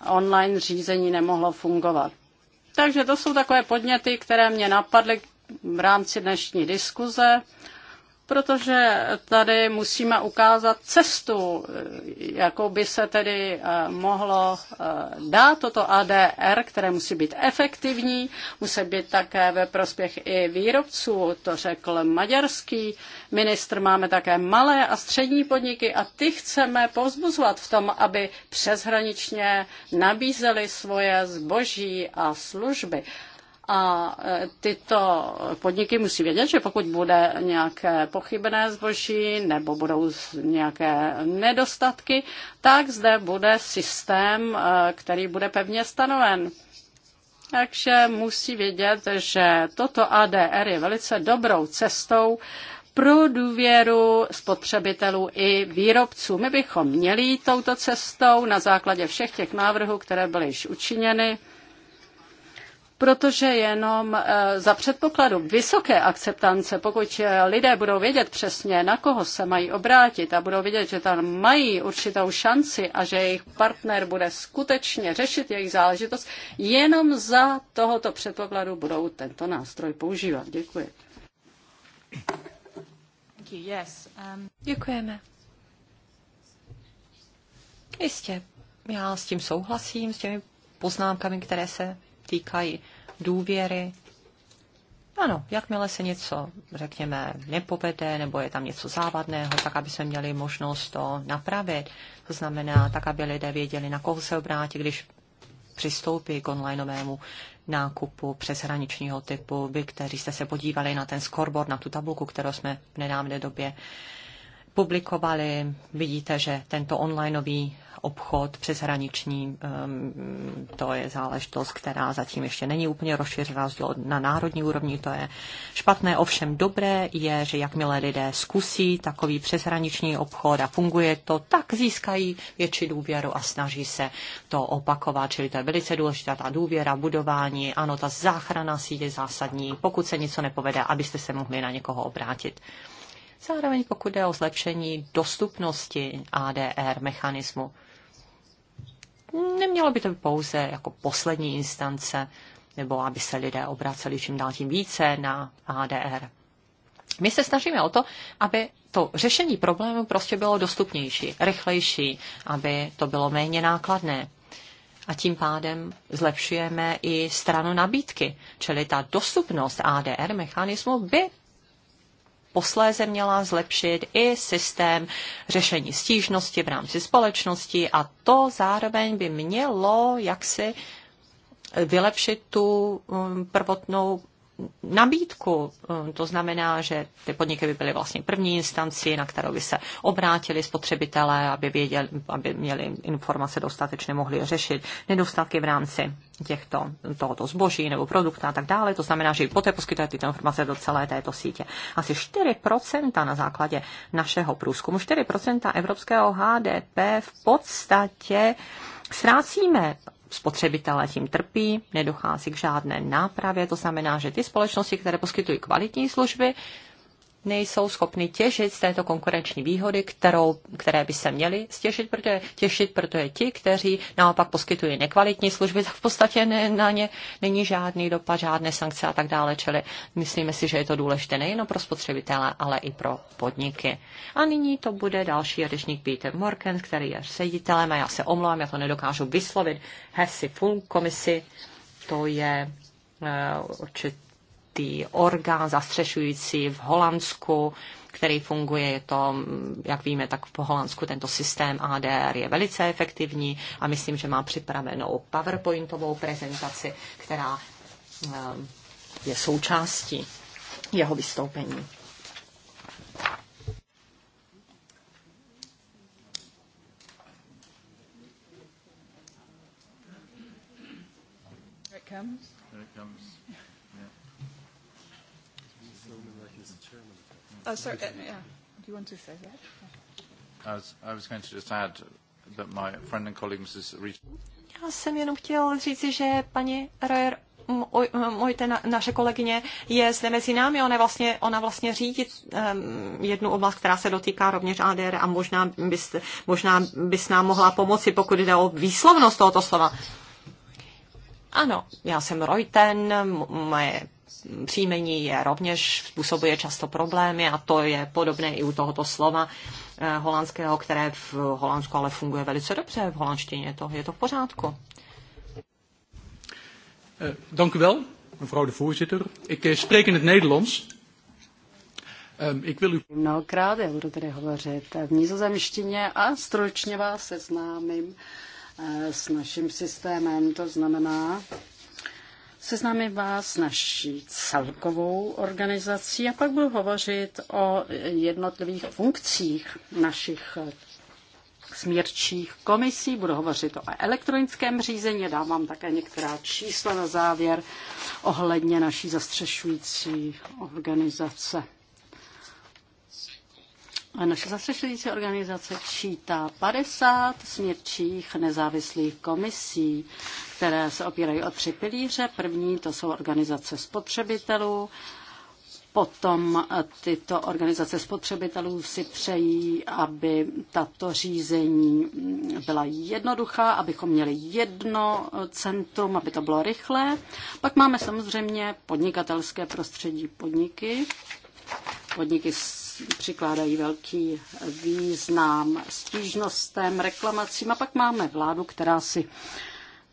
online řízení nemohlo fungovat. Takže to jsou takové podněty, které mě napadly v rámci dnešní diskuze protože tady musíme ukázat cestu, jakou by se tedy eh, mohlo eh, dát toto ADR, které musí být efektivní, musí být také ve prospěch i výrobců, to řekl maďarský ministr, máme také malé a střední podniky a ty chceme povzbuzovat v tom, aby přeshraničně nabízeli svoje zboží a služby. A e, tyto podniky musí vědět, že pokud bude nějaké pochybné zboží nebo budou nějaké nedostatky, tak zde bude systém, e, který bude pevně stanoven. Takže musí vědět, že toto ADR je velice dobrou cestou pro důvěru spotřebitelů i výrobců. My bychom měli touto cestou na základě všech těch návrhů, které byly již učiněny protože jenom eh, za předpokladu vysoké akceptance, pokud eh, lidé budou vědět přesně, na koho se mají obrátit a budou vědět, že tam mají určitou šanci a že jejich partner bude skutečně řešit jejich záležitost, jenom za tohoto předpokladu budou tento nástroj používat. Děkuji. Um, Děkujeme. Jistě, já s tím souhlasím, s těmi poznámkami, které se týkají důvěry. Ano, jakmile se něco, řekněme, nepovede, nebo je tam něco závadného, tak aby se měli možnost to napravit. To znamená, tak aby lidé věděli, na koho se obrátit, když přistoupí k onlineovému nákupu přeshraničního typu. Vy, kteří jste se podívali na ten scoreboard, na tu tabulku, kterou jsme v nedávné době publikovali, vidíte, že tento onlineový obchod přeshraniční, ehm, to je záležitost, která zatím ještě není úplně rozšířená na národní úrovni, to je špatné. Ovšem dobré je, že jakmile lidé zkusí takový přeshraniční obchod a funguje to, tak získají větší důvěru a snaží se to opakovat. Čili to je velice důležitá ta důvěra, budování, ano, ta záchrana si je zásadní, pokud se něco nepovede, abyste se mohli na někoho obrátit. Zároveň pokud jde o zlepšení dostupnosti ADR mechanismu, Nemělo by to být pouze jako poslední instance, nebo aby se lidé obraceli čím dál tím více na ADR. My se snažíme o to, aby to řešení problému prostě bylo dostupnější, rychlejší, aby to bylo méně nákladné. A tím pádem zlepšujeme i stranu nabídky, čili ta dostupnost ADR mechanismu by posléze měla zlepšit i systém řešení stížnosti v rámci společnosti a to zároveň by mělo jaksi vylepšit tu um, prvotnou nabídku. Eh, to znamená, že ty podniky by byly vlastně první instanci, na kterou by se obrátili spotřebitelé, aby, věděli, aby měli informace dostatečně, mohli řešit nedostatky v rámci těchto, tohoto zboží nebo produktů a tak dále. To znamená, že i poté poskytuje tyto informace do celé této sítě. Asi 4% na základě našeho průzkumu, 4% evropského HDP v podstatě ztrácíme spotřebitelé tím trpí, nedochází k žádné nápravě, to znamená, že ty společnosti, které poskytují kvalitní služby, nejsou schopny těžit z této konkurenční výhody, kterou, které by se měly stěžit, protože, těšit, protože ti, kteří naopak poskytují nekvalitní služby, tak v podstatě ne, na ně není žádný dopad, žádné sankce a tak dále. Čili myslíme si, že je to důležité nejen pro spotřebitele, ale i pro podniky. A nyní to bude další řečník Peter Morken, který je ředitelem a já se omlouvám, já to nedokážu vyslovit. Hesi full komisi, to je eh, určitě určitý orgán zastřešující v Holandsku, který funguje, je to, jak víme, tak v Holandsku tento systém ADR je velice efektivní a myslím, že má připravenou PowerPointovou prezentaci, která eh, je součástí jeho vystoupení. comes. Oh, sorry. Uh, yeah. Do you want to say that? I was, I was going to just add that my friend and colleague Mrs. Já jsem jenom chtěl říct, že paní Royer Mojte, na, naše kolegyně, je zde mezi námi. Ona vlastně, ona vlastně řídí um, jednu oblast, která se dotýká rovněž ADR a možná bys, možná bys nám mohla pomoci, pokud jde o výslovnost tohoto slova. Ano, já jsem Reuten, moje příjmení je rovněž způsobuje často problémy a to je podobné i u tohoto slova eh, holandského, které v Holandsku ale funguje velice dobře, v holandštině je to, je to v pořádku. Eh, dank u wel, mevrouw de voorzitter. Ik eh, spreek in het Nederlands. Ehm, ik wil u... Mnohokrát já budu tedy hovořit v nizozemštině a stručně vás seznámím s naším systémem. To znamená, seznámím vás s naší celkovou organizací a pak budu hovořit o jednotlivých funkcích našich smírčích komisí, budu hovořit o elektronickém řízení, dám vám také některá čísla na závěr ohledně naší zastřešující organizace. A naše zastřešující organizace čítá 50 směrčích nezávislých komisí, které se opírají o tři pilíře. První to jsou organizace spotřebitelů, Potom tyto organizace spotřebitelů si přejí, aby tato řízení byla jednoduchá, abychom měli jedno centrum, aby to bylo rychlé. Pak máme samozřejmě podnikatelské prostředí podniky, podniky přikládají velký význam stížnostem, reklamacím a pak máme vládu, která si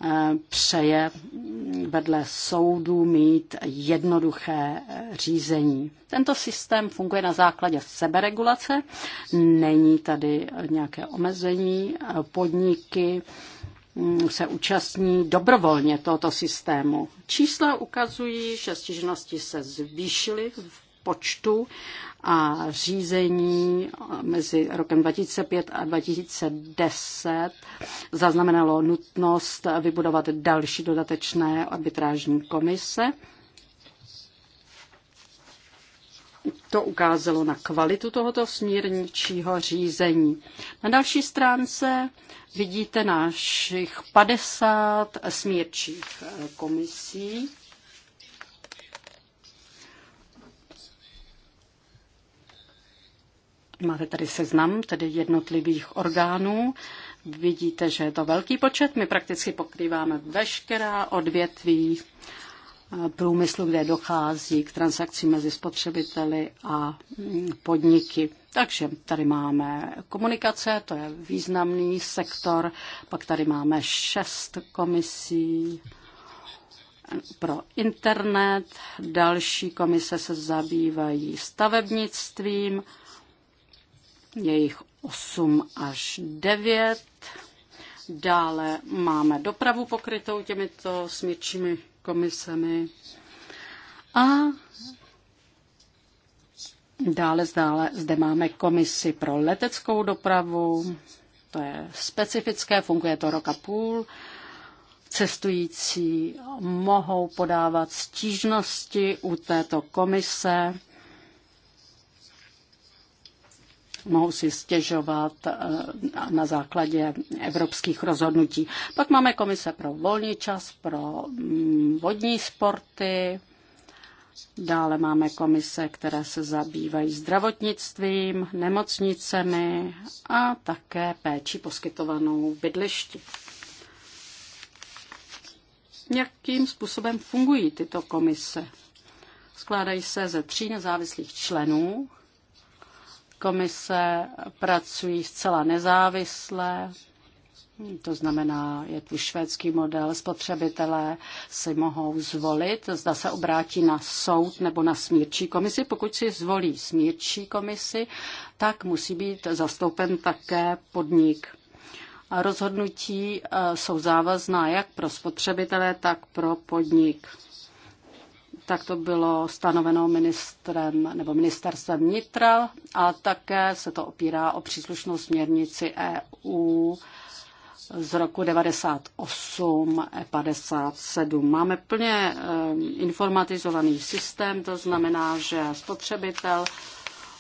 eh, přeje vedle soudů mít jednoduché eh, řízení. Tento systém funguje na základě seberegulace, není tady nějaké omezení, podniky mm, se účastní dobrovolně tohoto systému. Čísla ukazují, že stížnosti se zvýšily v počtu a řízení mezi rokem 2005 a 2010 zaznamenalo nutnost vybudovat další dodatečné arbitrážní komise. To ukázalo na kvalitu tohoto smírničího řízení. Na další stránce vidíte našich 50 smírčích komisí. Máte tady seznam tedy jednotlivých orgánů. Vidíte, že je to velký počet. My prakticky pokrýváme veškerá odvětví průmyslu, kde dochází k transakci mezi spotřebiteli a podniky. Takže tady máme komunikace, to je významný sektor, pak tady máme šest komisí pro internet, další komise se zabývají stavebnictvím, jich 8 až 9. Dále máme dopravu pokrytou těmito smírčími komisemi. A dále, dále zde máme komisi pro leteckou dopravu. To je specifické, funguje to rok a půl. Cestující mohou podávat stížnosti u této komise mohou si stěžovat eh, na základě evropských rozhodnutí. Pak máme komise pro volný čas, pro mm, vodní sporty, dále máme komise, které se zabývají zdravotnictvím, nemocnicemi a také péči poskytovanou bydlišti. Jakým způsobem fungují tyto komise? Skládají se ze tří nezávislých členů, Komise pracují zcela nezávisle, to znamená, je tu švédský model, spotřebitelé si mohou zvolit, zda se obrátí na soud nebo na smírčí komisi. Pokud si zvolí smírčí komisi, tak musí být zastoupen také podnik. A rozhodnutí eh, jsou závazná jak pro spotřebitele, tak pro podnik tak to bylo stanoveno ministrem nebo ministerstvem vnitra a také se to opírá o příslušnou směrnici EU z roku 98 57. E Máme plně ehm, informatizovaný systém, to znamená, že spotřebitel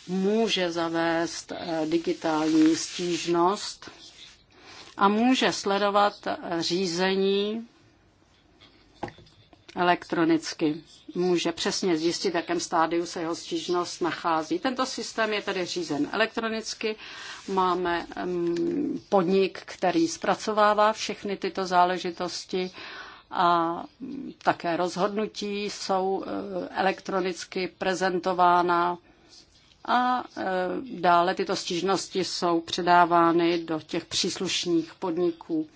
může zavést eh, digitální stížnost a může sledovat eh, řízení elektronicky. Může přesně zjistit, v jakém stádiu se jeho stížnost nachází. Tento systém je tedy řízen elektronicky. Máme podnik, který zpracovává všechny tyto záležitosti a také rozhodnutí jsou eh, elektronicky prezentována a eh, dále tyto stížnosti jsou předávány do těch příslušných podniků.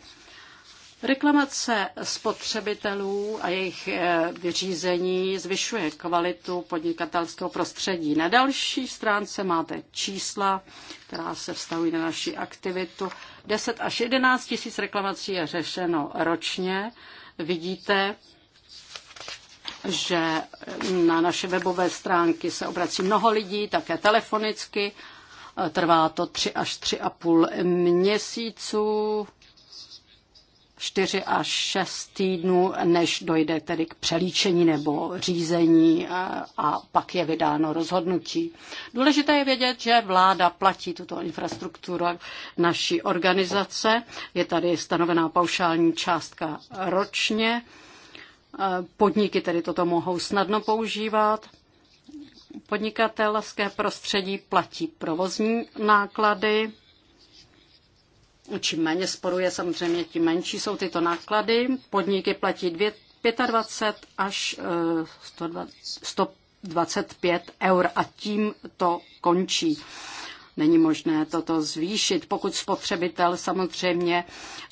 Reklamace spotřebitelů a jejich eh, vyřízení zvyšuje kvalitu podnikatelského prostředí. Na další stránce máte čísla, která se vztahují na naši aktivitu. 10 až 11 tisíc reklamací je řešeno ročně. Vidíte, že na naše webové stránky se obrací mnoho lidí, také telefonicky. Trvá to 3 až 3,5 měsíců 4 až 6 týdnů, než dojde tedy k přelíčení nebo řízení a pak je vydáno rozhodnutí. Důležité je vědět, že vláda platí tuto infrastrukturu naší organizace. Je tady stanovená paušální částka ročně. Podniky tedy toto mohou snadno používat. Podnikatelské prostředí platí provozní náklady čím méně sporuje, samozřejmě, tím menší jsou tyto náklady. Podniky platí 25 až 125 eh, eur a tím to končí. Není možné toto zvýšit. Pokud spotřebitel samozřejmě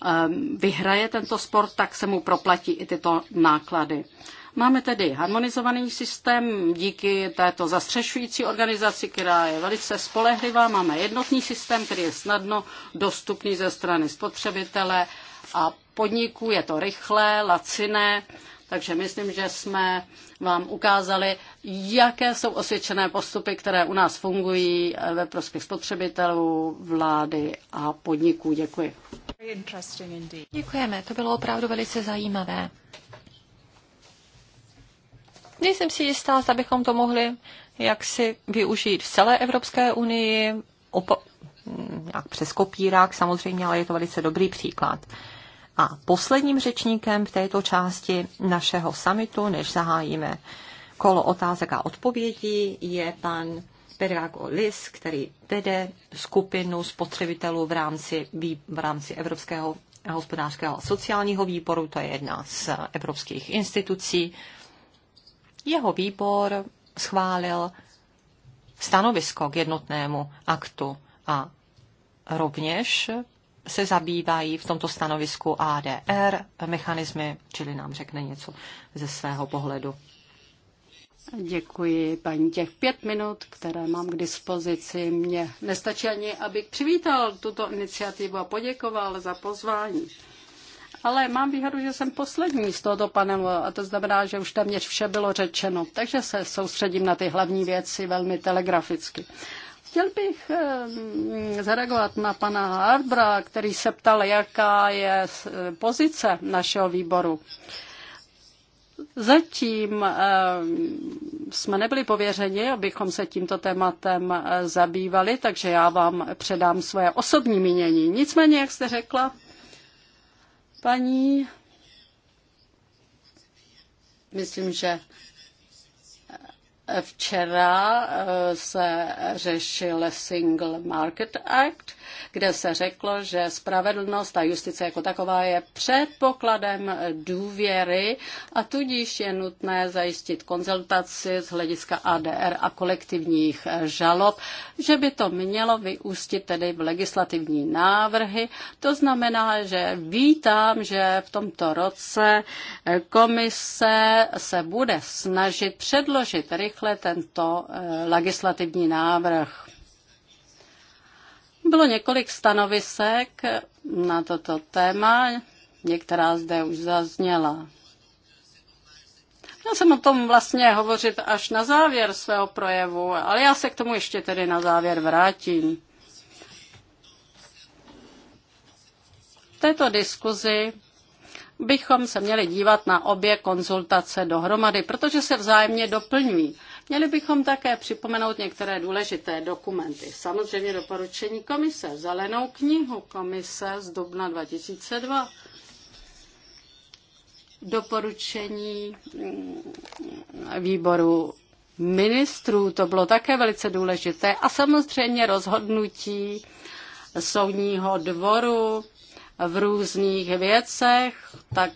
eh, vyhraje tento sport, tak se mu proplatí i tyto náklady. Máme tedy harmonizovaný systém díky této zastřešující organizaci, která je velice spolehlivá. Máme jednotný systém, který je snadno dostupný ze strany spotřebitele a podniků. Je to rychlé, laciné, takže myslím, že jsme vám ukázali, jaké jsou osvědčené postupy, které u nás fungují ve prospěch spotřebitelů, vlády a podniků. Děkuji. Děkujeme, to bylo opravdu velice zajímavé. Nejsem si jistá, zda bychom to mohli jaksi využít v celé Evropské unii, opo- přes kopírák samozřejmě, ale je to velice dobrý příklad. A posledním řečníkem v této části našeho samitu, než zahájíme kolo otázek a odpovědí, je pan Pedrago Lis, který vede skupinu spotřebitelů v rámci, v rámci Evropského hospodářského a sociálního výboru, to je jedna z evropských institucí. Jeho výbor schválil stanovisko k jednotnému aktu a rovněž se zabývají v tomto stanovisku ADR mechanismy, čili nám řekne něco ze svého pohledu. Děkuji, paní. Těch pět minut, které mám k dispozici, mě nestačí ani, abych přivítal tuto iniciativu a poděkoval za pozvání ale mám výhodu, že jsem poslední z tohoto panelu a to znamená, že už téměř vše bylo řečeno, takže se soustředím na ty hlavní věci velmi telegraficky. Chtěl bych ehm, zareagovat na pana Harbra, který se ptal, jaká je e, pozice našeho výboru. Zatím ehm, jsme nebyli pověřeni, abychom se tímto tématem e, zabývali, takže já vám předám svoje osobní mínění. Nicméně, jak jste řekla, Paní, myslím, že včera eh, se řešil Single Market Act kde se řeklo, že spravedlnost a justice jako taková je předpokladem důvěry a tudíž je nutné zajistit konzultaci z hlediska ADR a kolektivních žalob, že by to mělo vyústit tedy v legislativní návrhy. To znamená, že vítám, že v tomto roce komise se bude snažit předložit rychle tento eh, legislativní návrh. Bylo několik stanovisek na toto téma, některá zde už zazněla. Já jsem o tom vlastně hovořit až na závěr svého projevu, ale já se k tomu ještě tedy na závěr vrátím. V této diskuzi bychom se měli dívat na obě konzultace dohromady, protože se vzájemně doplňují. Měli bychom také připomenout některé důležité dokumenty. Samozřejmě doporučení komise, zelenou knihu komise z dubna 2002, doporučení mm, výboru ministrů, to bylo také velice důležité, a samozřejmě rozhodnutí soudního dvoru v různých věcech, tak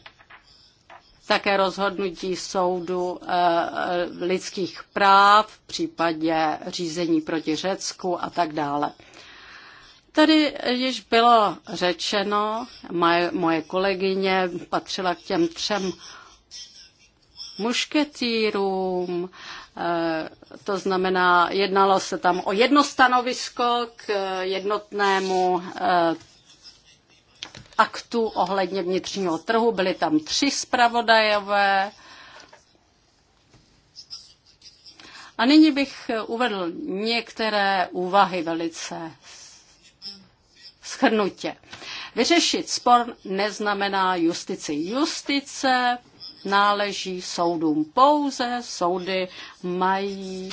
také rozhodnutí soudu eh, eh, lidských práv v případě řízení proti Řecku a tak dále. Tady již bylo řečeno, moje, moje kolegyně patřila k těm třem mušketýrům, eh, to znamená, jednalo se tam o jedno stanovisko k jednotnému aktu ohledně vnitřního trhu. Byly tam tři zpravodajové. A nyní bych uvedl některé úvahy velice schrnutě. Vyřešit spor neznamená justici. Justice náleží soudům pouze, soudy mají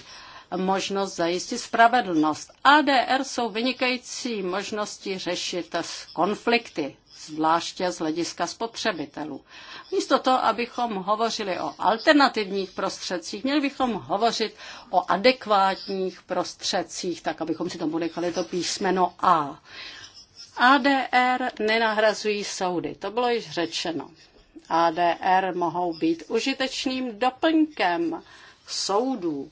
možnost zajistit spravedlnost. ADR jsou vynikající možnosti řešit konflikty, zvláště z hlediska spotřebitelů. Místo toho, abychom hovořili o alternativních prostředcích, měli bychom hovořit o adekvátních prostředcích, tak abychom si tam ponechali to písmeno A. ADR nenahrazují soudy, to bylo již řečeno. ADR mohou být užitečným doplňkem soudů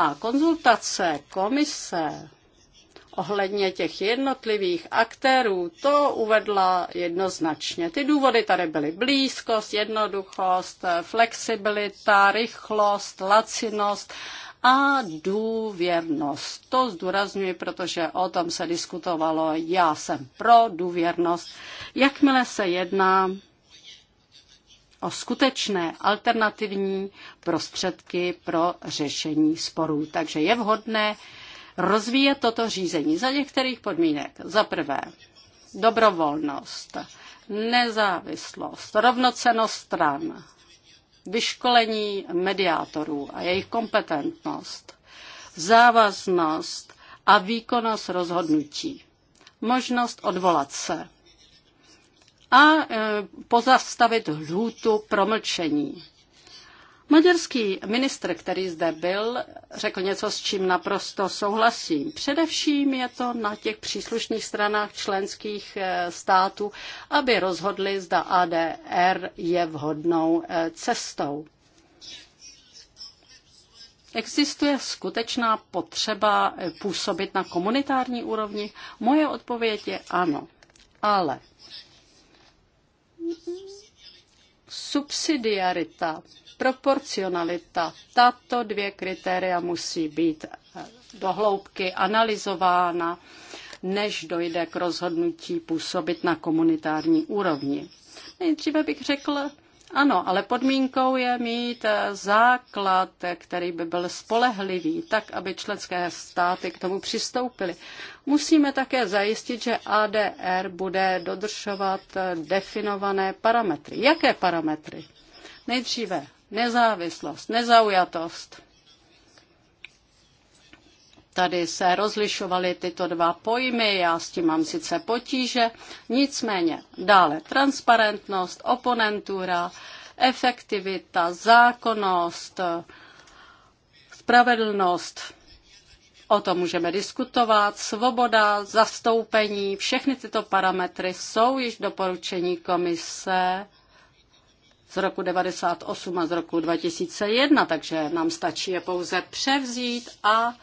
a konzultace komise ohledně těch jednotlivých aktérů, to uvedla jednoznačně. Ty důvody tady byly blízkost, jednoduchost, flexibilita, rychlost, lacinost a důvěrnost. To zdůraznuju, protože o tom se diskutovalo. Já jsem pro důvěrnost. Jakmile se jedná o skutečné alternativní prostředky pro řešení sporů. Takže je vhodné rozvíjet toto řízení za některých podmínek. Za prvé, dobrovolnost, nezávislost, rovnocenost stran, vyškolení mediátorů a jejich kompetentnost, závaznost a výkonnost rozhodnutí, možnost odvolat se a e, pozastavit lhůtu promlčení. Maďarský ministr, který zde byl, řekl něco, s čím naprosto souhlasím. Především je to na těch příslušných stranách členských e, států, aby rozhodli, zda ADR je vhodnou e, cestou. Existuje skutečná potřeba působit na komunitární úrovni? Moje odpověď je ano. Ale subsidiarita, proporcionalita, tato dvě kritéria musí být eh, dohloubky analyzována, než dojde k rozhodnutí působit na komunitární úrovni. Nejdříve bych řekla. Ano, ale podmínkou je mít eh, základ, který by byl spolehlivý, tak, aby členské státy k tomu přistoupily. Musíme také zajistit, že ADR bude dodržovat eh, definované parametry. Jaké parametry? Nejdříve nezávislost, nezaujatost, Tady se rozlišovaly tyto dva pojmy, já s tím mám sice potíže, nicméně dále transparentnost, oponentura, efektivita, zákonnost, spravedlnost, o tom můžeme diskutovat, svoboda, zastoupení, všechny tyto parametry jsou již doporučení komise z roku 98 a z roku 2001, takže nám stačí je pouze převzít a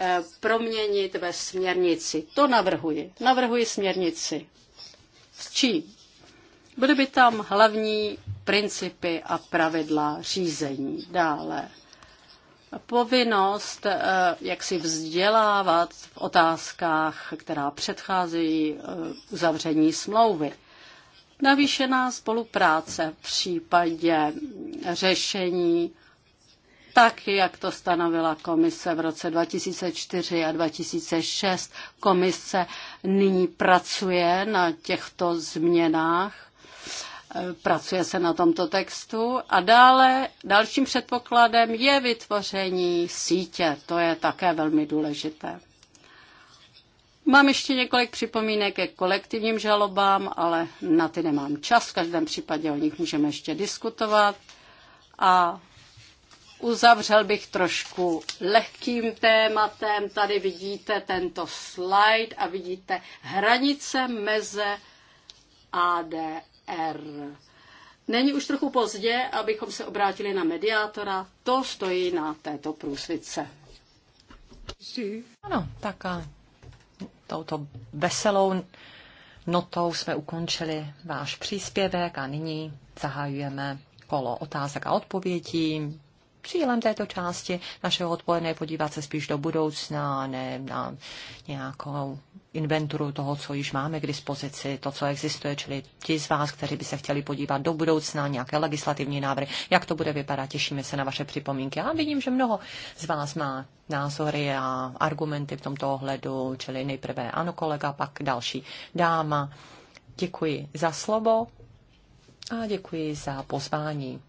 Eh, proměnit ve směrnici. To navrhuji. Navrhuji směrnici. S čím? Byly by tam hlavní principy a pravidla řízení dále. Povinnost, eh, jak si vzdělávat v otázkách, která předcházejí eh, uzavření smlouvy. Navýšená spolupráce v případě řešení tak, jak to stanovila komise v roce 2004 a 2006. Komise nyní pracuje na těchto změnách, pracuje se na tomto textu a dále dalším předpokladem je vytvoření sítě. To je také velmi důležité. Mám ještě několik připomínek ke kolektivním žalobám, ale na ty nemám čas. V každém případě o nich můžeme ještě diskutovat. A Uzavřel bych trošku lehkým tématem. Tady vidíte tento slide a vidíte hranice meze ADR. Není už trochu pozdě, abychom se obrátili na mediátora. To stojí na této průsvitce. Ano, tak a eh, touto veselou notou jsme ukončili váš příspěvek a nyní zahajujeme kolo otázek a odpovědí cílem této části našeho odpoledne je podívat se spíš do budoucna, ne na nějakou inventuru toho, co již máme k dispozici, to, co existuje, čili ti z vás, kteří by se chtěli podívat do budoucna, nějaké legislativní návrhy, jak to bude vypadat, těšíme se na vaše připomínky. A vidím, že mnoho z vás má názory a argumenty v tomto ohledu, čili nejprve ano kolega, pak další dáma. Děkuji za slovo a děkuji za pozvání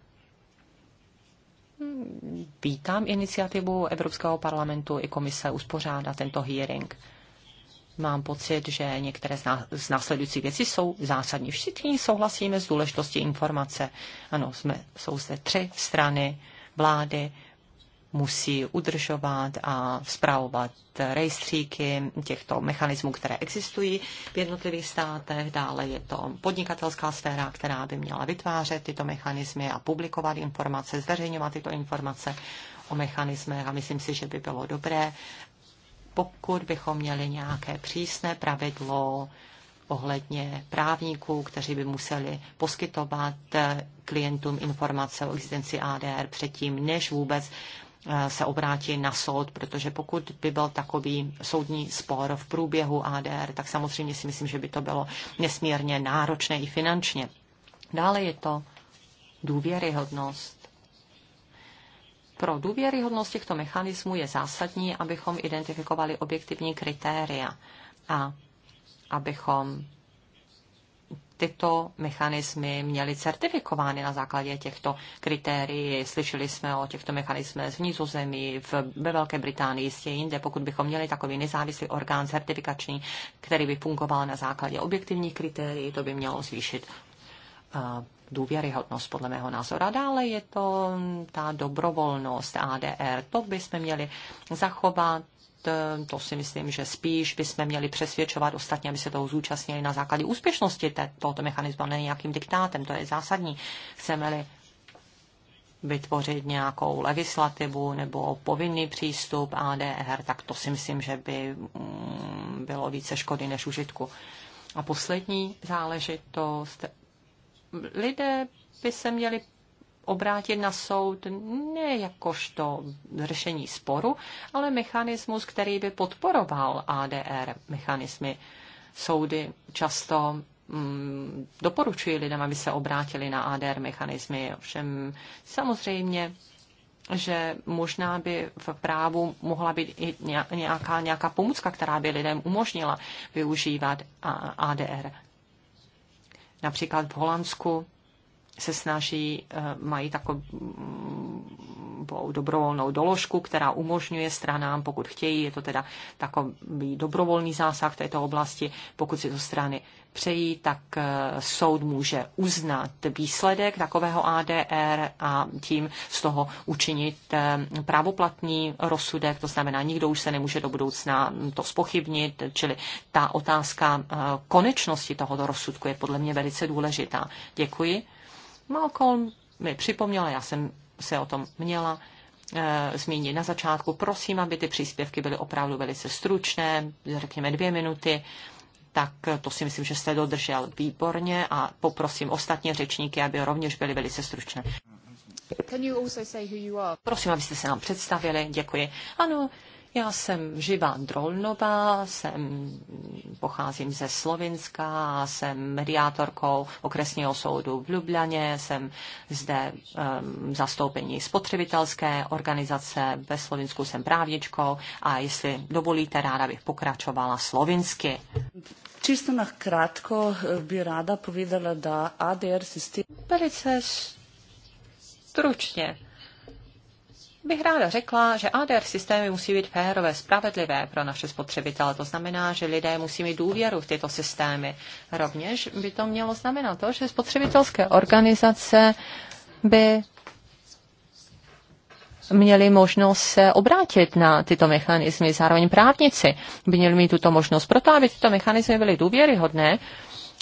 vítám iniciativu Evropského parlamentu i komise uspořádat tento hearing. Mám pocit, že některé z následujících věcí jsou zásadní. Všichni souhlasíme s důležitostí informace. Ano, jsme, jsou zde tři strany vlády, musí udržovat a zpravovat rejstříky těchto mechanismů, které existují v jednotlivých státech. Dále je to podnikatelská sféra, která by měla vytvářet tyto mechanismy a publikovat informace, zveřejňovat tyto informace o mechanismech a myslím si, že by bylo dobré, pokud bychom měli nějaké přísné pravidlo ohledně právníků, kteří by museli poskytovat klientům informace o existenci ADR předtím, než vůbec Eh, se obrátí na soud, protože pokud by byl takový soudní spor v průběhu ADR, tak samozřejmě si myslím, že by to bylo nesmírně náročné i finančně. Dále je to důvěryhodnost. Pro důvěryhodnost těchto mechanismů je zásadní, abychom identifikovali objektivní kritéria a abychom tyto mechanismy měly certifikovány na základě těchto kritérií. Slyšeli jsme o těchto mechanismech v Nizozemí, v, ve Velké Británii, jistě jinde. Pokud bychom měli takový nezávislý orgán certifikační, který by fungoval na základě objektivních kritérií, to by mělo zvýšit eh, důvěryhodnost podle mého názoru. A dále je to ta dobrovolnost ADR. To bychom měli zachovat Eh, to si myslím, že spíš bychom měli přesvědčovat ostatní, aby se toho zúčastnili na základě úspěšnosti tohoto mechanismu, ne nějakým diktátem, to je zásadní. Chceme-li vytvořit nějakou legislativu nebo povinný přístup ADR, tak to si myslím, že by mm, bylo více škody než užitku. A poslední záležitost. Lidé by se měli obrátit na soud ne jakožto řešení sporu, ale mechanismus, který by podporoval ADR, mechanismy soudy často mm, doporučují lidem, aby se obrátili na ADR mechanismy. Ovšem samozřejmě že možná by v právu mohla být i nějaká, nějaká pomůcka, která by lidem umožnila využívat ADR. Například v Holandsku se snaží, eh, mají takovou dobrovolnou doložku, která umožňuje stranám, pokud chtějí, je to teda takový dobrovolný zásah v této oblasti, pokud si to strany přejí, tak eh, soud může uznat výsledek takového ADR a tím z toho učinit eh, právoplatný rozsudek, to znamená, nikdo už se nemůže do budoucna to spochybnit, čili ta otázka konečnosti tohoto rozsudku je podle mě velice důležitá. Děkuji. Malcolm mi připomněla, já jsem se o tom měla e, zmínit na začátku. Prosím, aby ty příspěvky byly opravdu velice stručné, řekněme dvě minuty, tak to si myslím, že jste dodržel výborně a poprosím ostatní řečníky, aby rovněž byly velice stručné. Prosím, abyste se nám představili. Děkuji. Ano, já jsem živá Drolnová, jsem, pocházím ze Slovinska, jsem mediátorkou okresního soudu v Ljubljaně, jsem zde um, zastoupení spotřebitelské organizace, ve Slovinsku jsem právničkou a jestli dovolíte, ráda bych pokračovala slovinsky. Čisto na krátko eh, by ráda povědala, da ADR systém... Velice stručně bych ráda řekla, že ADR systémy musí být férové, spravedlivé pro naše spotřebitele. To znamená, že lidé musí mít důvěru v tyto systémy. Rovněž by to mělo znamenat to, že spotřebitelské organizace by měli možnost se obrátit na tyto mechanismy. Zároveň právnici by měli mít tuto možnost. Proto, aby tyto mechanismy byly důvěryhodné,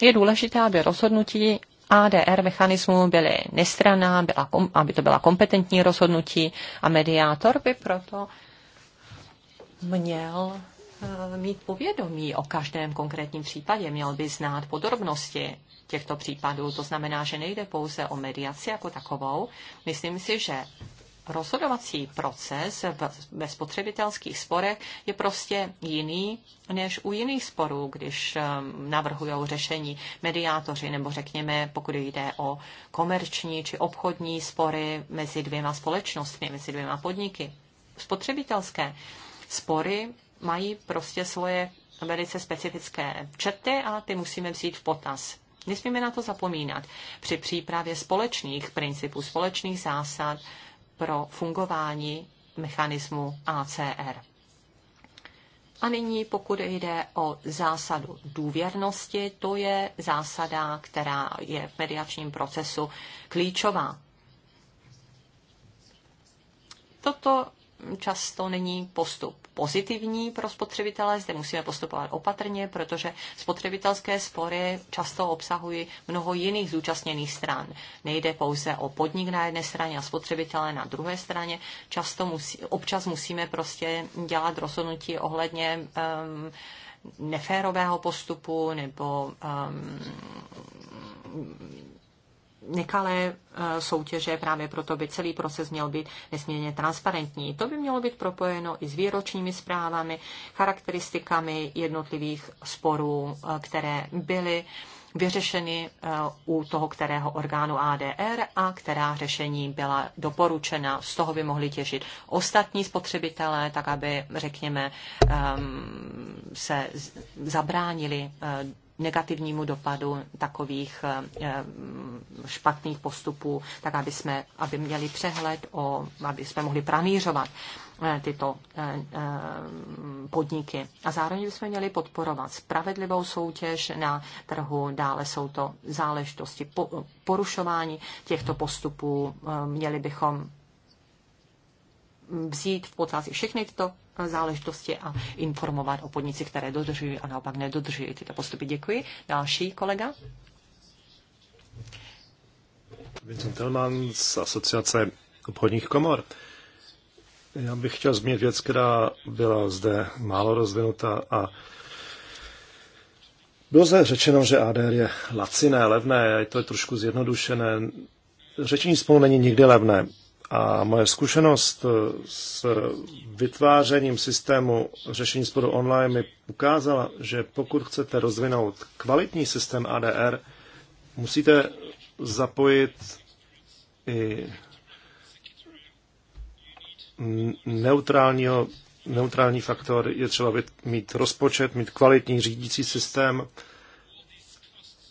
je důležité, aby rozhodnutí ADR mechanismu byly nestraná, byla, aby to byla kompetentní rozhodnutí a mediátor by proto měl eh, mít povědomí o každém konkrétním případě, měl by znát podrobnosti těchto případů. To znamená, že nejde pouze o mediaci jako takovou. Myslím si, že rozhodovací proces ve spotřebitelských sporech je prostě jiný než u jiných sporů, když ehm, navrhují řešení mediátoři nebo řekněme, pokud jde o komerční či obchodní spory mezi dvěma společnostmi, mezi dvěma podniky. Spotřebitelské spory mají prostě svoje velice specifické čety a ty musíme vzít v potaz. Nesmíme na to zapomínat při přípravě společných principů, společných zásad, pro fungování mechanismu ACR. A nyní, pokud jde o zásadu důvěrnosti, to je zásada, která je v mediačním procesu klíčová. Toto často není postup pozitivní pro spotřebitele. Zde musíme postupovat opatrně, protože spotřebitelské spory často obsahují mnoho jiných zúčastněných stran. Nejde pouze o podnik na jedné straně a spotřebitele na druhé straně. Často musí, občas musíme prostě dělat rozhodnutí ohledně um, neférového postupu nebo um, nekalé eh, soutěže, právě proto by celý proces měl být nesmírně transparentní. To by mělo být propojeno i s výročními zprávami, charakteristikami jednotlivých sporů, eh, které byly vyřešeny eh, u toho kterého orgánu ADR a která řešení byla doporučena. Z toho by mohli těžit ostatní spotřebitelé, tak aby, řekněme, ehm, se zabránili negativnímu dopadu takových eh, eh, špatných postupů, tak aby jsme aby měli přehled, o, aby jsme mohli pranířovat eh, tyto podniky. A zároveň bychom měli podporovat spravedlivou soutěž na trhu, dále jsou to záležitosti porušování těchto postupů, měli bychom vzít v potaz všechny tyto záležitosti a informovat o podnici, které dodržují a naopak nedodržují tyto postupy. Děkuji. Další kolega. Vincent Telman z Asociace obchodních komor. Já bych chtěl změnit věc, která byla zde málo rozvinuta a bylo zde řečeno, že ADR je laciné, levné, je to trošku zjednodušené. Řečení spolu není nikdy levné. A moje zkušenost eh, s vytvářením systému řešení sporu online mi ukázala, že pokud chcete rozvinout kvalitní systém ADR, musíte zapojit i neutrálního, neutrální faktor. Je třeba mít rozpočet, mít kvalitní řídící systém.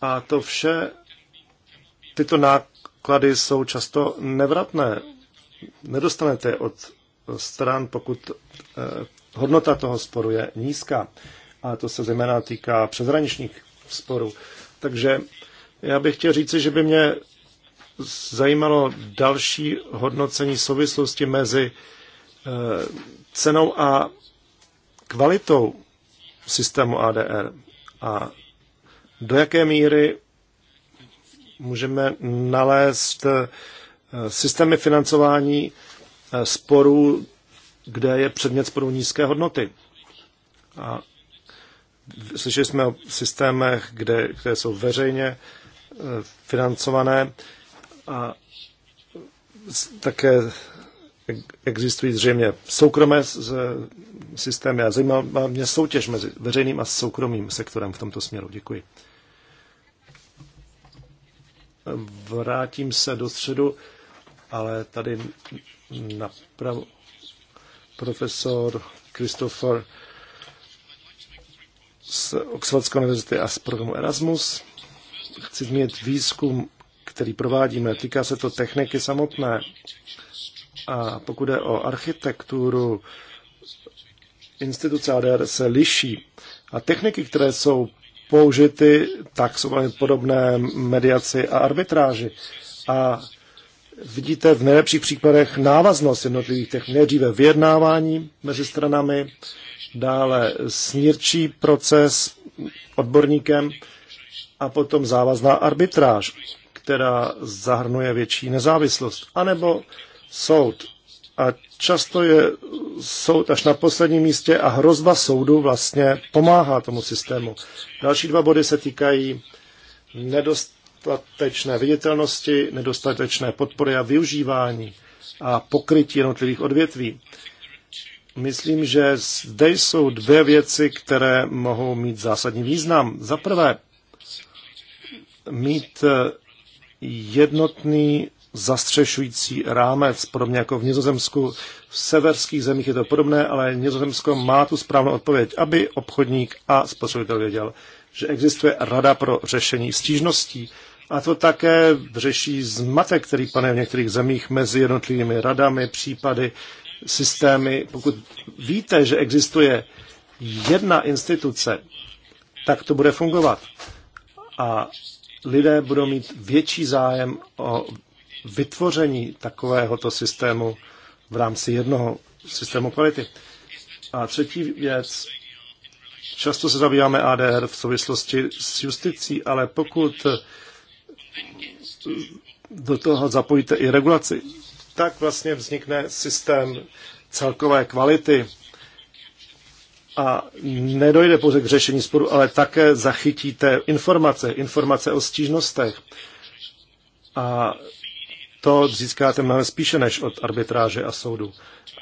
A to vše, tyto náklady jsou často nevratné nedostanete od stran, pokud eh, hodnota toho sporu je nízká. A to se zejména týká přezraničních sporů. Takže já bych chtěl říci, že by mě zajímalo další hodnocení souvislosti mezi eh, cenou a kvalitou systému ADR a do jaké míry můžeme nalézt eh, Eh, systémy financování eh, sporů, kde je předmět sporů nízké hodnoty. A slyšeli jsme o systémech, kde, které jsou veřejně eh, financované a také existují zřejmě soukromé systémy a zajímá mě soutěž mezi veřejným a soukromým sektorem v tomto směru. Děkuji. Vrátím se do středu ale tady napravo profesor Christopher z Oxfordské univerzity a z programu Erasmus. Chci zmínit výzkum, který provádíme. Týká se to techniky samotné. A pokud je o architekturu, instituce ADR se liší. A techniky, které jsou použity, tak jsou velmi podobné mediaci a arbitráži. A vidíte v nejlepších případech návaznost jednotlivých těch nejdříve vyjednávání mezi stranami, dále smírčí proces odborníkem a potom závazná arbitráž, která zahrnuje větší nezávislost, anebo soud. A často je soud až na posledním místě a hrozba soudu vlastně pomáhá tomu systému. Další dva body se týkají nedost nedostatečné viditelnosti, nedostatečné podpory a využívání a pokrytí jednotlivých odvětví. Myslím, že zde jsou dvě věci, které mohou mít zásadní význam. Za prvé, mít eh, jednotný zastřešující rámec, podobně jako v Nizozemsku. V severských zemích je to podobné, ale Nizozemsko má tu správnou odpověď, aby obchodník a spotřebitel věděl, že existuje rada pro řešení stížností a to také řeší zmatek, který pane v některých zemích mezi jednotlivými radami, případy, systémy. Pokud víte, že existuje jedna instituce, tak to bude fungovat. A lidé budou mít větší zájem o vytvoření takovéhoto systému v rámci jednoho systému kvality. A třetí věc, často se zabýváme ADR v souvislosti s justicí, ale pokud do toho zapojíte i regulaci, tak vlastně vznikne systém celkové kvality a nedojde pouze k řešení sporu, ale také zachytíte informace, informace o stížnostech a to získáte mnohem spíše než od arbitráže a soudu.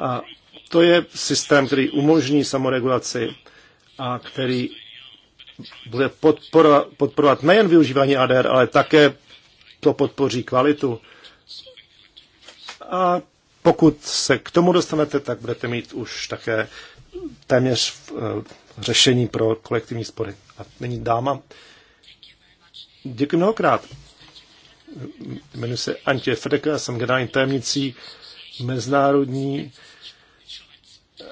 A to je systém, který umožní samoregulaci a který bude podporovat, podporovat nejen využívání ADR, ale také to podpoří kvalitu. A pokud se k tomu dostanete, tak budete mít už také téměř eh, řešení pro kolektivní spory. A není dáma. Děkuji mnohokrát. Jmenuji se Antje Fedeka, jsem generální tajemnicí Mezinárodní eh,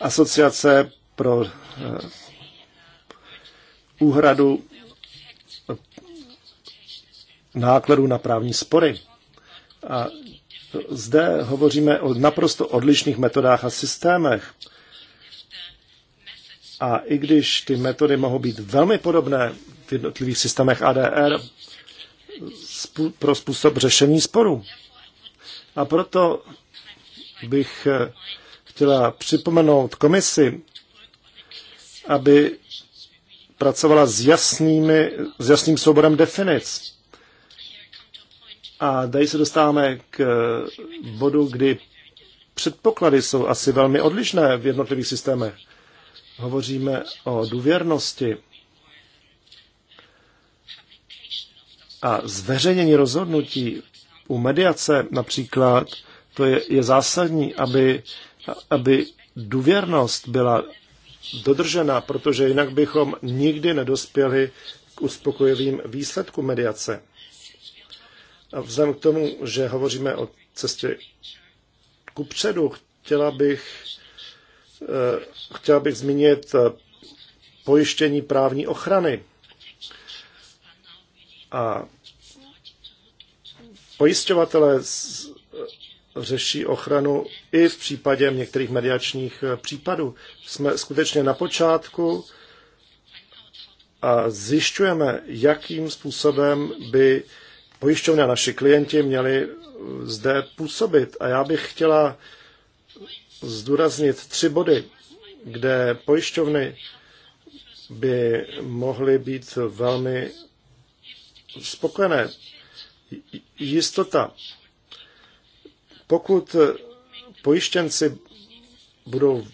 asociace pro eh, úhradu nákladů na právní spory. A zde hovoříme o naprosto odlišných metodách a systémech. A i když ty metody mohou být velmi podobné v jednotlivých systémech ADR pro způsob řešení sporů. A proto bych eh, chtěla připomenout komisi, aby pracovala s, jasnými, s jasným souborem definic a tady se dostáváme k bodu, kdy předpoklady jsou asi velmi odlišné v jednotlivých systémech. Hovoříme o důvěrnosti a zveřejnění rozhodnutí u mediace například, to je, je zásadní, aby, aby důvěrnost byla dodržena, protože jinak bychom nikdy nedospěli k uspokojivým výsledkům mediace. A vzhledem k tomu, že hovoříme o cestě ku předu, chtěla bych, eh, chtěla bych zmínit eh, pojištění právní ochrany. A pojišťovatelé eh, řeší ochranu i v případě některých mediačních případů. Jsme skutečně na počátku a zjišťujeme, jakým způsobem by pojišťovny a naši klienti měli zde působit. A já bych chtěla zdůraznit tři body, kde pojišťovny by mohly být velmi spokojené. Jistota. Pokud pojištěnci budou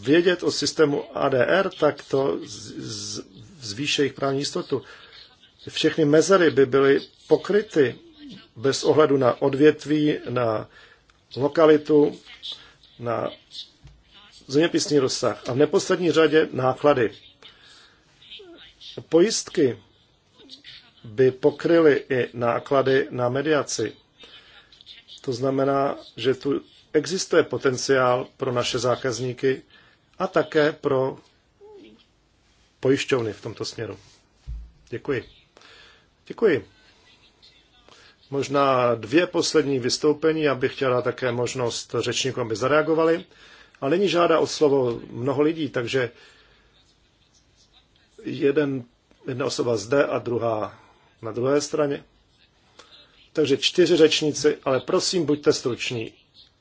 vědět o systému ADR, tak to zvýší jejich právní jistotu všechny mezery by byly pokryty bez ohledu na odvětví, na lokalitu, na zeměpisný rozsah a v neposlední řadě náklady. Pojistky by pokryly i náklady na mediaci. To znamená, že tu existuje potenciál pro naše zákazníky a také pro pojišťovny v tomto směru. Děkuji. Děkuji. Možná dvě poslední vystoupení, abych chtěla také možnost řečníkům, aby zareagovali. A není žádá o slovo mnoho lidí, takže jeden, jedna osoba zde a druhá na druhé straně. Takže čtyři řečníci, ale prosím, buďte struční.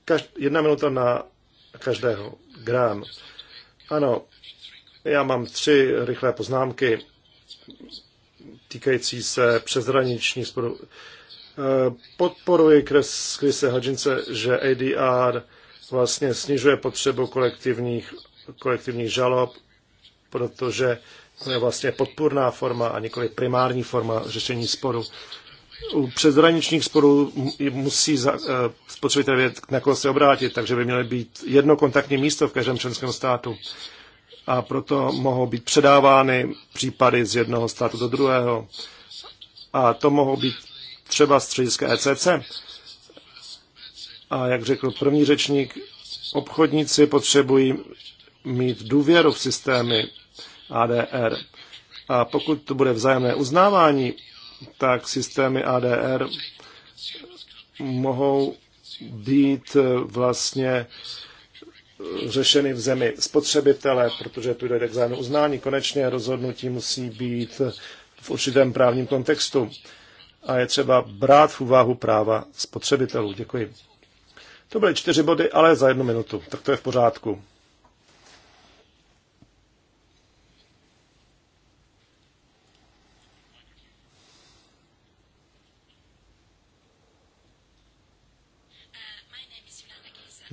Každ- jedna minuta na každého. Grám. Ano, já mám tři rychlé poznámky týkající se přezraniční spodu. Eh, podporuji Krise Hudgince, že ADR vlastně snižuje potřebu kolektivních, kolektivních žalob, protože to je vlastně podpůrná forma a nikoli primární forma řešení sporu. U přezraničních sporů musí eh, spotřebitel vědět, na koho se obrátit, takže by měly být jedno kontaktní místo v každém členském státu a proto mohou být předávány případy z jednoho státu do druhého. A to mohou být třeba střediska ECC. A jak řekl první řečník, obchodníci potřebují mít důvěru v systémy ADR. A pokud to bude vzájemné uznávání, tak systémy ADR mohou být vlastně uh, řešeny v zemi spotřebitele, protože tu jde k zájmu uznání. Konečně rozhodnutí musí být v určitém právním kontextu a je třeba brát v úvahu práva spotřebitelů. Děkuji. To byly čtyři body, ale za jednu minutu, tak to je v pořádku.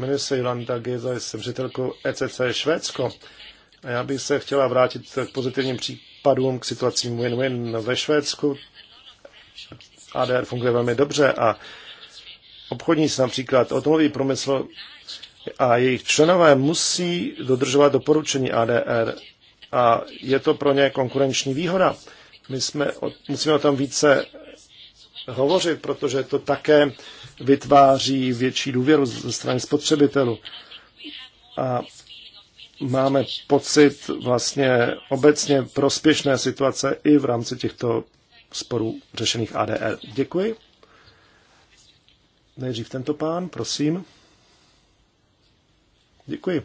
Jmenuji se Jolanda Geza, jsem ředitelkou ECC Švédsko a já bych se chtěla vrátit k pozitivním případům, k situacím win-win ve Švédsku. ADR funguje velmi dobře a obchodníci například automobilový průmysl a jejich členové musí dodržovat doporučení ADR a je to pro ně konkurenční výhoda. My jsme, musíme o tom více hovořit, protože to také vytváří větší důvěru ze strany spotřebitelů. A máme pocit vlastně obecně prospěšné situace i v rámci těchto sporů řešených ADR. E. Děkuji. Nejdřív tento pán, prosím. Děkuji.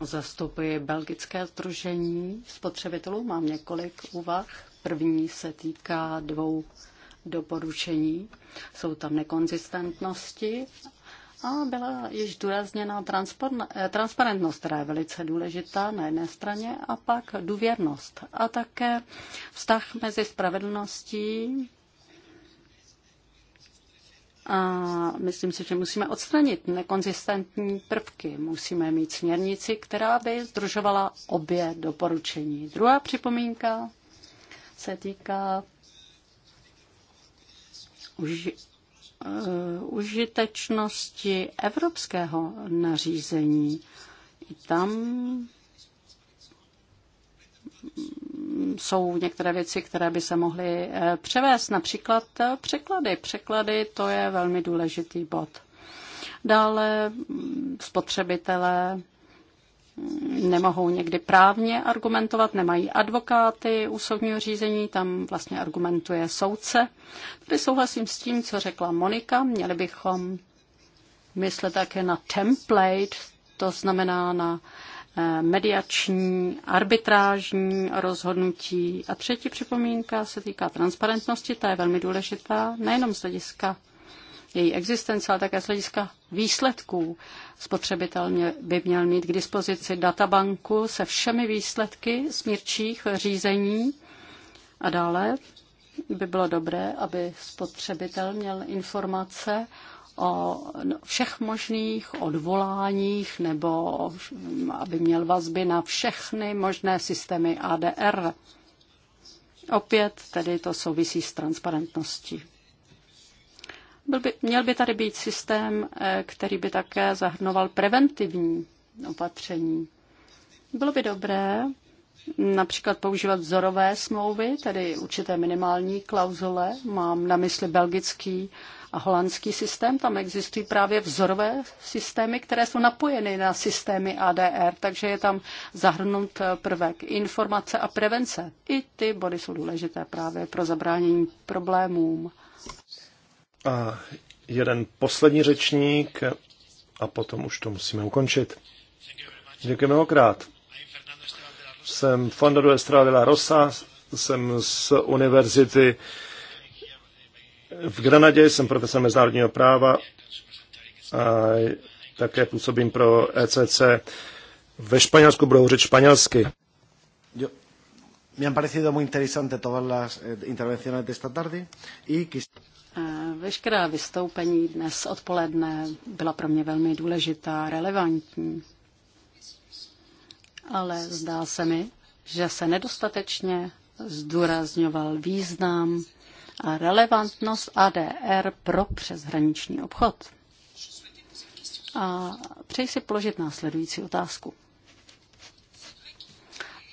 Zastupuji Belgické združení spotřebitelů. Mám několik úvah. První se týká dvou doporučení. Jsou tam nekonzistentnosti a byla již důrazněna eh, transparentnost, která je velice důležitá na jedné straně, a pak důvěrnost. A také vztah mezi spravedlností a myslím si, že musíme odstranit nekonzistentní prvky. Musíme mít směrnici, která by združovala obě doporučení. Druhá připomínka se týká uži, eh, užitečnosti evropského nařízení. I tam jsou některé věci, které by se mohly eh, převést, například eh, překlady. Překlady to je velmi důležitý bod. Dále mm, spotřebitelé nemohou někdy právně argumentovat, nemají advokáty u soudního řízení, tam vlastně argumentuje soudce. Tady souhlasím s tím, co řekla Monika, měli bychom myslet také na template, to znamená na eh, mediační, arbitrážní rozhodnutí. A třetí připomínka se týká transparentnosti, ta je velmi důležitá, nejenom z hlediska její existence, ale také z hlediska výsledků. Spotřebitel by měl mít k dispozici databanku se všemi výsledky smírčích řízení a dále by bylo dobré, aby spotřebitel měl informace o všech možných odvoláních nebo aby měl vazby na všechny možné systémy ADR. Opět tedy to souvisí s transparentností. Byl by, měl by tady být systém, eh, který by také zahrnoval preventivní opatření. Bylo by dobré například používat vzorové smlouvy, tedy určité minimální klauzule. Mám na mysli belgický a holandský systém. Tam existují právě vzorové systémy, které jsou napojeny na systémy ADR, takže je tam zahrnut eh, prvek informace a prevence. I ty body jsou důležité právě pro zabránění problémům. A jeden poslední řečník a potom už to musíme ukončit. Děkuji mnohokrát. Jsem Fernando Estrada de la Rosa, jsem z univerzity v Granadě, jsem profesor mezinárodního práva a také působím pro ECC. Ve Španělsku budou hovořit španělsky. Jo. Me han parecido muy interesante todas las eh, intervenciones de esta tarde y quisiera... Veškerá vystoupení dnes odpoledne byla pro mě velmi důležitá, relevantní. Ale zdá se mi, že se nedostatečně zdůrazňoval význam a relevantnost ADR pro přeshraniční obchod. A přeji si položit následující otázku.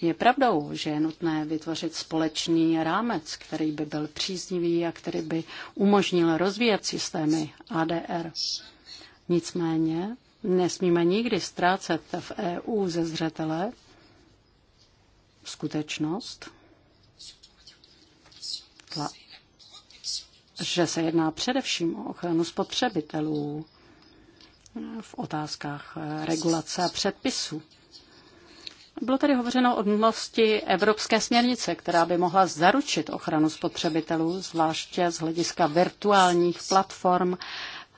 Je pravdou, že je nutné vytvořit společný rámec, který by byl příznivý a který by umožnil rozvíjet systémy ADR. Nicméně nesmíme nikdy ztrácet v EU ze zřetele skutečnost, že se jedná především o ochranu spotřebitelů v otázkách regulace a předpisů. Bylo tady hovořeno o nutnosti evropské směrnice, která by mohla zaručit ochranu spotřebitelů, zvláště z hlediska virtuálních platform,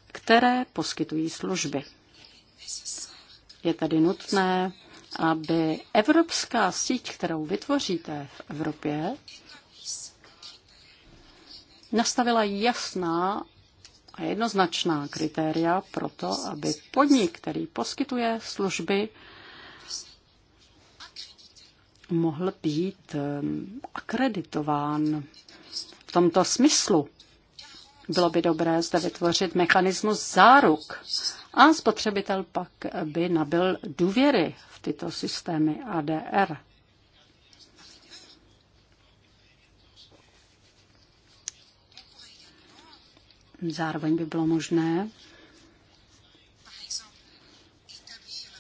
které poskytují služby. Je tady nutné, aby evropská síť, kterou vytvoříte v Evropě, nastavila jasná a jednoznačná kritéria pro to, aby podnik, který poskytuje služby, mohl být ehm, akreditován v tomto smyslu. Bylo by dobré zde vytvořit mechanismus záruk a spotřebitel pak by nabil důvěry v tyto systémy ADR. Zároveň by bylo možné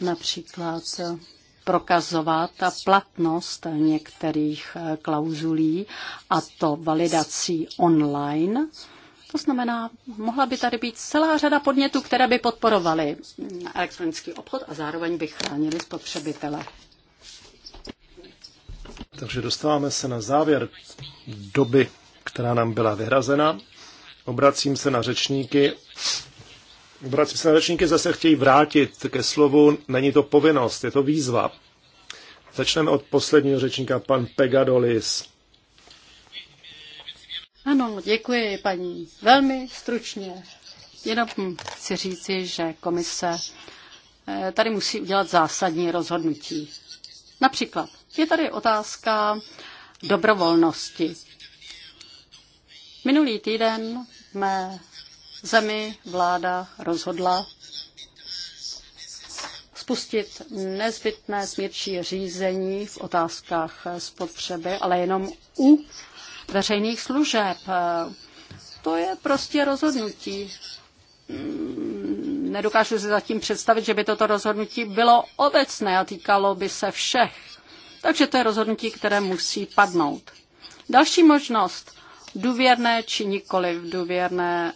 například prokazovat platnost některých eh, klauzulí a to validací online. To znamená, mohla by tady být celá řada podnětů, které by podporovaly mm, elektronický obchod a zároveň by chránili spotřebitele. Takže dostáváme se na závěr doby, která nám byla vyhrazena. Obracím se na řečníky Bratři, se zase chtějí vrátit ke slovu. Není to povinnost, je to výzva. Začneme od posledního řečníka, pan Pegadolis. Ano, děkuji, paní. Velmi stručně. Jenom chci říci, že komise eh, tady musí udělat zásadní rozhodnutí. Například je tady otázka dobrovolnosti. Minulý týden jsme zemi vláda rozhodla spustit nezbytné smírčí řízení v otázkách spotřeby, ale jenom u veřejných služeb. To je prostě rozhodnutí. Mm, nedokážu si zatím představit, že by toto rozhodnutí bylo obecné a týkalo by se všech. Takže to je rozhodnutí, které musí padnout. Další možnost důvěrné či nikoli v důvěrné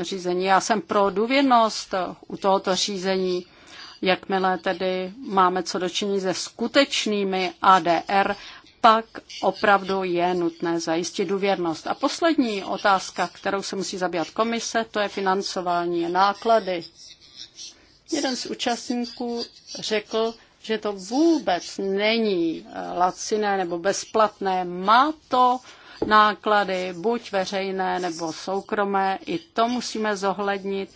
řízení. Já jsem pro důvěrnost u tohoto řízení, jakmile tedy máme co dočinit se skutečnými ADR, pak opravdu je nutné zajistit důvěrnost. A poslední otázka, kterou se musí zabývat komise, to je financování náklady. Jeden z účastníků řekl, že to vůbec není laciné nebo bezplatné. Má to uh, náklady, buď veřejné nebo soukromé, i to musíme zohlednit.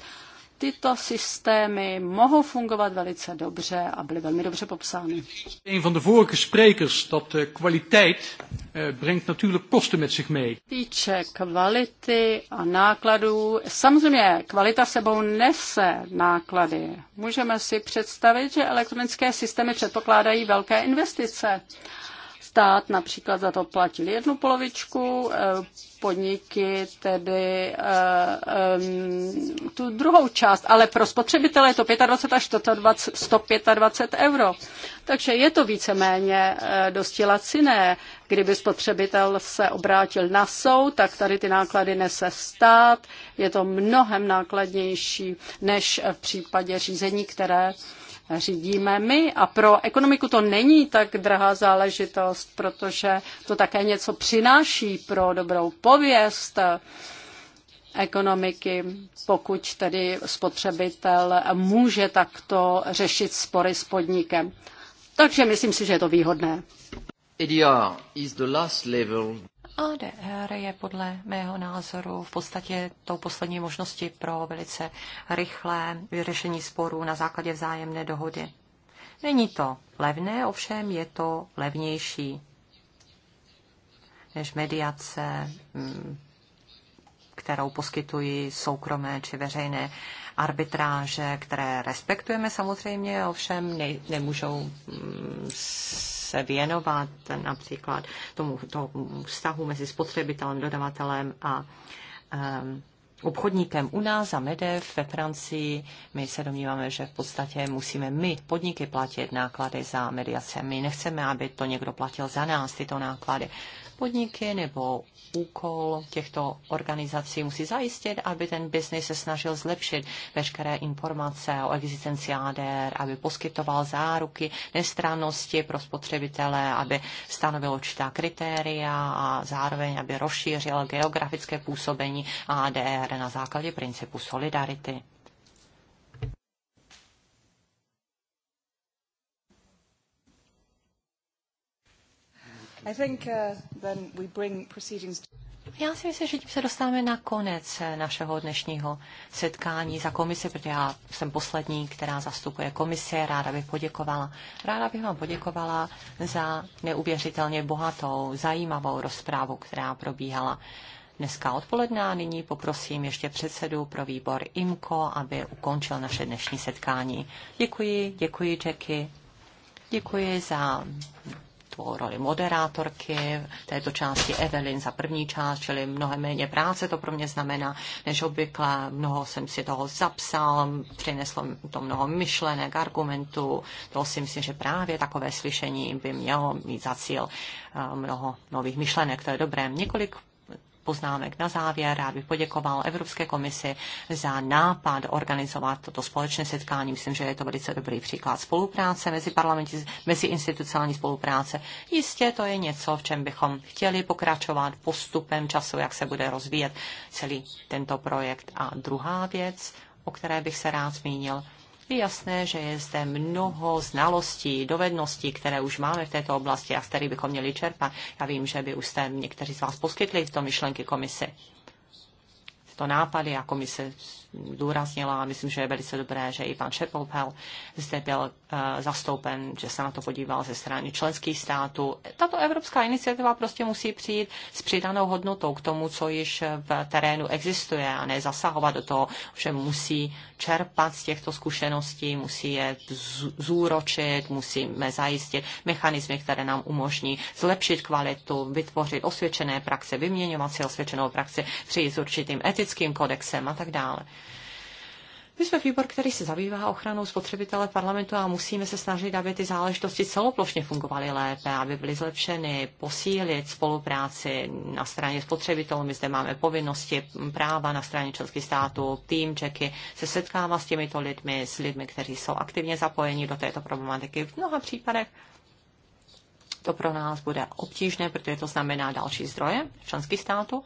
Tyto systémy mohou fungovat velice dobře a byly velmi dobře popsány. Een van de vorige sprekers dat de kwaliteit eh, brengt natuurlijk kosten met zich mee. Týče kvality a nákladů, samozřejmě kvalita sebou nese náklady. Můžeme si představit, že elektronické systémy předpokládají velké investice stát například za to platil jednu polovičku, eh, podniky tedy eh, tu druhou část, ale pro spotřebitele je to 25 až 125 euro. Takže je to víceméně eh, dosti laciné. Kdyby spotřebitel se obrátil na soud, tak tady ty náklady nese stát. Je to mnohem nákladnější než v případě řízení, které řídíme my. A pro ekonomiku to není tak drahá záležitost, protože to také něco přináší pro dobrou pověst ekonomiky, pokud tedy spotřebitel může takto řešit spory s podnikem. Takže myslím si, že je to výhodné. EDR is the last level. ADR je podle mého názoru v podstatě tou poslední možností pro velice rychlé vyřešení sporů na základě vzájemné dohody. Není to levné, ovšem je to levnější než mediace, mm, kterou poskytují soukromé či veřejné arbitráže, které respektujeme samozřejmě, ovšem ne, nemůžou mm, se věnovat například tomu, tomu vztahu mezi spotřebitelem, dodavatelem a um, obchodníkem u nás za MEDEV ve Francii. My se domníváme, že v podstatě musíme my, podniky, platit náklady za mediace. My nechceme, aby to někdo platil za nás, tyto náklady. Podniky nebo úkol těchto organizací musí zajistit, aby ten biznis se snažil zlepšit veškeré informace o existenci ADR, aby poskytoval záruky nestrannosti pro spotřebitele, aby stanovil určitá kritéria a zároveň, aby rozšířil geografické působení ADR na základě principu solidarity. Uh, já si myslím, že tím se dostáváme na konec eh, našeho dnešního setkání za komisi, protože já jsem poslední, která zastupuje komisi. Ráda bych poděkovala. Ráda bych vám poděkovala za neuvěřitelně bohatou, zajímavou rozprávu, která probíhala dneska odpoledne. A nyní poprosím ještě předsedu pro výbor IMKO, aby ukončil naše dnešní setkání. Děkuji, děkuji Jackie. Děkuji za po roli moderátorky této části Evelyn za první část, čili mnohem méně práce to pro mě znamená než obvykle. Mnoho jsem si toho zapsal, přineslo to mnoho myšlenek, argumentů. To si myslím, že právě takové slyšení by mělo mít za cíl eh, mnoho nových myšlenek. To je dobré. Několik poznámek na závěr. Rád bych poděkoval Evropské komisi za nápad organizovat toto společné setkání. Myslím, že je to velice dobrý příklad spolupráce mezi parlamenty, mezi institucionální spolupráce. Jistě to je něco, v čem bychom chtěli pokračovat postupem času, jak se bude rozvíjet celý tento projekt. A druhá věc, o které bych se rád zmínil, je jasné, že je zde mnoho znalostí, dovedností, které už máme v této oblasti a z kterých bychom měli čerpat. Já vím, že by už jste někteří z vás poskytli to myšlenky Komise. Tyto nápady a komise zdůraznila a myslím, že je velice dobré, že i pan Šepopel zde byl uh, zastoupen, že se na to podíval ze strany členských států. Tato evropská iniciativa prostě musí přijít s přidanou hodnotou k tomu, co již v terénu existuje a ne zasahovat do toho, že musí čerpat z těchto zkušeností, musí je zúročit, musíme zajistit mechanizmy, které nám umožní zlepšit kvalitu, vytvořit osvědčené praxe, vyměňovat si osvědčenou praxi, přijít s určitým etickým kodexem a tak dále. My jsme výbor, který se zabývá ochranou spotřebitele parlamentu a musíme se snažit, aby ty záležitosti celoplošně fungovaly lépe, aby byly zlepšeny, posílit spolupráci na straně spotřebitelů. My zde máme povinnosti, práva na straně členských států, tým Čeky se setkává s těmito lidmi, s lidmi, kteří jsou aktivně zapojeni do této problematiky. V mnoha případech to pro nás bude obtížné, protože to znamená další zdroje členských států.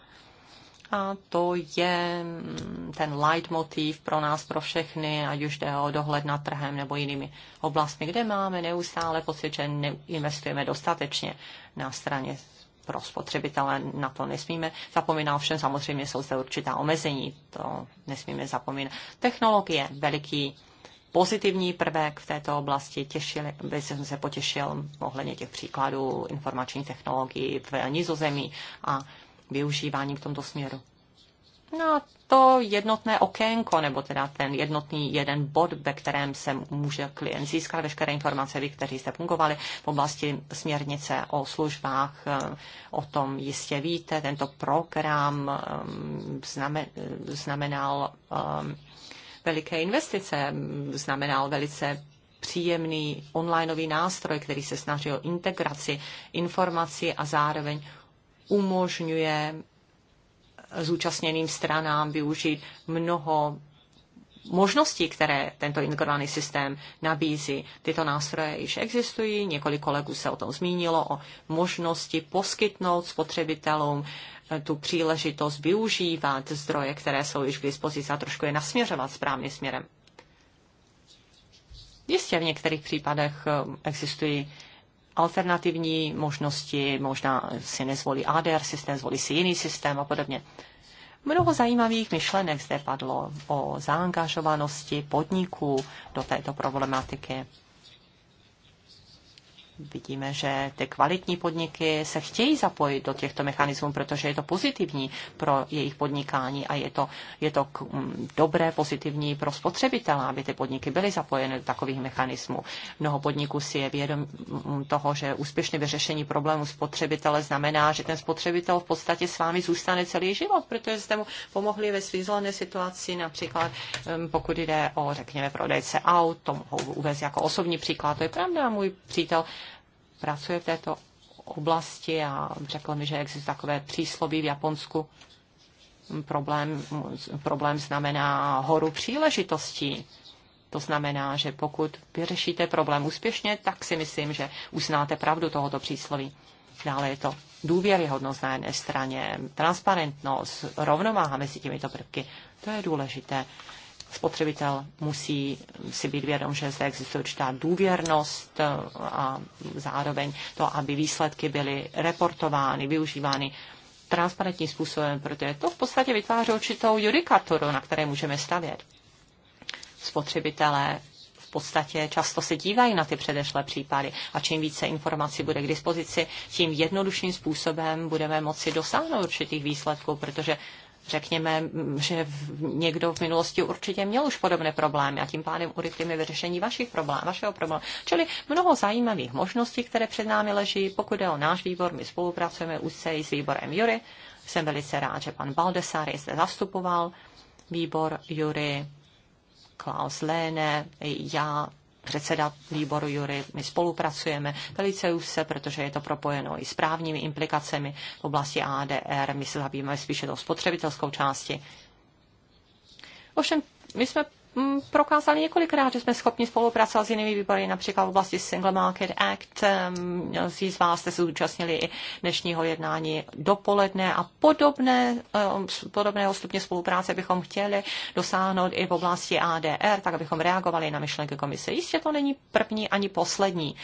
A to je mm, ten leitmotiv pro nás, pro všechny, ať už jde o dohled nad trhem nebo jinými oblastmi, kde máme neustále pocit, že neinvestujeme dostatečně na straně pro spotřebitele na to nesmíme zapomínat. ovšem samozřejmě jsou zde určitá omezení, to nesmíme zapomínat. Technologie, veliký pozitivní prvek v této oblasti. Těšili, by jsem se potěšil ohledně těch příkladů informační technologií v Nizozemí a využívání v tomto směru. No a to jednotné okénko, nebo teda ten jednotný jeden bod, ve kterém se může klient získat veškeré informace, vy, kteří jste fungovali v oblasti směrnice o službách, eh, o tom jistě víte, tento program eh, znamenal eh, veliké investice, znamenal velice příjemný onlineový nástroj, který se snažil integraci informací a zároveň umožňuje zúčastněným stranám využít mnoho možností, které tento integrovaný systém nabízí. Tyto nástroje již existují, několik kolegů se o tom zmínilo, o možnosti poskytnout spotřebitelům eh, tu příležitost využívat zdroje, které jsou již k dispozici a trošku je nasměřovat správným směrem. Jistě v některých případech eh, existují alternativní možnosti, možná si nezvolí ADR systém, zvolí si jiný systém a podobně. Mnoho zajímavých myšlenek zde padlo o zaangažovanosti podniků do této problematiky. Vidíme, že ty kvalitní podniky se chtějí zapojit do těchto mechanismů, protože je to pozitivní pro jejich podnikání a je to, je to k, m, mm, dobré, pozitivní pro spotřebitele, aby ty podniky byly zapojeny do takových mechanismů. Mnoho podniků si je vědom mm, toho, že úspěšné vyřešení problému spotřebitele znamená, že ten spotřebitel v podstatě s vámi zůstane celý život, protože jste mu pomohli ve svýzlené situaci, například mm, pokud jde o, řekněme, prodejce aut, to mohou uvést jako osobní příklad, to je pravda, můj přítel pracuje v této oblasti a řekl mi, že existuje takové přísloví v Japonsku. Problém, problém znamená horu příležitostí. To znamená, že pokud vyřešíte problém úspěšně, tak si myslím, že uznáte pravdu tohoto přísloví. Dále je to důvěryhodnost na jedné straně, transparentnost, rovnováha mezi těmito prvky. To je důležité spotřebitel musí si být vědom, že zde existuje určitá důvěrnost eh, a zároveň to, aby výsledky byly reportovány, využívány transparentním způsobem, protože to v podstatě vytváří určitou judikaturu, na které můžeme stavět. Spotřebitelé v podstatě často se dívají na ty předešlé případy a čím více informací bude k dispozici, tím jednodušším způsobem budeme moci dosáhnout určitých výsledků, protože řekněme, že někdo v minulosti určitě měl už podobné problémy a tím pádem urychlíme vyřešení vašich problém, vašeho problému. Čili mnoho zajímavých možností, které před námi leží. Pokud je o náš výbor, my spolupracujeme už se s výborem Jury. Jsem velice rád, že pan Baldessari zde zastupoval výbor Jury, Klaus Lene, já předseda výboru Jury. My spolupracujeme velice už se, protože je to propojeno i s právními implikacemi v oblasti ADR. My se zabýváme spíše tou spotřebitelskou části. Ovšem, my jsme Mm, prokázali několikrát, že jsme schopni spolupracovat s jinými výbory, například v oblasti Single Market Act. Mnozí z vás jste se zúčastnili i dnešního jednání dopoledne a podobné, podobného stupně spolupráce bychom chtěli dosáhnout i v oblasti ADR, tak abychom reagovali na myšlenky komise. Jistě to není první ani poslední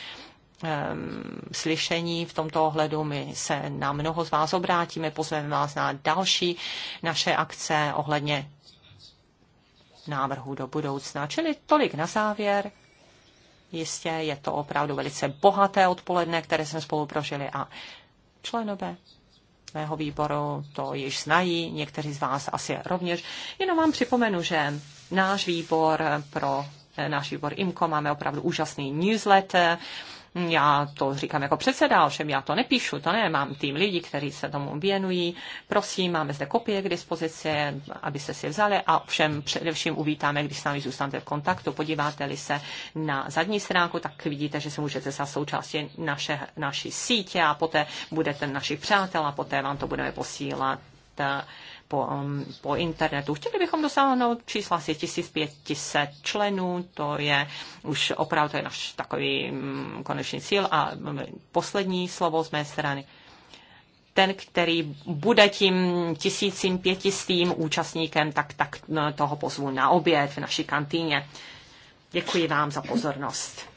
slyšení v tomto ohledu. My se na mnoho z vás obrátíme, pozveme vás na další naše akce ohledně návrhů do budoucna. Čili tolik na závěr. Jistě je to opravdu velice bohaté odpoledne, které jsme spolu prožili a členové mého výboru to již znají, někteří z vás asi rovněž. Jenom vám připomenu, že náš výbor pro náš výbor IMCO máme opravdu úžasný newsletter, já to říkám jako předseda, ovšem já to nepíšu, to ne, mám tým lidí, kteří se tomu věnují. Prosím, máme zde kopie k dispozici, aby se si vzali a všem především uvítáme, když s námi zůstanete v kontaktu. Podíváte-li se na zadní stránku, tak vidíte, že se můžete za součástí naše, naší sítě a poté budete našich přátel a poté vám to budeme posílat eh, po, um, po internetu. Chtěli bychom dosáhnout čísla asi 1500 členů, to je už opravdu je náš takový mm, konečný cíl. A mm, poslední slovo z mé strany ten, který bude tím tisícím pětistým účastníkem, tak, tak no, toho pozvu na oběd v naší kantýně. Děkuji vám za pozornost.